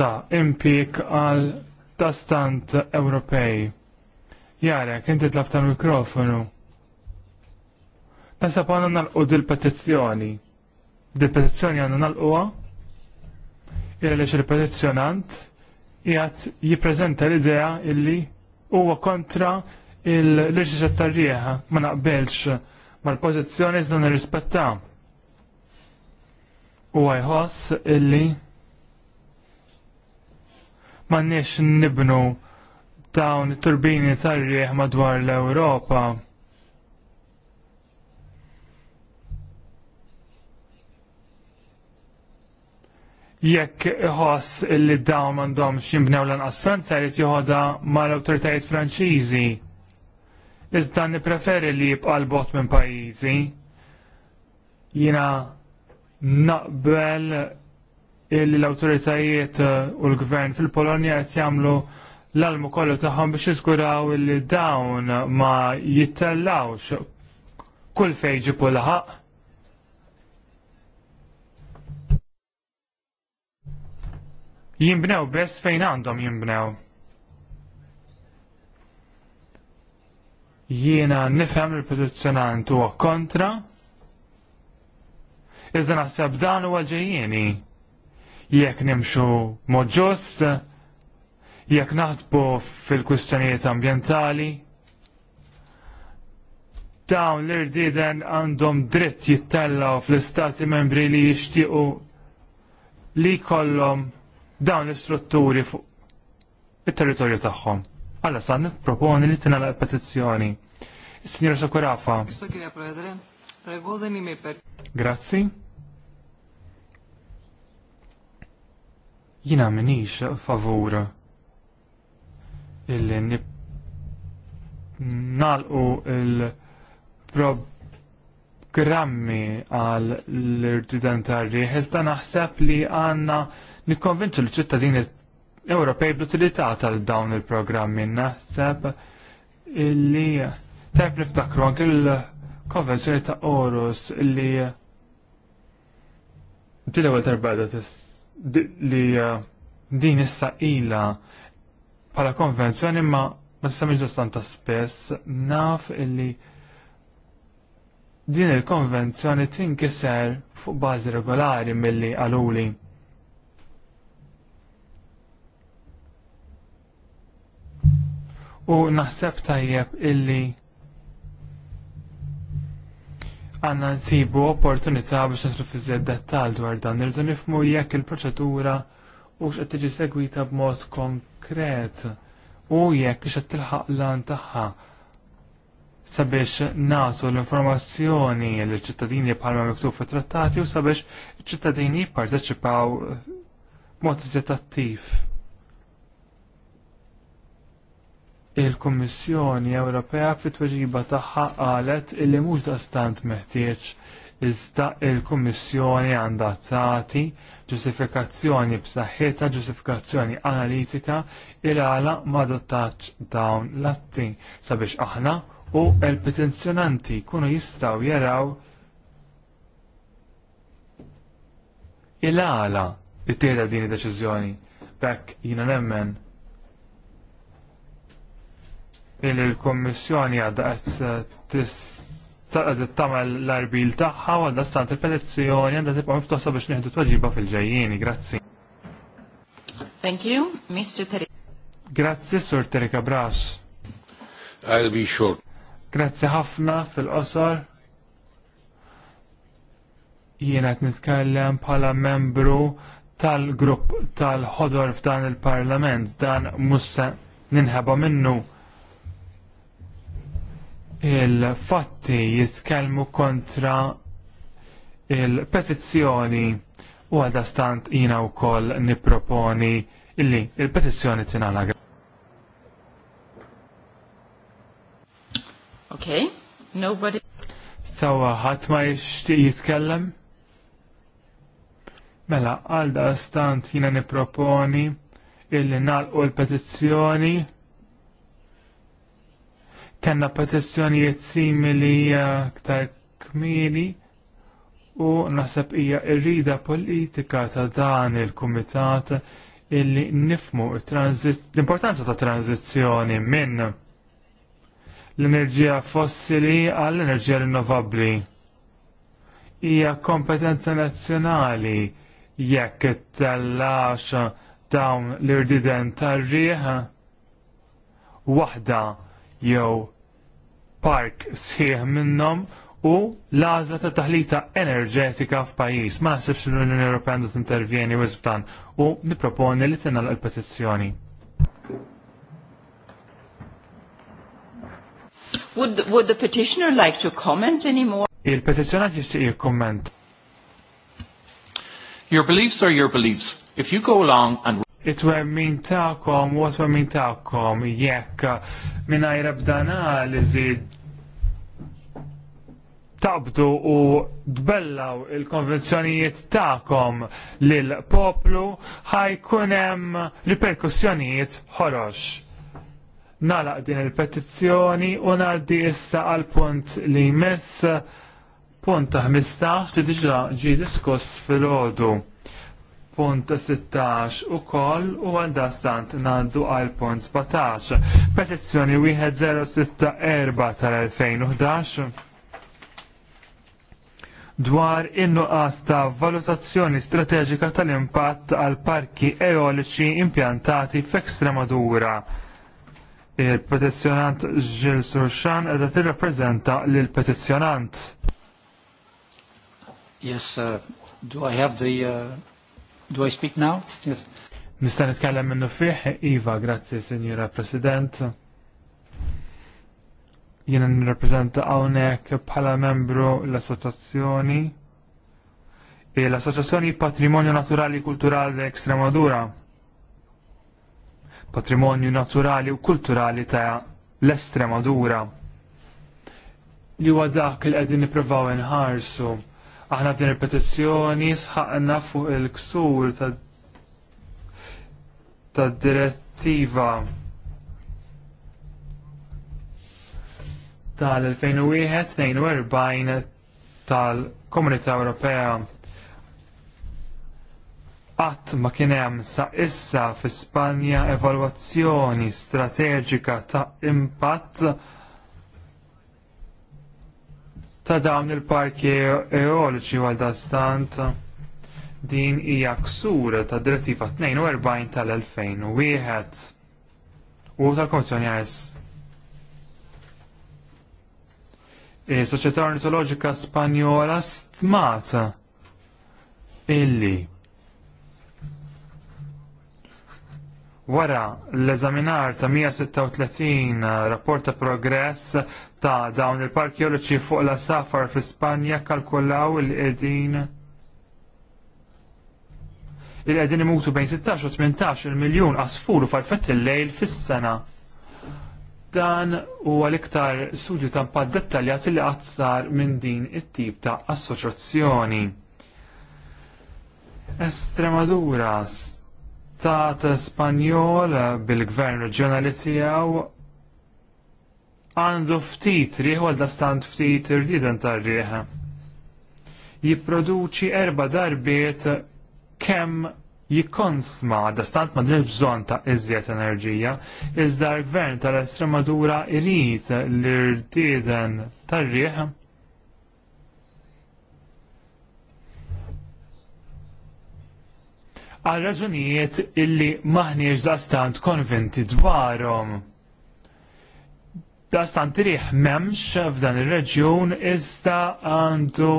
ta' impik għal tastant Ewropej. Jara kien tlab tal-mikrofonu. Nasab għanna nalqu dil-petizzjoni. Dil-petizzjoni għanna nalquwa? Ira li il-petizzjonant jgħat jiprezenta l-idea illi huwa kontra il-leġiżat tarrieħa ma naqbelx mal-pożizzjoni zna nirrispettaw. U jħoss illi m'għandniex nibnu dawn it-turbini tal rieħ madwar l-Ewropa. Jekk iħoss illi dawn m'għandhomx jimbnew lanqas Franza jrid joħodha mal-awtoritajiet Franċiżi iżda nippreferi li jibqa' l-bot minn pajjiżi. Jiena naqbel l awtoritajiet uh, u l-gvern fil-Polonja qed jagħmlu l-almu kollu tagħhom biex jiżguraw li dawn ma jittellawx kull fejn ġipu laħaq. Jimbnew bess fejn għandhom jimbnew. Jiena nifhem il-petizzjonant huwa kontra. Iżda naħseb dan huwa ġejjieni. Jekk nimxu mod ġust, jekk naħsbu fil-kwistjonijiet ambjentali, dawn l-irdiden għandhom dritt jittellaw fl-istati membri li jixtiequ li jkollhom dawn l-istrutturi fuq it-territorju tagħhom. Għalla san proponi li tina la petizzjoni. Signora Sokurafa. Grazzi. Jina minix favur illi nip nalqu il-programmi għal l-irtidentarri, ħezda naħseb li għanna nikkonvinċu l-ċittadini Ewropej bl-utilità tal-dawn il-programmi naħseb illi tajb niftakru anke l-konvenzjoni ta' Orus illi. din ewwel darba li eh, din issa ila pala konvenzjoni ma ma tistax ġostanta spess naf illi din il-konvenzjoni tinkiser fuq bażi regolari milli għaluli. u naħseb tajjeb illi għanna nsibu opportunità biex nitru fiżjed dettal dwar dan, irdu nifmu jekk il-proċedura u x'qed tiġi segwita b'mod konkret u jekk x'qed tilħaq lan tagħha sabiex nagħtu l-informazzjoni l ċittadini bħalma miktub fit trattati u sabiex iċ-ċittadini jipparteċipaw b'mod iżjed attiv. Il-Kummissjoni Ewropea fit-tweġiba tagħha qalet illi mhux dastant meħtieġ iżda il-Kummissjoni għandha tagħti ġustifikazzjoni b'saħħitha, ġustifikazzjoni analitika il għala ma dottaċ dawn l-atti sabiex aħna u l-petenzjonanti kunu jistaw jaraw il għala it-tieda din id-deċiżjoni. Bekk jina nemmen il l-Kommissjoni għadha qed eh, tagħmel l-arbil tagħha għadda stant il-petizzjoni t tibqa' miftuħsa biex nieħdu wagġiba fil ġajjini Grazzi. Thank you, Mr. Terika. Grazzi, Sur Terika Brass. I'll be short. Grazzi ħafna fil-qosor. Jiena qed nitkellem bħala membru tal-grupp tal-ħodor f'dan il-Parlament dan mhux ninħeba minnu il-fatti jitkellmu kontra il-petizzjoni u għadastant jina u koll niproponi illi il-petizzjoni tinala. Ok, nobody. Sawa, ħat ma jishtiq jitkellem? Mela, għalda stant jina niproponi illi nalqu l-petizzjoni Kenna petizzjonijiet simili eh, aktar kmini u nasab hija irrida politika ta' dan il-kumitat illi nifmu l-importanza ta' tranzizzjoni minn l-enerġija fossili għall-enerġija rinnovabbli. Hija kompetenza nazzjonali jekk tellax dawn l-irdiden tar-rieħ waħda jew park sħiħ minnom u lażla ta' taħlita enerġetika f'pajjiż. Ma naħsibx li l-Unjoni Ewropea għandha tintervjeni wisbtan u nipproponi li tinna l petizzjoni Would, would the petitioner like to comment anymore? Il-petizjonat jixtieq jikkumment. Your beliefs are your beliefs. If you go along and it wemmin ta'kom u it twemmin ta'kom jekk minna jirabdana li zid tabdu u dbellaw il-konvenzjonijiet ta'kom lil-poplu ħajkunem riperkussjonijiet ħorox. Nalaq din il-petizzjoni u naddi issa għal-punt li jmiss punt ta' 15 li diġa ġi diskuss fil-ħodu punt 16 u koll u għandastant nandu għal punt 17. Petizzjoni 1064 tal-2011 dwar in-nuqqas ta' valutazzjoni strateġika tal-impatt għal parki eoliċi impjantati f'Ekstremadura. Il-petizzjonant Gil Surxan edha tirrappreżenta l petizzjonant Yes, uh, do I have the uh, Do I speak now? Yes. Nista' nitkellem minnu fih, Iva, grazzi, Sinjura President. Jiena nirrappreżenta hawnhekk bħala membru l-assoċjazzjoni e, l-Assoċjazzjoni Patrimonju Naturali Kulturali Ekstremadura. Patrimonju Naturali u Kulturali ta' l-Estremadura. Li huwa dak li qegħdin nippruvaw inħarsu Aħna din il-petizzjoni sħaqna fuq il-ksur ta' direttiva tal-2001-42 tal-Komunità Ewropea qatt ma kien hemm sa issa fi Spanja evalwazzjoni strateġika ta' impatt ta' dawn il-parki eoliċi għal stant din hija ksur ta' direttiva 42 tal-2001 u tal komissjoni għajs. il Soċjetà Ornitoloġika Spanjola stmat illi Wara l-eżaminar ta' 136 eh, rapport ta' progress ta' dawn il-parkjoloġi fuq la safar fi Spanja kalkulaw il-qegħdin il-qegħdin imutu bejn 16 u 18 il-miljun u farfett il-lejl fis-sena. Dan huwa l-iktar studju ta' mpad dettaljat li qatt sar minn din it-tip ta' assoċjazzjoni. Estremadura trattat Spanjol eh, bil-gvern reġjonali tiegħu għandu ftit rieħ għal dastant ftit irdiden tar-rieħ. Jipproduċi erba darbiet kemm jikkonsma dastant ma dril bżon ta' iżjed enerġija, iżda l-gvern tal-Estremadura irrit l-irdiden tar-rieħ għal raġunijiet illi maħniex dastant konvinti dwarhom. Dastant riħ memx f'dan ir-reġjun iżda għandu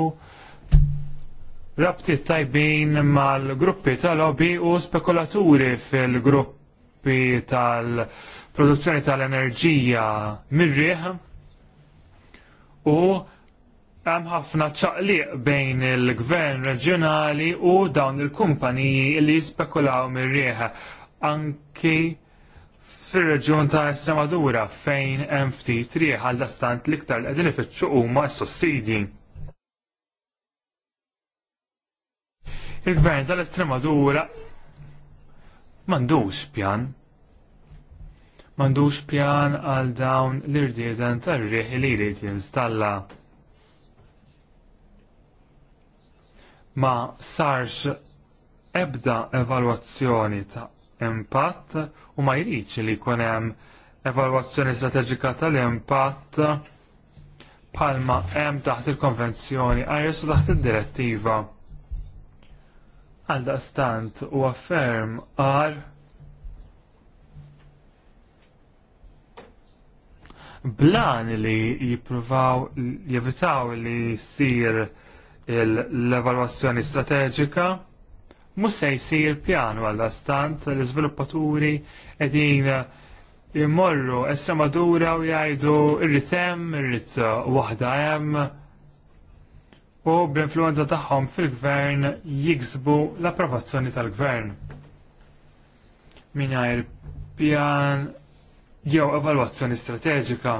rabtiet tajbin mal-gruppi tal-lobby u spekulaturi fil-gruppi tal-produzzjoni tal-enerġija mir-riħ u hemm ħafna ċaqliq bejn il-gvern reġjonali u dawn il-kumpaniji li jispekulaw mir-rieħa anki fir-reġjun ta' estremadura fejn hemm ftit rieħ għal dastant l-iktar qegħdin ifittxu huma s-sussidi. Il-gvern tal estremadura m'għandux pjan m'għandux pjan għal dawn l-irdieżen tar-rieħ li jrid jinstalla. ma sarx ebda evalwazzjoni ta' impatt u ma jridx li jkun hemm evalwazzjoni strateġika tal-impatt palma hemm taħt il-konvenzjoni għajres u taħt id-direttiva. Għal daqstant u afferm għar blan li jipruvaw jevitaw li sir l-evalwazzjoni strateġika mhux se jsir pjan għalla stant l-iżviluppaturi qegħdin jimmorru Estremadura u jgħidu irrid hemm, irrid waħda hemm u bl-influenza tagħhom fil-gvern jiksbu l-approvazzjoni tal-gvern. Mingħajr pjan jew evalwazzjoni strateġika.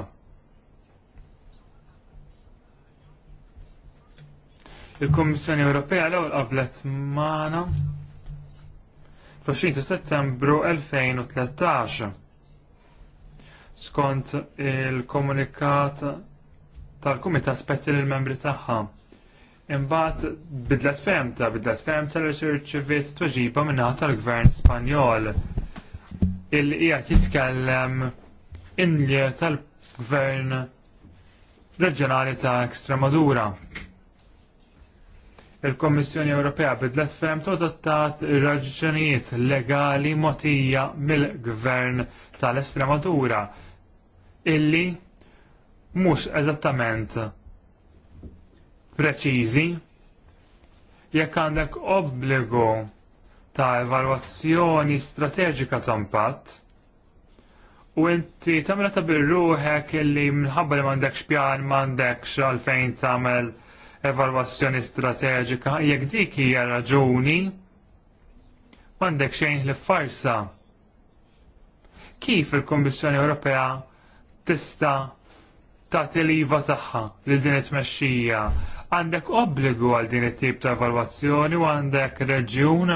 Il-Kommissjoni Ewropea l-ewwel qablet magħna fl-20 Settembru 2013 skont il-komunikat tal-Kumitat Spezzi lill membri tagħha. Imbagħad bidlet femta, bidlet femta li ċirċiviet tweġiba naħa tal-Gvern Spanjol il qiegħed jitkellem inlie tal-Gvern Reġjonali ta' Ekstremadura il-Kommissjoni Ewropea bidlet ferm todottat raġunijiet legali motija mill-gvern tal-Estremadura illi mhux eżattament preċiżi jekk għandek obbligu ta' evalwazzjoni strateġika ta' impatt u inti tamela ta' birruħek illi minħabba li m'għandekx pjan m'għandekx għalfejn tagħmel evalwazzjoni strateġika jekk dik hija raġuni m'għandek xejn li farsa. Kif il kummissjoni Ewropea tista' tagħti l-iva tagħha li din it-tmexxija għandek obbligu għal din it-tip ta' evalwazzjoni u għandek reġjun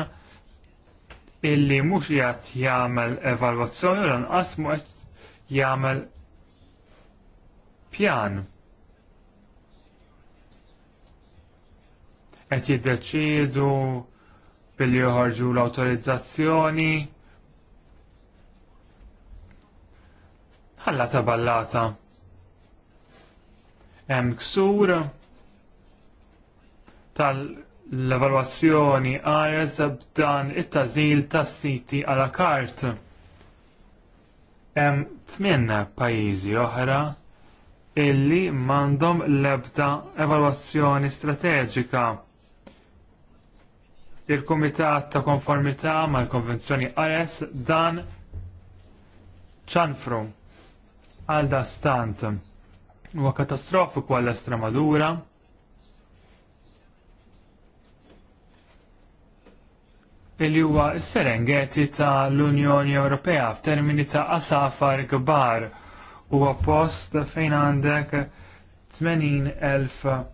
illi mhux qed jagħmel evalwazzjoni u lanqas mhux jagħmel pjan. qed jiddeċiedu billi joħorġu l-awtorizzazzjoni. Ħalla ta' ballata. Hemm ksur tal-evalwazzjoni għares b'dan it-tażil tas-siti għala kart. Hemm tmien pajjiżi oħra illi m'għandhom l-ebda evalwazzjoni strateġika il-Kumitat ta' Konformità mal-Konvenzjoni Ares dan ċanfru għal da stant huwa katastrofiku għall Estramadura illi huwa s-serengeti ta' l-Unjoni Ewropea f'termini ta' asafar kbar huwa post fejn għandek 80,000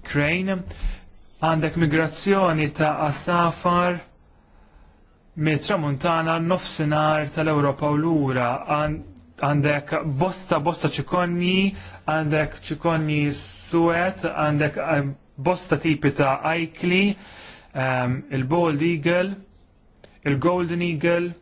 Ukraine, għandek migrazzjoni ta' asafar mit-tramuntana nofsinar tal-Europa u l-ura għandek bosta bosta ċikonni, għandek ċikonni suet, għandek eh, bosta tipi ta' ajkli, um, ehm, il bold eagle, il-golden eagle,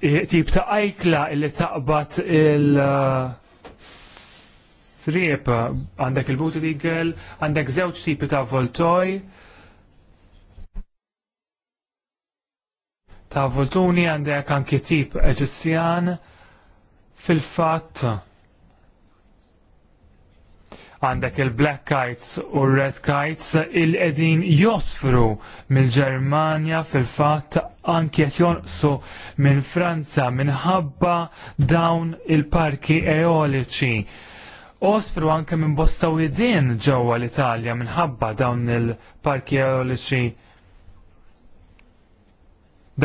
tip ta' ajkla li taqbad il- uh, Sriep, għandek il-Booty Eagle, għandek żewġ tipi ta' Voltoj, ta' Voltuni għandek anki tip Eġizzjan fil-fatt għandek il-black kites u red kites il-edin josfru mill-Ġermanja fil-fat anki jonqsu minn Franza minħabba dawn il-parki eoliċi. Osfru anke minn bosta widin ġewwa l-Italja minħabba dawn il-parki eoliċi.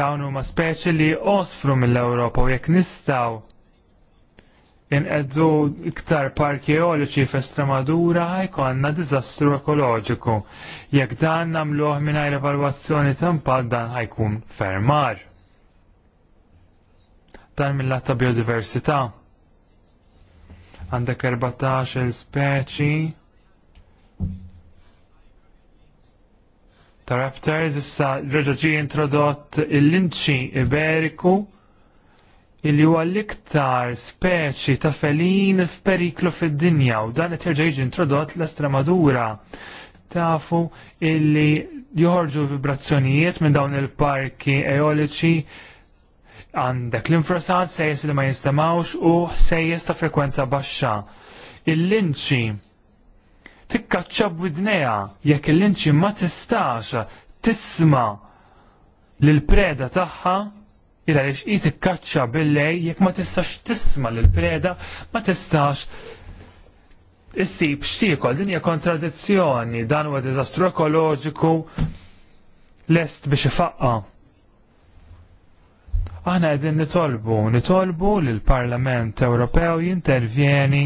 Dawn huma speċi li osfru mill-Ewropa u jekk nistgħu inqeddu iktar parki eoliċi f'Estremadura ħajkonna diżastru ekoloġiku. Jekk dan nagħmluh mingħajr evalwazzjoni ta' impad dan ħajkun fermar. Dan mill ta' biodiversità. Għandek 14 speċi ta' raptors issa ġoġa introdott il-linċi iberiku illi huwa l-iktar speċi ta' felin f'periklu fid-dinja u dan qed jerġa' jiġi introdott l-Estramadura. Tafu illi joħorġu vibrazzjonijiet minn dawn il-parki eoliċi għandek l-infrasat sejjes li ma jistamawx u sejjes ta' frekwenza baxxa. Il-linċi tikkaċċa b'widneja jekk il-linċi ma tistax tisma' lil preda tagħha illa li xqit ikkaċċa billej jekk ma tistax tisma lil preda ma tistax issib xtiekol din hija kontradizzjoni dan huwa diżastru ekoloġiku lest biex ifaqqa. Aħna qegħdin nitolbu, nitolbu li l-Parlament Ewropew jintervjeni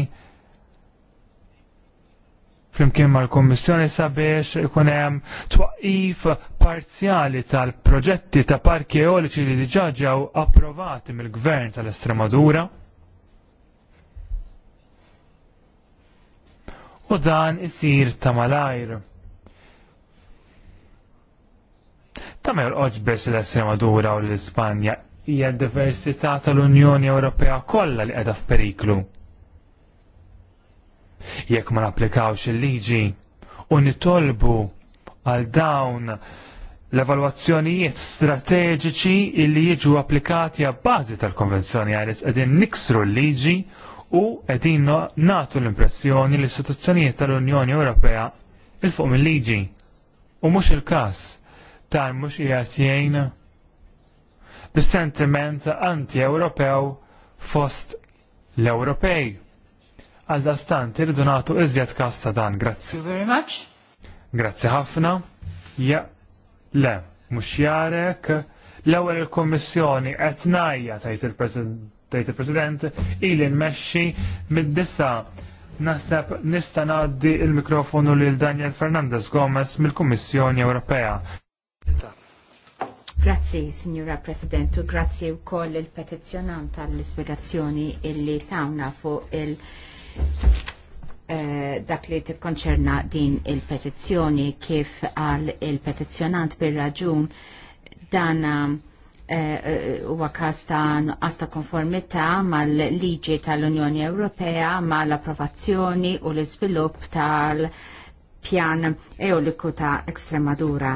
flimkien mal-Kommissjoni sabiex ikun hemm twaqif parzjali tal-proġetti ta' parki eoliċi li diġà ġew approvati mill-Gvern tal-Estremadura. U dan isir ta' malajr. Ta' ma jolqoġbex l-Estremadura u l-Ispanja hija d-diversità tal-Unjoni Ewropea kollha li qiegħda f'periklu jekk ma napplikawx il-liġi u nitolbu għal dawn l-evalwazzjonijiet strateġiċi illi jiġu applikati bazi tal-konvenzjoni għalis qegħdin niksru l-liġi u qegħdin nagħtu l-impressjoni l istituzzjonijiet tal-Unjoni Ewropea il fuq mill-liġi. U mhux il-każ tal mhux qiegħed jgħin bis-sentiment anti-Ewropew fost l-Ewropej. Għal dastant irridu nagħtu iżjed kasta ta' dan, grazzi. very much. Grazzi ħafna. Ja, le, mhux jarek. L-ewwel il-Kummissjoni qed ngħajja tgħid il-President ili nmexxi mid-disa Nasab nista naddi il-mikrofonu lil Daniel Fernandez Gomez mill-Kummissjoni Ewropea. Grazzi, Signora Presidentu, grazzi u koll il-petizjonant tal-ispiegazzjoni illi tawna fuq il-, -il Eh, dak li tikkonċerna din il-petizzjoni kif għal il-petizzjonant per raġun dan eh, eh, huwa każ ta' konformita konformità mal-liġi tal-Unjoni Ewropea mal-approvazzjoni u l-iżvilupp tal-pjan eoliku ta' Ekstremadura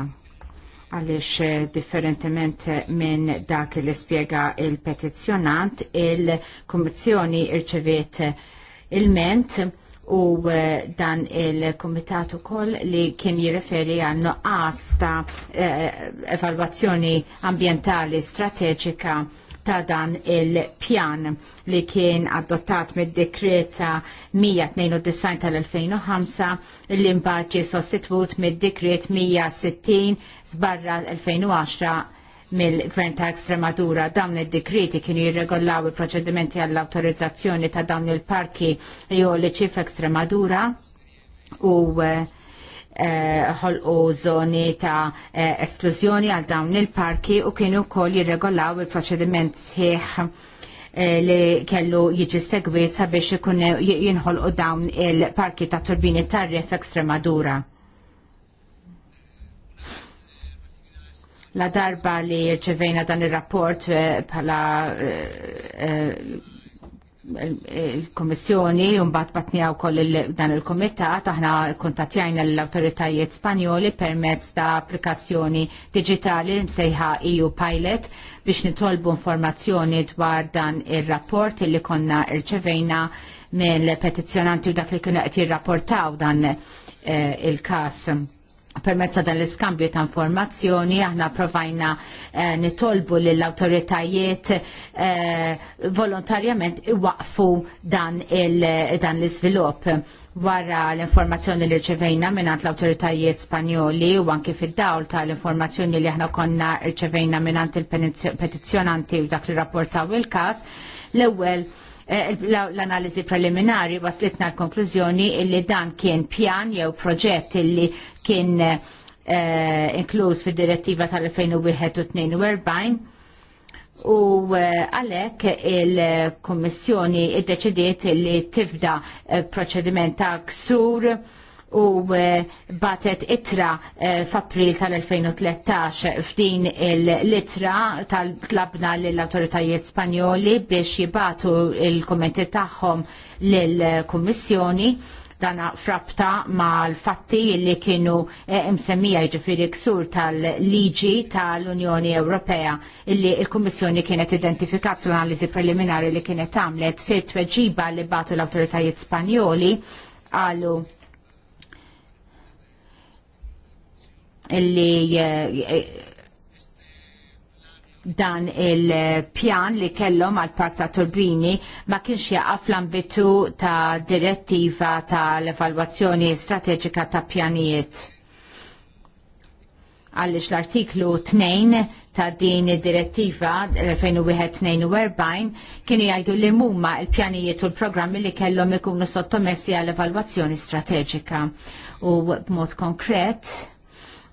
għaliex differentiment minn dak li spiega il-petizzjonant, il-Kummissjoni irċeviet il-ment u eh, dan il komitatu ukoll li kien jirreferi għal nuqqas ta' eh, evalwazzjoni ambientali strateġika ta' dan il-pjan li kien adottat mid dekreta 192 tal-2005 li mbagħad ġie sostitut mid dekret 160 sbarra 2010 mill-Gvern ta' Estremadura dawn id dekreti kienu jirregolaw il-proċedimenti għall-autorizzazzjoni ta' dawn il-parki jew ċif Extremadura u eh, eh, ħolqu uh, zoni ta' eh, esklużjoni għal dawn il-parki u kienu kol jirregolaw il-proċediment sħiħ li kellu jiġi segwi sabiex ikun jinħolqu dawn il-parki ta' turbini tarrif Extremadura. La darba li rċevejna dan il-rapport bħala eh, eh, eh, il-Komissjoni un bat batnijaw koll dan il-Komitat, aħna kontatjajna l-autoritajiet Spanjoli permezz ta' applikazzjoni digitali msejħa EU Pilot biex nitolbu informazzjoni dwar dan il-rapport li konna irċevejna mill-petizjonanti u dak li kienu qed jirrapportaw dan il-kas permezz dan l-iskambju ta' informazzjoni aħna provajna eh, nitolbu lill awtoritajiet eh, volontarjament iwaqfu dan l-iżvilupp wara l-informazzjoni li rċevejna minnant l-autoritajiet spanjoli u anki fid-dawl ta' l informazzjoni li aħna konna rċevejna minnant il-petizjonanti u dak li rapportaw il-kas, l-ewwel Eh, l-analiżi preliminari waslitna l-konklużjoni illi dan kien pjan jew proġett illi kien eh, inkluż fid-direttiva tal-2001 u U eh, għalek il-Kommissjoni id-deċidiet li tibda proċediment ta' ksur u eh, batet itra eh, f'April tal-2013 f'din il litra tal-tlabna l-autoritajiet spanjoli biex jibatu il-kommenti tagħhom l-Kummissjoni dana frabta ma l-fatti li kienu eh, msemmija ġifiri ksur tal-liġi tal-Unjoni Ewropea illi il-Kommissjoni kienet identifikat fl-analizi preliminari li kienet għamlet fit tweġiba li batu l-autoritajiet spanjoli għalu li eh, eh, dan il-pjan li kellhom għal park ta' turbini ma kienx jaqaf l-ambitu ta' direttiva ta' l-evalwazzjoni strateġika ta' pjanijiet. Għallix l-artiklu 2 ta' din id-direttiva 2001-42 kienu jgħidu li mumma il-pjanijiet u l-programmi li kellhom ikunu sottomessi għall evalwazzjoni strateġika u b'mod konkret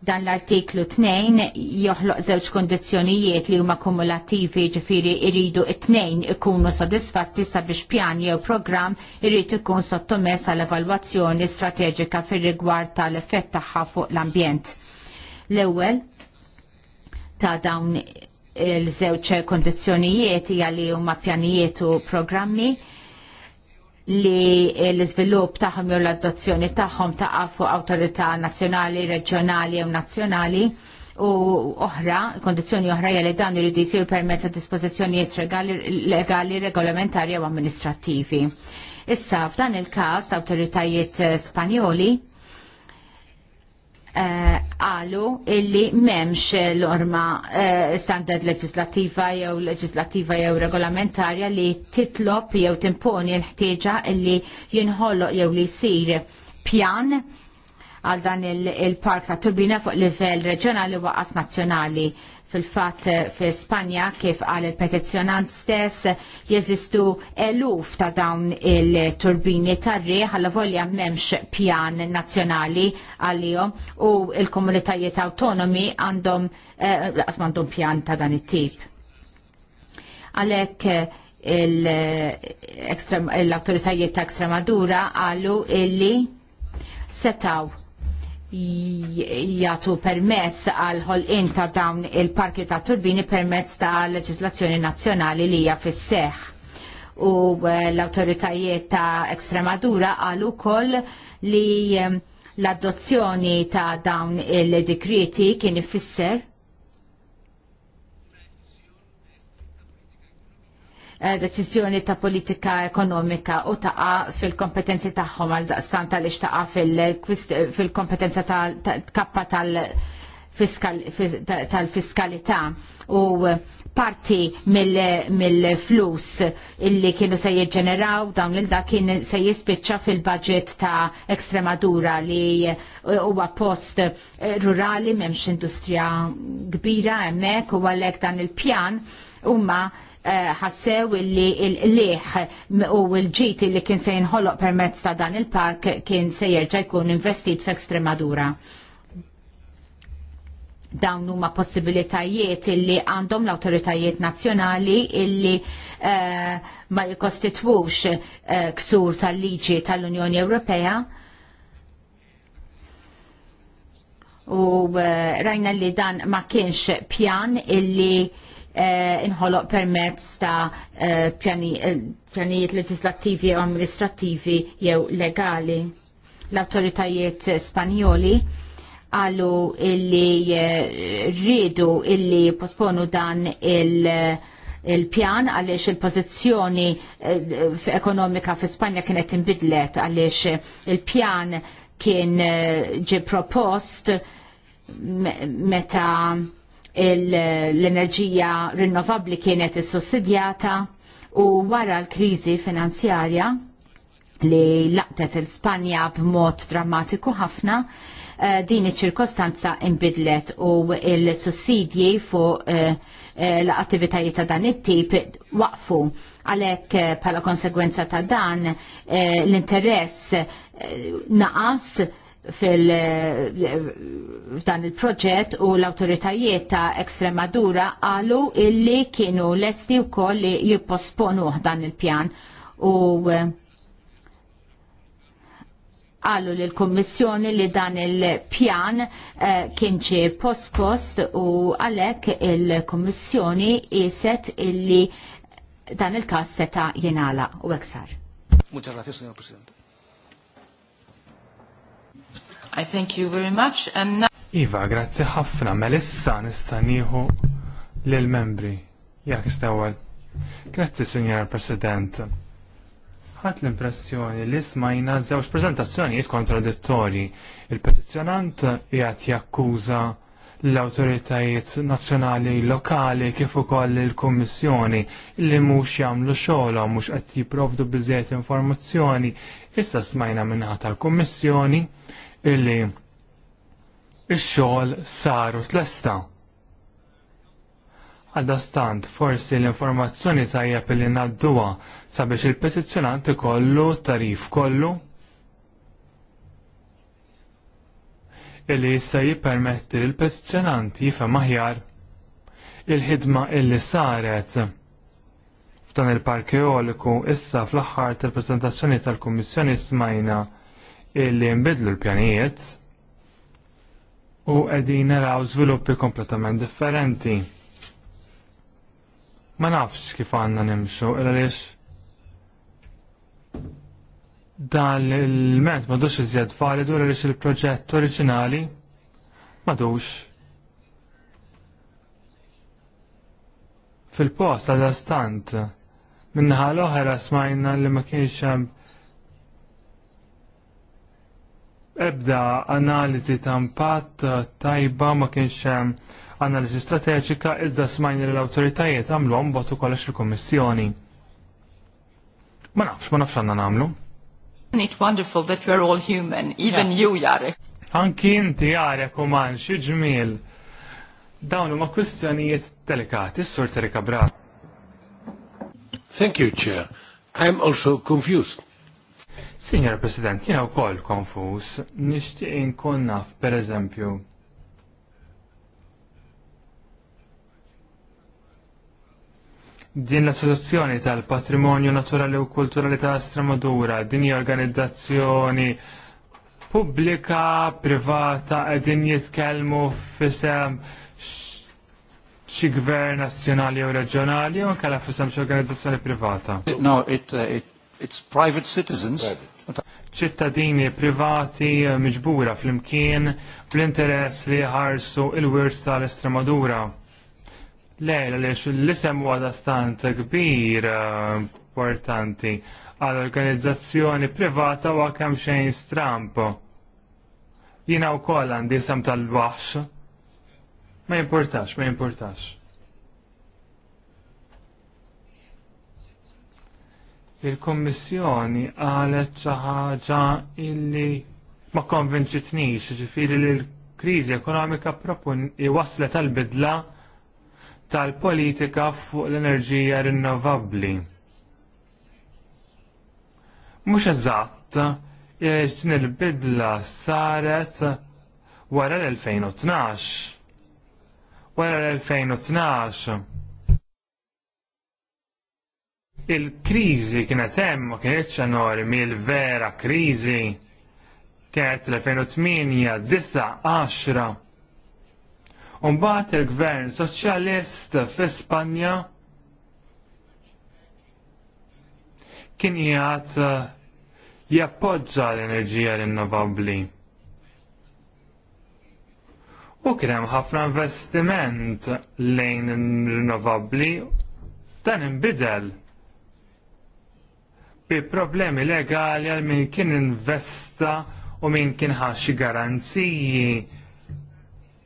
dan l-artiklu 2 joħloq żewġ kondizzjonijiet li huma kumulattivi ġifiri iridu it-tnejn ikunu sodisfatti sabiex pjan jew programm irid ikun sottomess għal evalwazzjoni strateġika fir-rigward tal-effett tagħha fuq l-ambjent. L-ewwel ta' dawn il-żewġ kondizzjonijiet hija li huma pjanijiet u programmi li l-izvilup tagħhom jew l-adozzjoni tagħhom taqa' fuq awtorità nazzjonali, reġjonali jew nazzjonali u oħra, kondizjoni oħra li dan irid jisir permezz ta' dispożizzjonijiet legali, regolamentari jew amministrattivi. Issa f'dan il-każ l-awtoritajiet Spanjoli Eh, għalu illi memx l-orma eh, standard leġislativa jew leġislativa jew regolamentarja li titlop jew timponi l-ħtieġa illi jinħolloq jew li jsir pjan għal dan il-park ta' turbina fuq livell reġjonali waqas nazzjonali Fil-fatt fi Spanja kif għal il-petizzjonant stess jeżistu eluf ta' dawn il-turbini tarri għalla volja memx pjan nazzjonali għalihom u il-komunitajiet autonomi għandhom eh, għandhom pjan ta' dan it-tip. Għalek l-autoritajiet ta' Ekstremadura għallu illi setaw jagħtu permess għal ħolqien ta' dawn il-parki ta' turbini permezz ta' leġislazzjoni nazzjonali li hija fis seħ u eh, l-autoritajiet ta' Ekstremadura għal ukoll li eh, l-adozzjoni ta' dawn il-dekreti kien ifisser Eh, deċiżjoni ta' politika ekonomika u taqa fil-kompetenzi tagħhom għal daqstan tal-ix taqa fil-kompetenza tal-kappa tal-fiskalità u parti mill-flus illi kienu se jiġġeneraw dawn lil da kien se jispiċċa fil-budget ta' dura li huwa post rurali m'hemmx industrija kbira hemmhekk u għalhekk dan il-pjan huma Eh, ħassew li l-liħ u l-ġit li kien se jinħoloq permezz ta' dan il-park kien se jerġa' jkun investit f'Extremadura. dawn huma possibilitajiet illi għandhom l-autoritajiet nazzjonali illi eh, ma jikostitwux eh, ksur tal-liġi tal-Unjoni Ewropea. U rajna li dan ma kienx pjan illi Eh, inħoloq permezz ta' eh, eh, pjanijiet leġislattivi u amministrattivi jew legali. L-autoritajiet Spanjoli għallu illi rridu illi posponu dan il- il-pjan għaliex il-pozizjoni ekonomika fi Spanja kienet imbidlet għaliex il-pjan kien ġi propost meta l-enerġija rinnovabli kienet is-sussidjata u wara l-kriżi finanzjarja li laqtet il-Spanja b'mod drammatiku ħafna, eh, din iċ-ċirkostanza imbidlet u l sussidji fuq eh, eh, l-attivitajiet ta' dan it-tip waqfu Għalhekk bħala konsegwenza ta' dan l-interess naqas fil eh, dan il-proġett u l-autoritajiet ta' Ekstremadura għalu illi kienu lesti u koll li jipposponu dan il-pjan u eh, għallu l kommissjoni li dan il-pjan eh, kienċi post-post u għalek il-kommissjoni jiset illi dan il-kas seta jenala u eksar. Muchas gracias, Signor presidente. I thank you very much. And now... Iva, grazzi ħafna, melissa nistaniħu l-membri. Jak stawal. Grazzi, Signor President. Ħadt l-impressjoni li smajna żewġ prezentazzjonijiet kontradittorji. Il-petizzjonant jgħat jakkuża l-autoritajiet nazzjonali lokali kif ukoll il-Kummissjoni li mhux jagħmlu xogħol mhux qed jipprovdu biżejjed informazzjoni. Issa smajna minnaħa tal-Kummissjoni illi il xogħol saru tlesta. Għaldastant, forsi l-informazzjoni tajjeb li nadduwa sabiex il petizjonanti kollu tarif kollu illi jista' jippermetti l petizjonanti jifhem aħjar il-ħidma illi saret f'dan il-park eoliku issa fl ħart il preżentazzjoni tal-Kummissjoni smajna illi nbidlu l-pjanijiet u qegħdin naraw żviluppi kompletament differenti. Ma nafx kif għandna nimxu għalix. dan l-ment dux iżjed validu għaliex il-proġett oriġinali dux. fil-post għadastant, minnaħal l-oħra smajna li ma kienx hemm ebda analiżi ta' impatt tajba ma kienx hemm analiżi strateġika iżda smajni l awtoritajiet għamlu botu ukoll il kommissjoni. Ma nafx, ma nafx għandna nagħmlu. Isn't it wonderful that we're all human, even yeah. you, Jarek? Anki inti Jare, kum'an man, xi ġmiel. Dawn huma kwistjonijiet delikati, s-sur Terika Bra. Thank you, Chair. I'm also confused. Signor President, jena u koll konfus, nishti inkun naf, per eżempju, din l-Associazzjoni tal-Patrimonju Naturali u Kulturali ta' Estremadura, din hija organizzazzjoni pubblika, privata, qegħdin jitkellmu f'isem xi gvern nazzjonali jew reġjonali u nkella f'isem xi organizzazzjoni privata. No, it, uh, it, it's private citizens. Private ċittadini privati eh, miġbura fl-imkien bl-interess li ħarsu il-wirt tal-Estremadura. Le, għaliex l-isem huwa għadastant kbir eh, importanti għal organizzazzjoni privata u għakam xejn strampo. Jina u koll għandi isem tal-waħx. Ma importax, ma importax. il-Kommissjoni għalet xi ħaġa illi ma konvinċitnix, ġifiri li l-kriżi ekonomika propun waslet għal bidla tal-politika fuq l-enerġija rinnovabbli. Mhux eżatt, din il-bidla saret wara l-2012. Wara l-2012 il-krizi kienet hemm ma kienetx enormi, il-vera krizi kienet l-2008, 9, 10. Umbat il-gvern soċjalist f'Ispanja kien jgħat eh, jappoġġa l-enerġija rinnovabbli. U kien hemm ħafna investiment lejn rinnovabbli dan inbidel bi problemi legali għal min kien investa u min kien ħaxi garanziji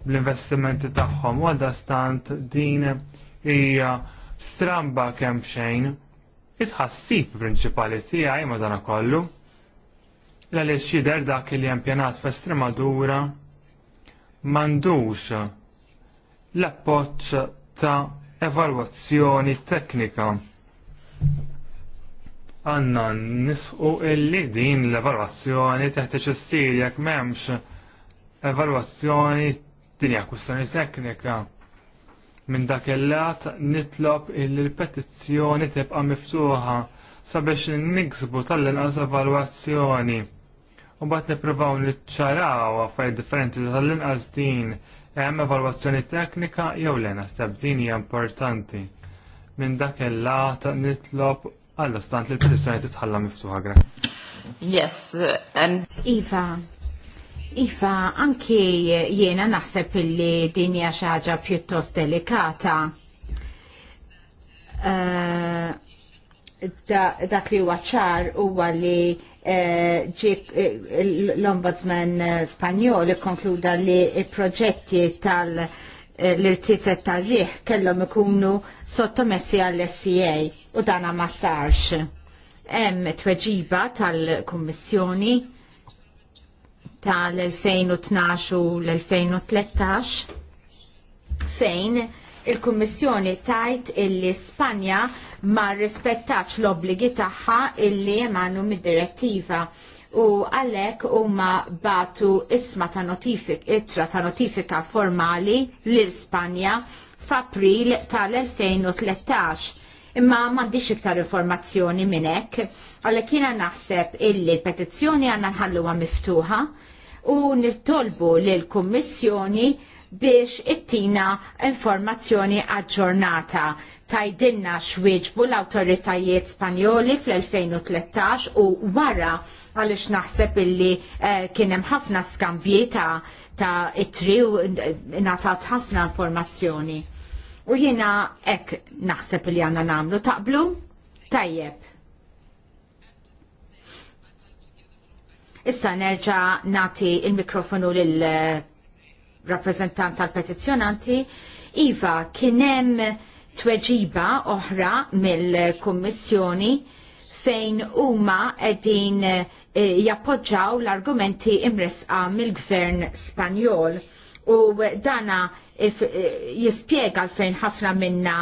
l-investimenti tagħhom u għadastant din hija stramba kemm xejn. Itħassib prinċipali tiegħi madana kollu. Għaliex jidher dak li hemm pjanat dura m'għandux l-appoġġ ta' evalwazzjoni teknika għanna nisqu illi din l-evalwazzjoni teħtieġ issir jekk m'hemmx evalwazzjoni dinja kwistjoni teknika. Minn dak il-lat nitlob illi l-petizzjoni tibqa' miftuħa sabiex niksbu tal-inqas evalwazzjoni. U bat nippruvaw niċċaraw affarijiet differenti tal-inqas din hemm evalwazzjoni teknika jew l-inqas din hija importanti. Minn dak il-lat nitlob Għalla stant li l-petizzjoni titħalla miftuħa gra. Yes, uh, and... Iva, Iva, anki jiena naħseb illi dinja xaġa pjuttost delikata. Uh, dak li huwa ċar huwa li uh, l-Ombudsman Spanjol ikkonkluda li proġetti tal- l-irtizet tar-riħ kellhom ikunu sottomessi għall-SCA u dana ma sarx. Hemm tweġiba tal-Kummissjoni tal-2012 u l-2013 fejn il-Kummissjoni tajt illi Spanja ma rispettax l-obbligi tagħha illi emanu mid-direttiva u għalek huma batu isma ta' notifik, itra ta' notifika formali l-Ispanja f'April tal-2013. Imma m'għandix iktar informazzjoni minn hekk, għalhekk jiena naħseb illi l-petizzjoni għandna nħalluha miftuħa u nittolbu lill-Kummissjoni biex ittina informazzjoni aġġornata tajdinna xwieġbu l-autoritajiet Spanjoli fl-2013 u wara għaliex naħseb illi eh, kien hemm ħafna skambji ta', it itri u ingħatat ħafna informazzjoni. U jiena hekk naħseb illi għandna nagħmlu taqblu tajjeb. Issa nerġa' nagħti l mikrofonu l eh, rappresentant tal-petizzjonanti, Iva, kien hemm tweġiba oħra mill-Kummissjoni fejn huma qegħdin eh, jappoġġaw l-argumenti imresqa mill-gvern Spanjol. U dana eh, eh, jispjega l-fejn ħafna minna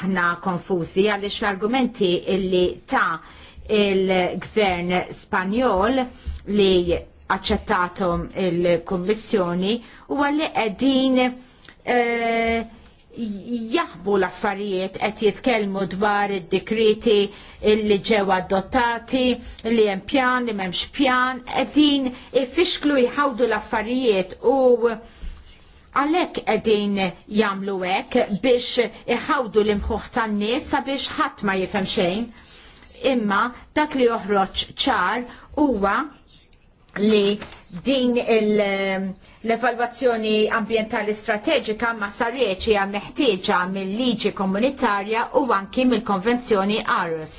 aħna konfużi għaliex l-argumenti illi ta' il-gvern Spanjol li aċċettatom il-Kommissjoni u għalli qegħdin jaħbu l-affarijiet qed jitkellmu dwar id dekreti li ġew adottati li hemm pjan li m'hemmx pjan qegħdin ifixklu jħawdu l-affarijiet u għalhekk qegħdin jagħmlu hekk biex iħawdu l-imħuħ tan-nies sabiex ħadd ma jifhem xejn. Imma dak li joħroġ ċar huwa li din ehm, l-evalwazzjoni ambientali strateġika ma sarieċi hija meħtieġa mill-liġi komunitarja u anki mill-konvenzjoni ARUS.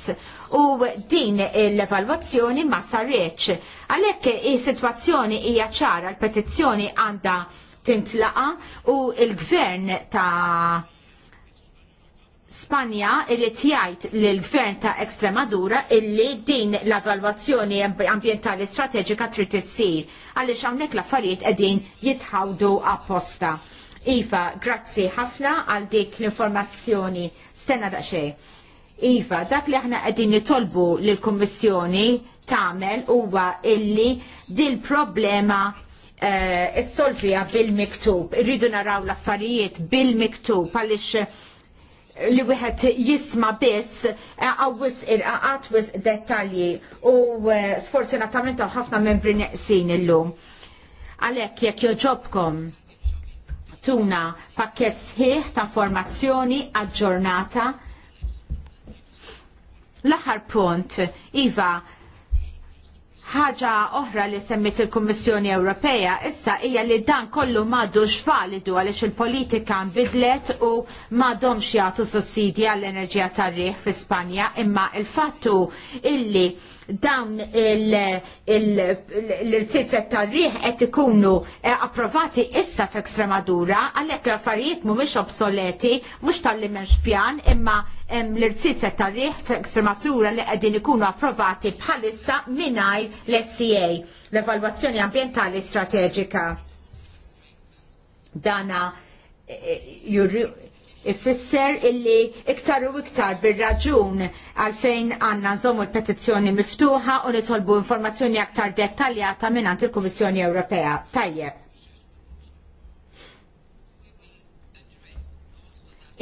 U din l-evalwazzjoni ma sarieċ. Għalhekk is-sitwazzjoni hija ċara l-petizzjoni għandha tintlaqa u l-gvern ta' Spanja irrid jgħid lill gvern ta' Extremadura illi din l avalwazzjoni ambjentali strateġika trid issir għaliex hawnhekk l-affarijiet qegħdin jitħawdu apposta. Iva, grazzi ħafna għal dik l-informazzjoni stenna da' xej. Iva, dak li aħna qegħdin nitolbu lill-Kummissjoni tagħmel huwa illi dil problema uh, issolvija bil-miktub, irridu naraw l-affarijiet bil-miktub għaliex li wieħed jisma biss e, għawis għatwis dettalji u e, sfortunatament ħafna membri neqsin illum. Għalhekk jekk joġobkom tuna pakket sħiħ ta' formazzjoni aġġornata. L-aħħar punt, Iva, Ħaġa oħra li semmit il-Kummissjoni Ewropea issa hija li dan kollu m'għadux validu għaliex il-politika nbidlet u m'għadhomx jagħtu sussidja għall-enerġija tar-riħ fi Spanja imma il-fattu illi dawn l-irtizet tar-riħ qed ikunu eh, approvati issa f'Ekstremadura għalhekk l-affarijiet mhumiex obsoleti, mhux tal-li pjan, imma l-irtizet tal riħ f'Ekstremadura li qegħdin ikunu approvati bħalissa mingħajr l-SCA, l-Evalwazzjoni Ambjentali Strateġika. Dana eh, eh, jurri ifisser illi iktar u iktar bir-raġun għalfejn għanna nżommu l-petizzjoni miftuħa u nitolbu informazzjoni aktar dettaljata minnant il-Kummissjoni Ewropea. Tajjeb.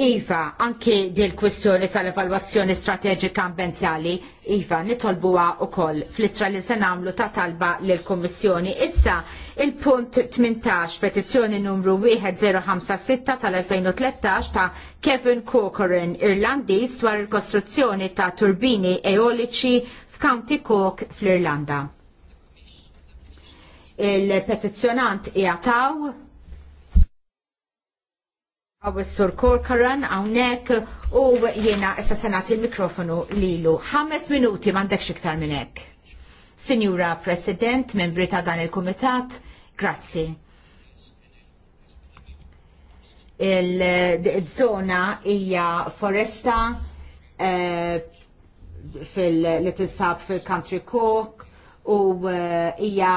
Iva, anki dil kwistjoni tal-evalwazzjoni strateġika ambjentali, Iva, nitolbuha wkoll fl-ittra li se nagħmlu ta' talba lill kummissjoni Issa, il-punt 18, petizzjoni numru 1056 tal-2013 ta' Kevin Corcoran, Irlandiż dwar il-kostruzzjoni ta' turbini eoliċi f'County Cork fl-Irlanda. Il-petizzjonant taw. Għawessur Korkaran għawnek u jena issa senat il-mikrofonu lilu. Ħames minuti mandek xiktar minnek. Signora President, membri ta' dan il-Komitat, grazzi. Il-zona hija foresta eh, fil-li fil-Country Cork u eh, hija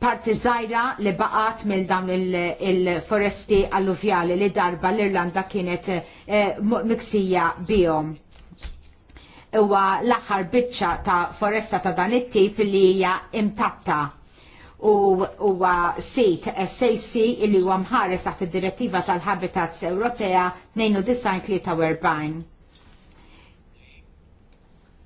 parti żgħira li baqgħet mill dawn il-foresti il alluvjali li darba l-Irlanda kienet eh, miksija bihom huwa l-aħħar biċċa ta' foresta ta' dan it-tip li hija imtatta u huwa sit SAC li huwa mħares taħt id-direttiva tal-Habitats Ewropea 9243.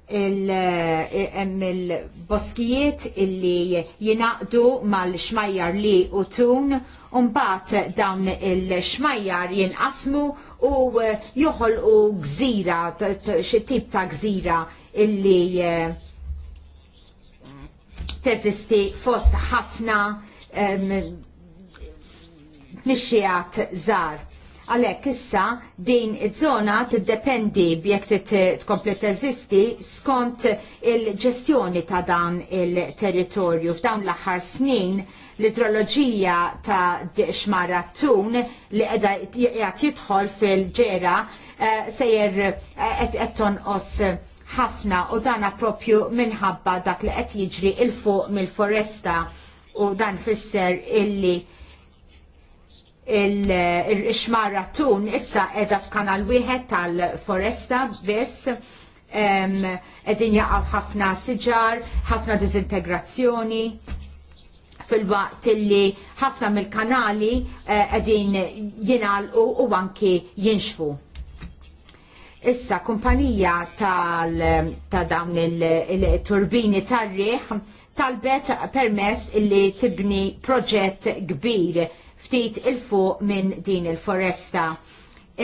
Eh, il-boskijiet illi jinaqdu mal-xmajjar li u tun, unbat dan il-xmajjar jinqasmu u eh, juħol u gżira, xittib ta' gżira illi eh, teżisti fost ħafna nixxijat zar Għalhekk issa din iż-żona tiddependi b'jekk t teżisti skont il-ġestjoni ta' dan il-territorju. F'dawn l-aħħar snin l idrologija ta' xmara tun li qiegħda jgħat jidħol fil-ġera eh, sejjer eh, qed tonqos ħafna u dana propju minħabba dak li qed jiġri il fuq mill-foresta u dan fisser illi il-xmarra tun issa edha f'kanal wieħed tal-foresta biss edin jaqaw ħafna siġar, ħafna dizintegrazzjoni fil-waqt illi ħafna mill-kanali qegħdin eh, jinalqu u anki jinxfu. Issa kumpanija ta' dawn il-turbini tar-riħ talbet permess illi tibni proġett kbir ftit il-fuq minn din il-foresta.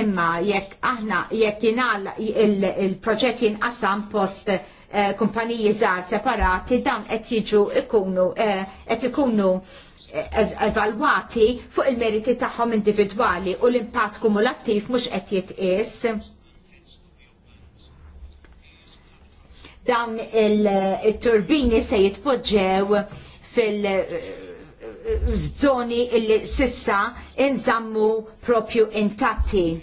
Imma jekk aħna jekk jinal il-proġett il jinqasam post eh, kumpaniji żgħar separati dan qed jiġu ikunu eh, qed eh, ikunu evalwati fuq il-meriti tagħhom individwali u l-impatt kumulattiv mhux qed jitqies. Dawn il-turbini se jitpoġġew fil- f'żoni illi sissa inżammu propju intatti.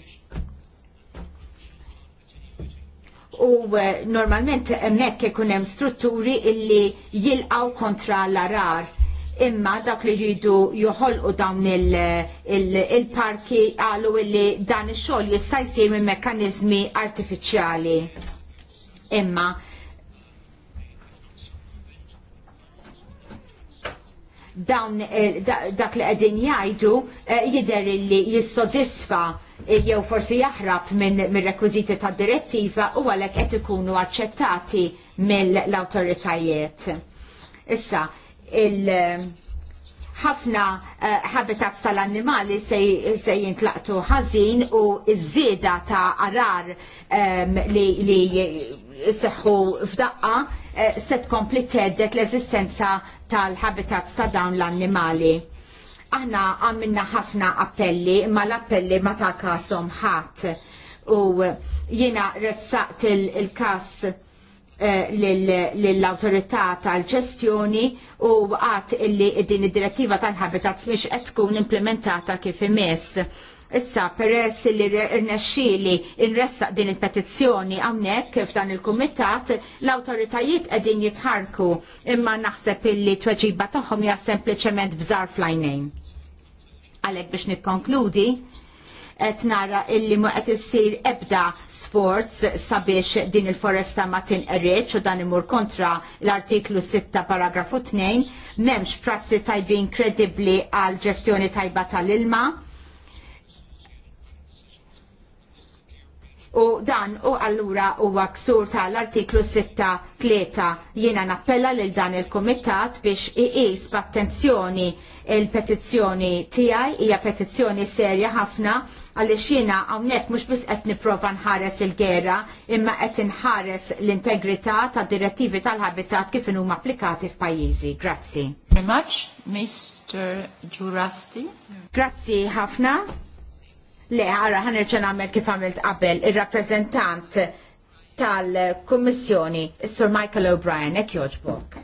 U eh, normalment hemmhekk ikun hemm strutturi illi jilqaw kontra l-arar imma dak li jridu joħolqu dawn il-parki il, il għalu illi dan ix-xogħol jista' jsir minn mekkaniżmi artifiċjali. Imma dawn eh, dak li qegħdin jgħidu eh, jidher li jissodisfa eh, jew forsi jaħrab minn rekwiżiti tad-direttiva u għalhekk qed ikunu aċċettati mill-awtoritajiet. Issa, il- ħafna habitat eh, habitats tal-annimali se jintlaqtu ħażin u iż-żieda ta' arar ehm, li, li jisseħħu f'daqqa eh, se tkompli teddet l-eżistenza tal-habitats ta' dawn l-annimali. Aħna għamilna ħafna appelli, imma l-appelli ma ta' kasom ħadd u jiena ressaqt il-kas il, Eh, l-autorità tal-ġestjoni u għat illi din id-direttiva tal-habitats biex qed tkun implementata kif imiss. Issa peress li rnexxili nressaq din il-petizzjoni hawnhekk f'dan il-kumitat l-awtoritajiet qegħdin jitħarku imma naħseb illi tweġiba tagħhom hija sempliċement bżar flajnejn. Għalhekk biex nikkonkludi, qed nara illi ma qed issir ebda sports sabiex din il-foresta ma tinqereġ u dan imur kontra l-artiklu 6 paragrafu 2 m'hemmx prassi tajbin kredibbli għal ġestjoni tajba tal-ilma U dan u allura huwa ksur tal-artiklu 6-3 jiena nappella lil dan il-komitat biex iqis b'attenzjoni il-petizzjoni tiegħi hija petizzjoni serja ħafna għaliex jiena hawnhekk mhux biss qed nipprova nħares il-gera imma qed inħares l-integrità tad-direttivi tal-habitat kif huma applikati f'pajjiżi. Grazzi. Very much, Mr. Giurasti. Grazzi ħafna. Le, għara, ħanerġa għamil kif għamilt qabel, il-rappresentant tal-Kommissjoni, Sir Michael O'Brien, ek joġbok.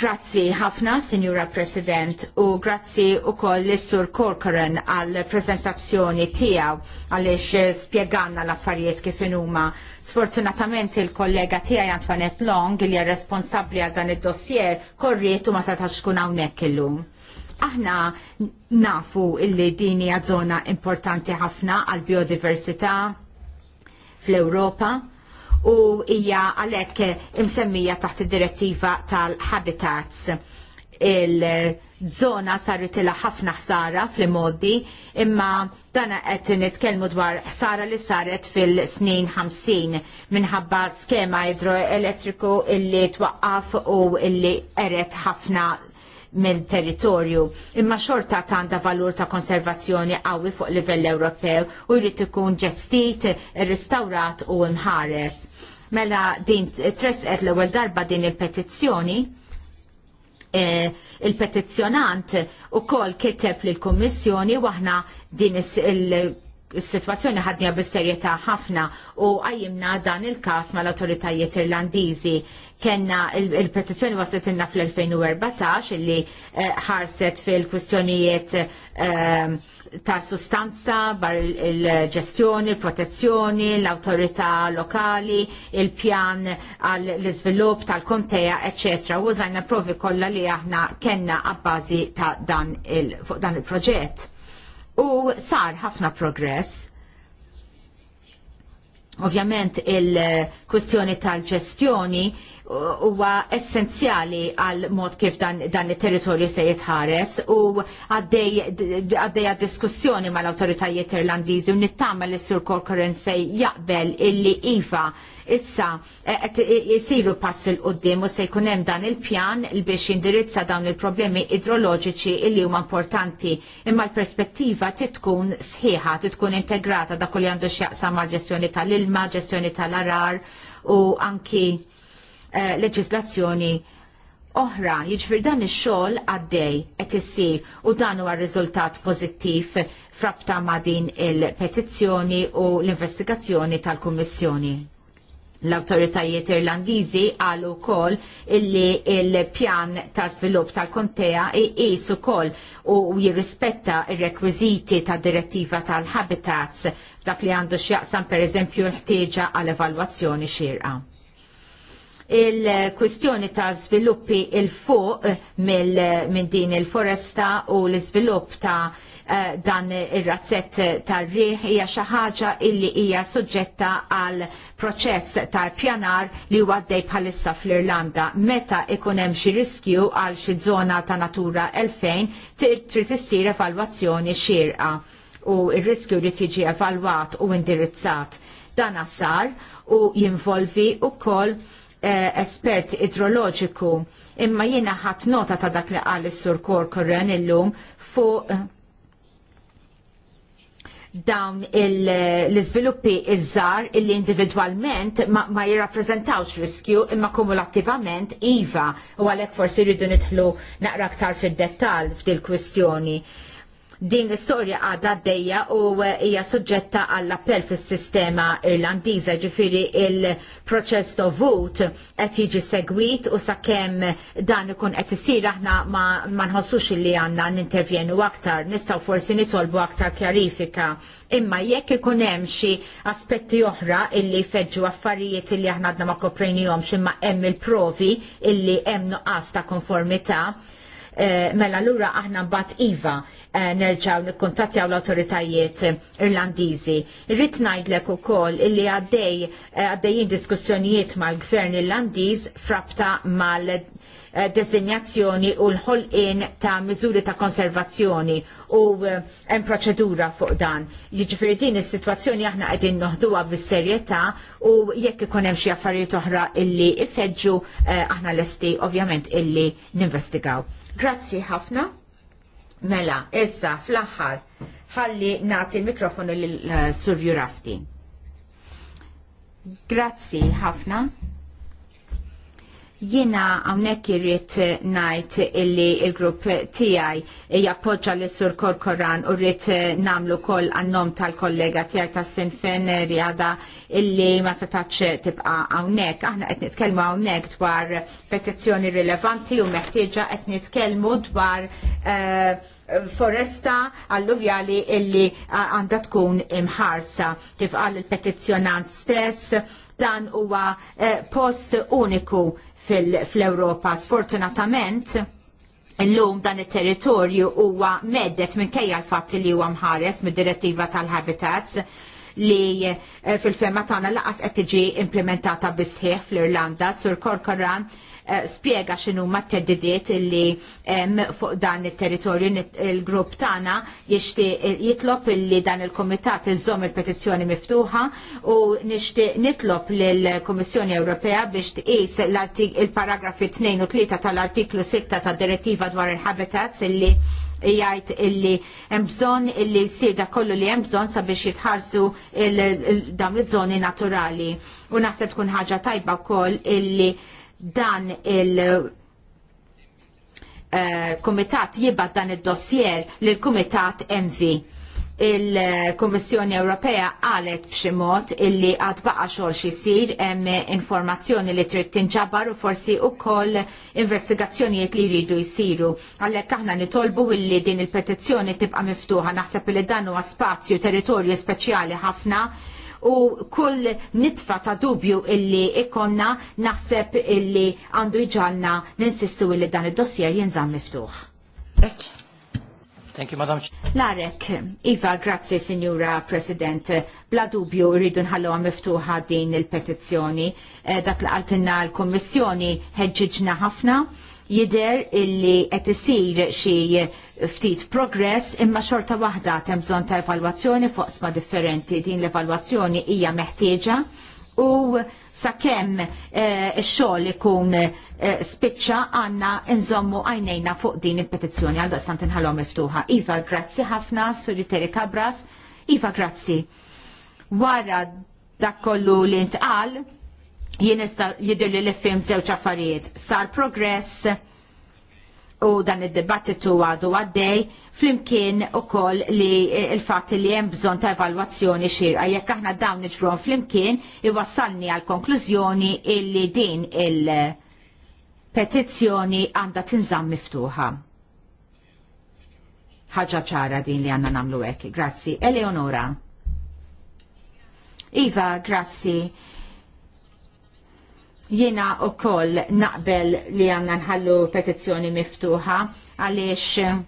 Grazzi ħafna, Signora President, u grazzi u koll l-Sur Corcoran għal-prezentazzjoni tijaw għalix spieganna l-affarijiet kif inuma. Sfortunatament il-kollega tijaj Antoinette Long, li responsabli għal dan id-dossier, korriet u ma setax għawnek hawnhekk illum. Aħna nafu illi din hija żona importanti ħafna għal biodiversità fl-Ewropa u hija għalhekk imsemmija taħt id-direttiva tal-Habitats il-żona saret ilha ħafna ħsara fl-modi imma dana qed nitkellmu dwar ħsara li saret fil-snin 50 minħabba skema idroelettriku illi twaqqaf u illi eret ħafna minn territorju. Imma xorta tanda valur ta' konservazzjoni qawwi fuq livell Ewropew u jrid ikun ġestit, restaurat u mħares. Mela din tresqet l-ewwel darba din il-petizzjoni eh, il-petizzjonant u kol kiteb l-Kommissjoni waħna din il Is-sitwazzjoni ħadnija b-serjeta ħafna u għajimna dan il-kas mal-autoritajiet irlandiżi. Kenna il-petizzjoni waslet inna fl-2014 illi eh, ħarset fil-kwistjonijiet ehm, ta' sustanza bar il-ġestjoni, il-protezzjoni, l autorita lokali, il-pjan għall izvilup tal-konteja, eccetera. U użajna provi kollha li aħna kenna għabbazi ta' dan il-proġett u sar ħafna progress. Ovvjament il-kwestjoni tal-ġestjoni huwa essenzjali għal mod kif dan, dan il-territorju se jitħares u għaddej diskussjoni mal autoritajiet irlandiżi u nittama li sur Corcoran se jaqbel illi IVA issa jisiru eh, pass il qoddim u se jkun hemm dan il-pjan biex jindirizza dawn il-problemi idroloġiċi illi huma importanti imma l-perspettiva titkun sħiħa, titkun integrata dak li għandu x'jaqsam mal ġestjoni tal-ilma, ġestjoni tal-arar u anki Eh, leġislazzjoni oħra, jiġifier dan ix-xogħol għaddej qed issir u dan huwa riżultat pożittiv frabta ma' din il-petizzjoni u l-investigazzjoni tal-Kummissjoni. L-autoritajiet irlandiżi għal ukoll illi il-pjan ta' svilupp tal-kontea iqis ukoll u jirrispetta ir-rekwiżiti tad direttiva tal-habitats dak li għandu x'jaqsam pereżempju l-ħtieġa għal evalwazzjoni xierqa il-kwistjoni ta' sviluppi il-fuq minn din il-foresta u l-svilupp ta' eh, dan ir-razzett tar-riħ hija xi ħaġa illi hija suġġetta għal proċess tal-pjanar li għaddej bħalissa fl-Irlanda. Meta ikun hemm xi riskju għal xi żona ta' natura 2000 trid issir evalwazzjoni xierqa u r-riskju li tiġi evalwat u indirizzat. Dan sar u jinvolvi wkoll Eh, espert idroloġiku imma jiena ħadd nota ta' dak li qal is-Sur Corcoran illum fuq eh, dawn eh, l-iżviluppi iż-żar illi individwalment ma, ma jirrappreżentawx riskju imma kumulattivament iva u għalhekk forsi rridu nidħlu naqra aktar fid-dettall f'dil kwistjoni. Din l-istorja għadha d-dejja u eh, hija suġġetta għall-appell fis-sistema Irlandiża, ġifieri il-proċess to vot qed jiġi segwit u sakemm dan ikun qed isir aħna ma nħossux li għandna nintervjenu aktar, nistgħu forsi nitolbu aktar kjarifika. Imma jekk ikun hemm xi aspetti oħra illi feġġu affarijiet illi aħna għadna ma koprejnihomx imma hemm il-provi illi hemm nuqqas ta' konformità, Eh, mela lura aħna mbagħad iva eh, nerġaw nikkuntattjaw l-awtoritajiet Irlandiżi. Irrid ngħidlek ukoll illi għaddej eh, għaddejjin diskussjonijiet mal-Gvern Irlandiż frabta mal designazzjoni u l-ħolqin ta' miżuri ta' konservazzjoni u hemm proċedura fuq dan. Jiġifieri din is-sitwazzjoni aħna qegħdin noħduha bis-serjetà u jekk ikun hemm xi affarijiet oħra illi ifeġġu aħna lesti ovvjament illi ninvestigaw. Grazzi ħafna. Mela, issa fl-aħħar ħalli nagħti l-mikrofonu lil eh, Sur Jurasti. Grazzi ħafna. Jiena hawnhekk irrid ngħid illi il-grupp tiegħi jappoġġa l sur Korkoran u rrid nagħmlu wkoll għannom tal-kollega tiegħi tas Sinfen Riada illi ma setax tibqa' hawnhekk. Aħna qed nitkellmu hawnhekk dwar petizzjoni rilevanti u meħtieġa qed nitkellmu dwar eh, foresta alluvjali illi eh, għandha tkun imħarsa. Kif qal il-petizzjonant stess, dan huwa eh, post uniku fil-Europa. Sfortunatament, l-lum dan it-territorju huwa meddet minkejja l fat li huwa mħares mid-direttiva tal-Habitats li eh, fil-fema tagħna laqas qed tiġi implementata bisħieħ fl-Irlanda sur Korkoran Eh, spiega xinu ma t-teddidiet illi fuq dan il-territorju il-grupp tana jishti eh, jitlop illi dan il-komitat iżom il-petizjoni miftuħa u nishti nitlop l-Komissjoni Ewropea biex tqis il-paragrafi 2 u 3 tal-artiklu 6 ta' direttiva dwar il-habitats illi jgħid illi hemm bżonn illi jsir da kollu li hemm bżonn sabiex jitħarsu dawn il żoni naturali. U naħseb tkun ħaġa tajba wkoll illi dan il- uh, kumitat jibad dan id-dossier l kumitat MV. Il-Kommissjoni Ewropea għalet b'ximot illi għad baqa xogħol xisir hemm informazzjoni li trid tinġabar u forsi wkoll investigazzjonijiet li jridu jsiru. Għalhekk aħna nitolbu illi din il-petizzjoni tibqa' miftuħa naħseb li dan huwa spazju territorju speċjali ħafna u kull nitfa ta' dubju illi ikonna naħseb illi għandu iġalna ninsistu illi dan id-dossier jinżam miftuħ. Thank you, Madam Larek, Iva, grazzi, Signora President. Bla dubju rridu nħalluha miftuħa din il-petizzjoni. Eh, dak li qaltilna l-Kommissjoni ħedġiġna ħafna. Jider illi qed isir xi ftit progress imma xorta waħda hemm bżonn ta' evalwazzjoni fuq sma differenti din l-evalwazzjoni hija meħtieġa u sakemm eh, ix-xogħol ikun eh, spiċċa għandna nżommu għajnejna fuq din il-petizzjoni għal daqstant inħallhom miftuħa. Iva, grazzi ħafna, Suriteri Kabras. Iva, grazzi. Wara dak kollu li ntqal, jien issa li l-film żewġ affarijiet. Sar progress, u dan id-dibattitu għadu għaddej flimkien u koll li il-fat li hemm bżon ta' evalwazzjoni xirqa jekk aħna dawn niġbrom flimkien iwassalni għal konklużjoni illi din il-petizzjoni għandha tinżamm miftuħa. Ħaġa ċara din li għanna namlu hekk. Grazzi. Eleonora. Iva, grazzi Jiena u koll naqbel li għanna nħallu petizzjoni miftuħa għaliex eh,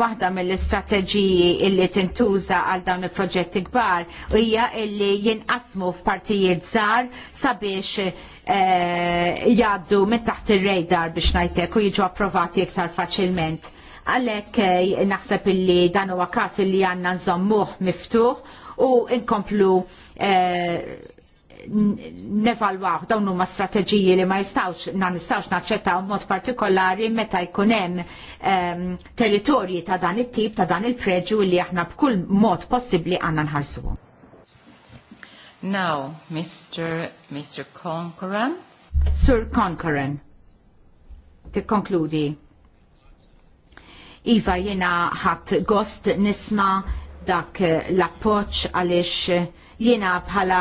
waħda mill-istrateġiji illi tintuża għal dawn il-proġetti kbar hija illi jinqasmu f'partijiet żgħar sabiex eh, jgħaddu minn taħt ir-radar biex ngħidlek u jiġu approvati iktar faċilment. Għalhekk eh, naħseb illi dan huwa każ illi għandna nżommuh miftuħ u inkomplu nevalwaw dawn huma strateġiji li ma jistawx na nistawx naċċettaw mod partikolari meta jkun hemm um, territorji ta' dan it-tip ta' dan il-preġu li aħna b'kull mod possibbli għandna nħarsuhom. Now, Mr. Mr. Conqueran. Sir Concoran, tikkonkludi. Iva jena ħadd gost nisma dak l-appoċ għaliex Jiena bħala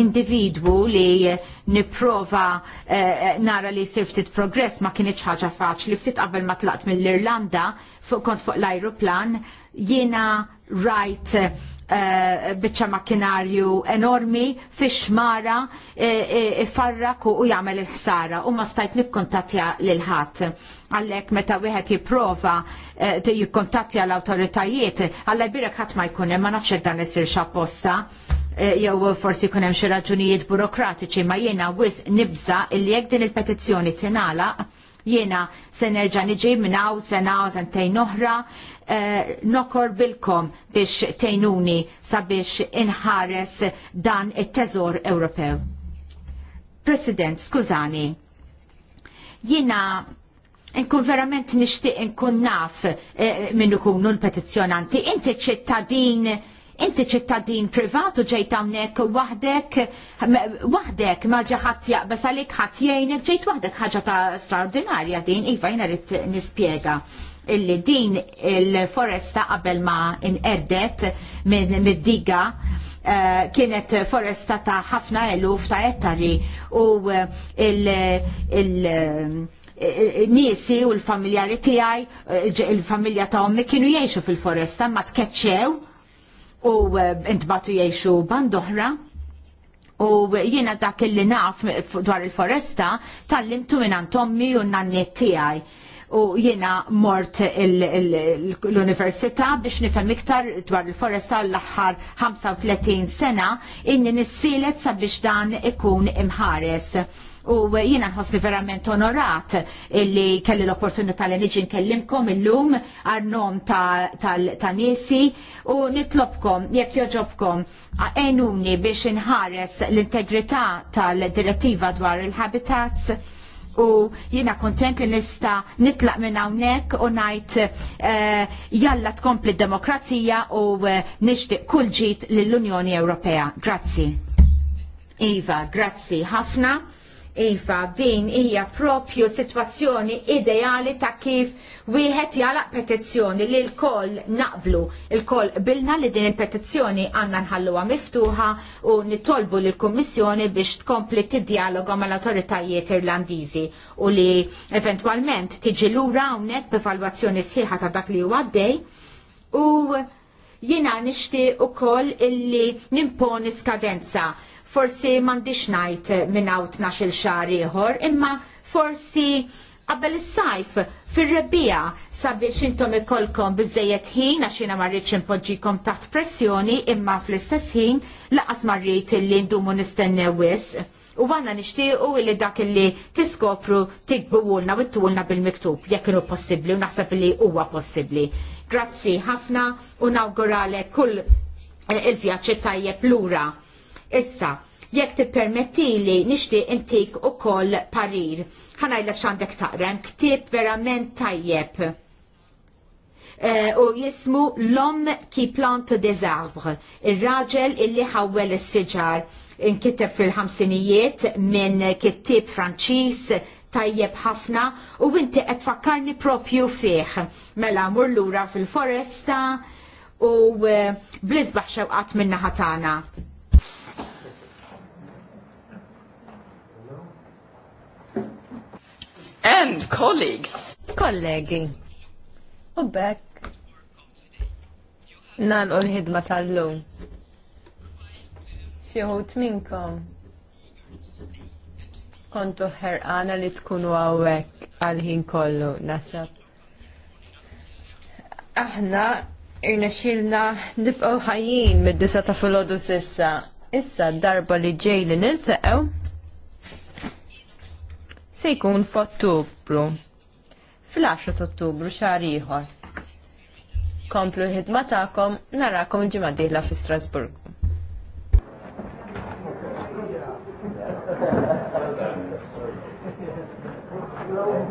individwu li niprofa eh, nara li sir ftit progress ma kienieċ ħaġa faċli ftit qabel ma tlaqt mill-Irlanda fuq kont fuq l-ajruplan jiena rajt eh, biċċa bicċa makkinarju enormi fix mara eh, eh, ifarrak u jagħmel il-ħsara u ma stajt nikkontattja lil ħadd. Għallek meta wieħed jipprova uh, jikkontattja l-awtoritajiet, alla birek ħadd ma jkun hemm ma nafx dan isir x'apposta. Eh, jew forsi jkun hemm xi raġunijiet burokratiċi ma jiena wis nibża li jekk din il-petizzjoni tingħalaq jiena se nerġa' niġi minn hawn sena sentejn oħra eh, nokor bilkom biex tejnuni sabiex inħares dan it-teżor Ewropew. President, skużani, jiena nkun verament nixtieq nkun naf min eh, minn ikunu l-petizzjonanti, inti ċittadin Inti ċittadin privatu ġejt hawnhekk waħdek, waħdek ma ġaħat jaqbes għalik ħadd jgħinek ġejt waħdek ħaġa ta' straordinarja din, iva jina rrit nispjega illi din il-foresta qabel ma inqerdet minn diga eh, kienet foresta ta' ħafna eluf ta' ettari u eh, il-nisi eh, u l-familjari tijaj, il-familja ta' ommi kienu jiexu fil-foresta ma tkeċċew u eh, intbatu jgħixu band oħra. U jiena dak li naf dwar il-foresta tal-limtu minn Antommi u n-nanniet tiegħi. U jiena mort l-università biex nifhem iktar dwar il-foresta l-aħħar 35 sena inni nissilet sabiex dan ikun imħares u jiena nħosni verament onorat illi kelli l-opportunità li niġi nkellimkom illum għal-nom ta' nisi u nitlobkom, jekk joġobkom, għenumni biex inħares l-integrità tal-direttiva dwar il-habitats u jina kontent li nista nitlaq minn hawnhekk u ngħid eh, jalla tkompli d-demokrazija u eh, nixtieq kull ġid lill-Unjoni Ewropea. Grazzi. Iva, grazzi ħafna. Iva, din hija propju situazzjoni ideali ta' kif wieħed jalaq petizzjoni li l-koll naqblu, l-koll bilna li din il-petizzjoni għanna nħalluha miftuħa u nitolbu l kummissjoni biex tkompli t mal autoritajiet irlandiżi u li eventualment tiġi lura hawnhekk b'evalwazzjoni sħiħa ta' dak li huwa għaddej u jiena nixtieq ukoll illi nimponi skadenza forsi m'għandix ngħid minn hawn tnax-il xahar ieħor, imma forsi qabel is-sajf fir-rebbija sabiex intom ikolkom biżejjed ħin għax jiena ma rridx impoġġikom taħt pressjoni imma fl-istess ħin laqas ma rrid illi ndumu nistennew wisq u għanna nixtiequ li dak li tiskopru tikbuwulna u t bil-miktub, jekk kienu possibli u naħseb li huwa possibli. Grazzi ħafna u nawgurale kull eh, il-vjaċċi tajjeb lura. Issa, Jekk tippermettili nixtieq intik ukoll parir. Ħanajdlek x'għandek taqrem ktieb verament tajjeb. Eh, u jismu l qui plante des arbres, ir-raġel illi ħawwel is-siġar inkiteb fil-ħamsinijiet minn kittieb Franċiż tajjeb ħafna u inti qed tfakkarni propju fih. Mela mur lura fil-foresta u eh, blizbaħ xewqat minna ħatana. and colleagues. Kollegi. U bekk. Nan u l-ħidma tal-lum. Xieħut minkom. Kontu ħerqana li tkunu għawek għal-ħin kollu, nasab. Aħna irna xilna nibqaw ħajjin mid-disa ta' filodu sissa. Issa darba li ġej li niltaqaw, se jkun f'Ottubru. Fl-10 ta' Ottubru xahar ieħor. Komplu l-ħidma tagħkom narakom il-ġimgħa fi Strasburg.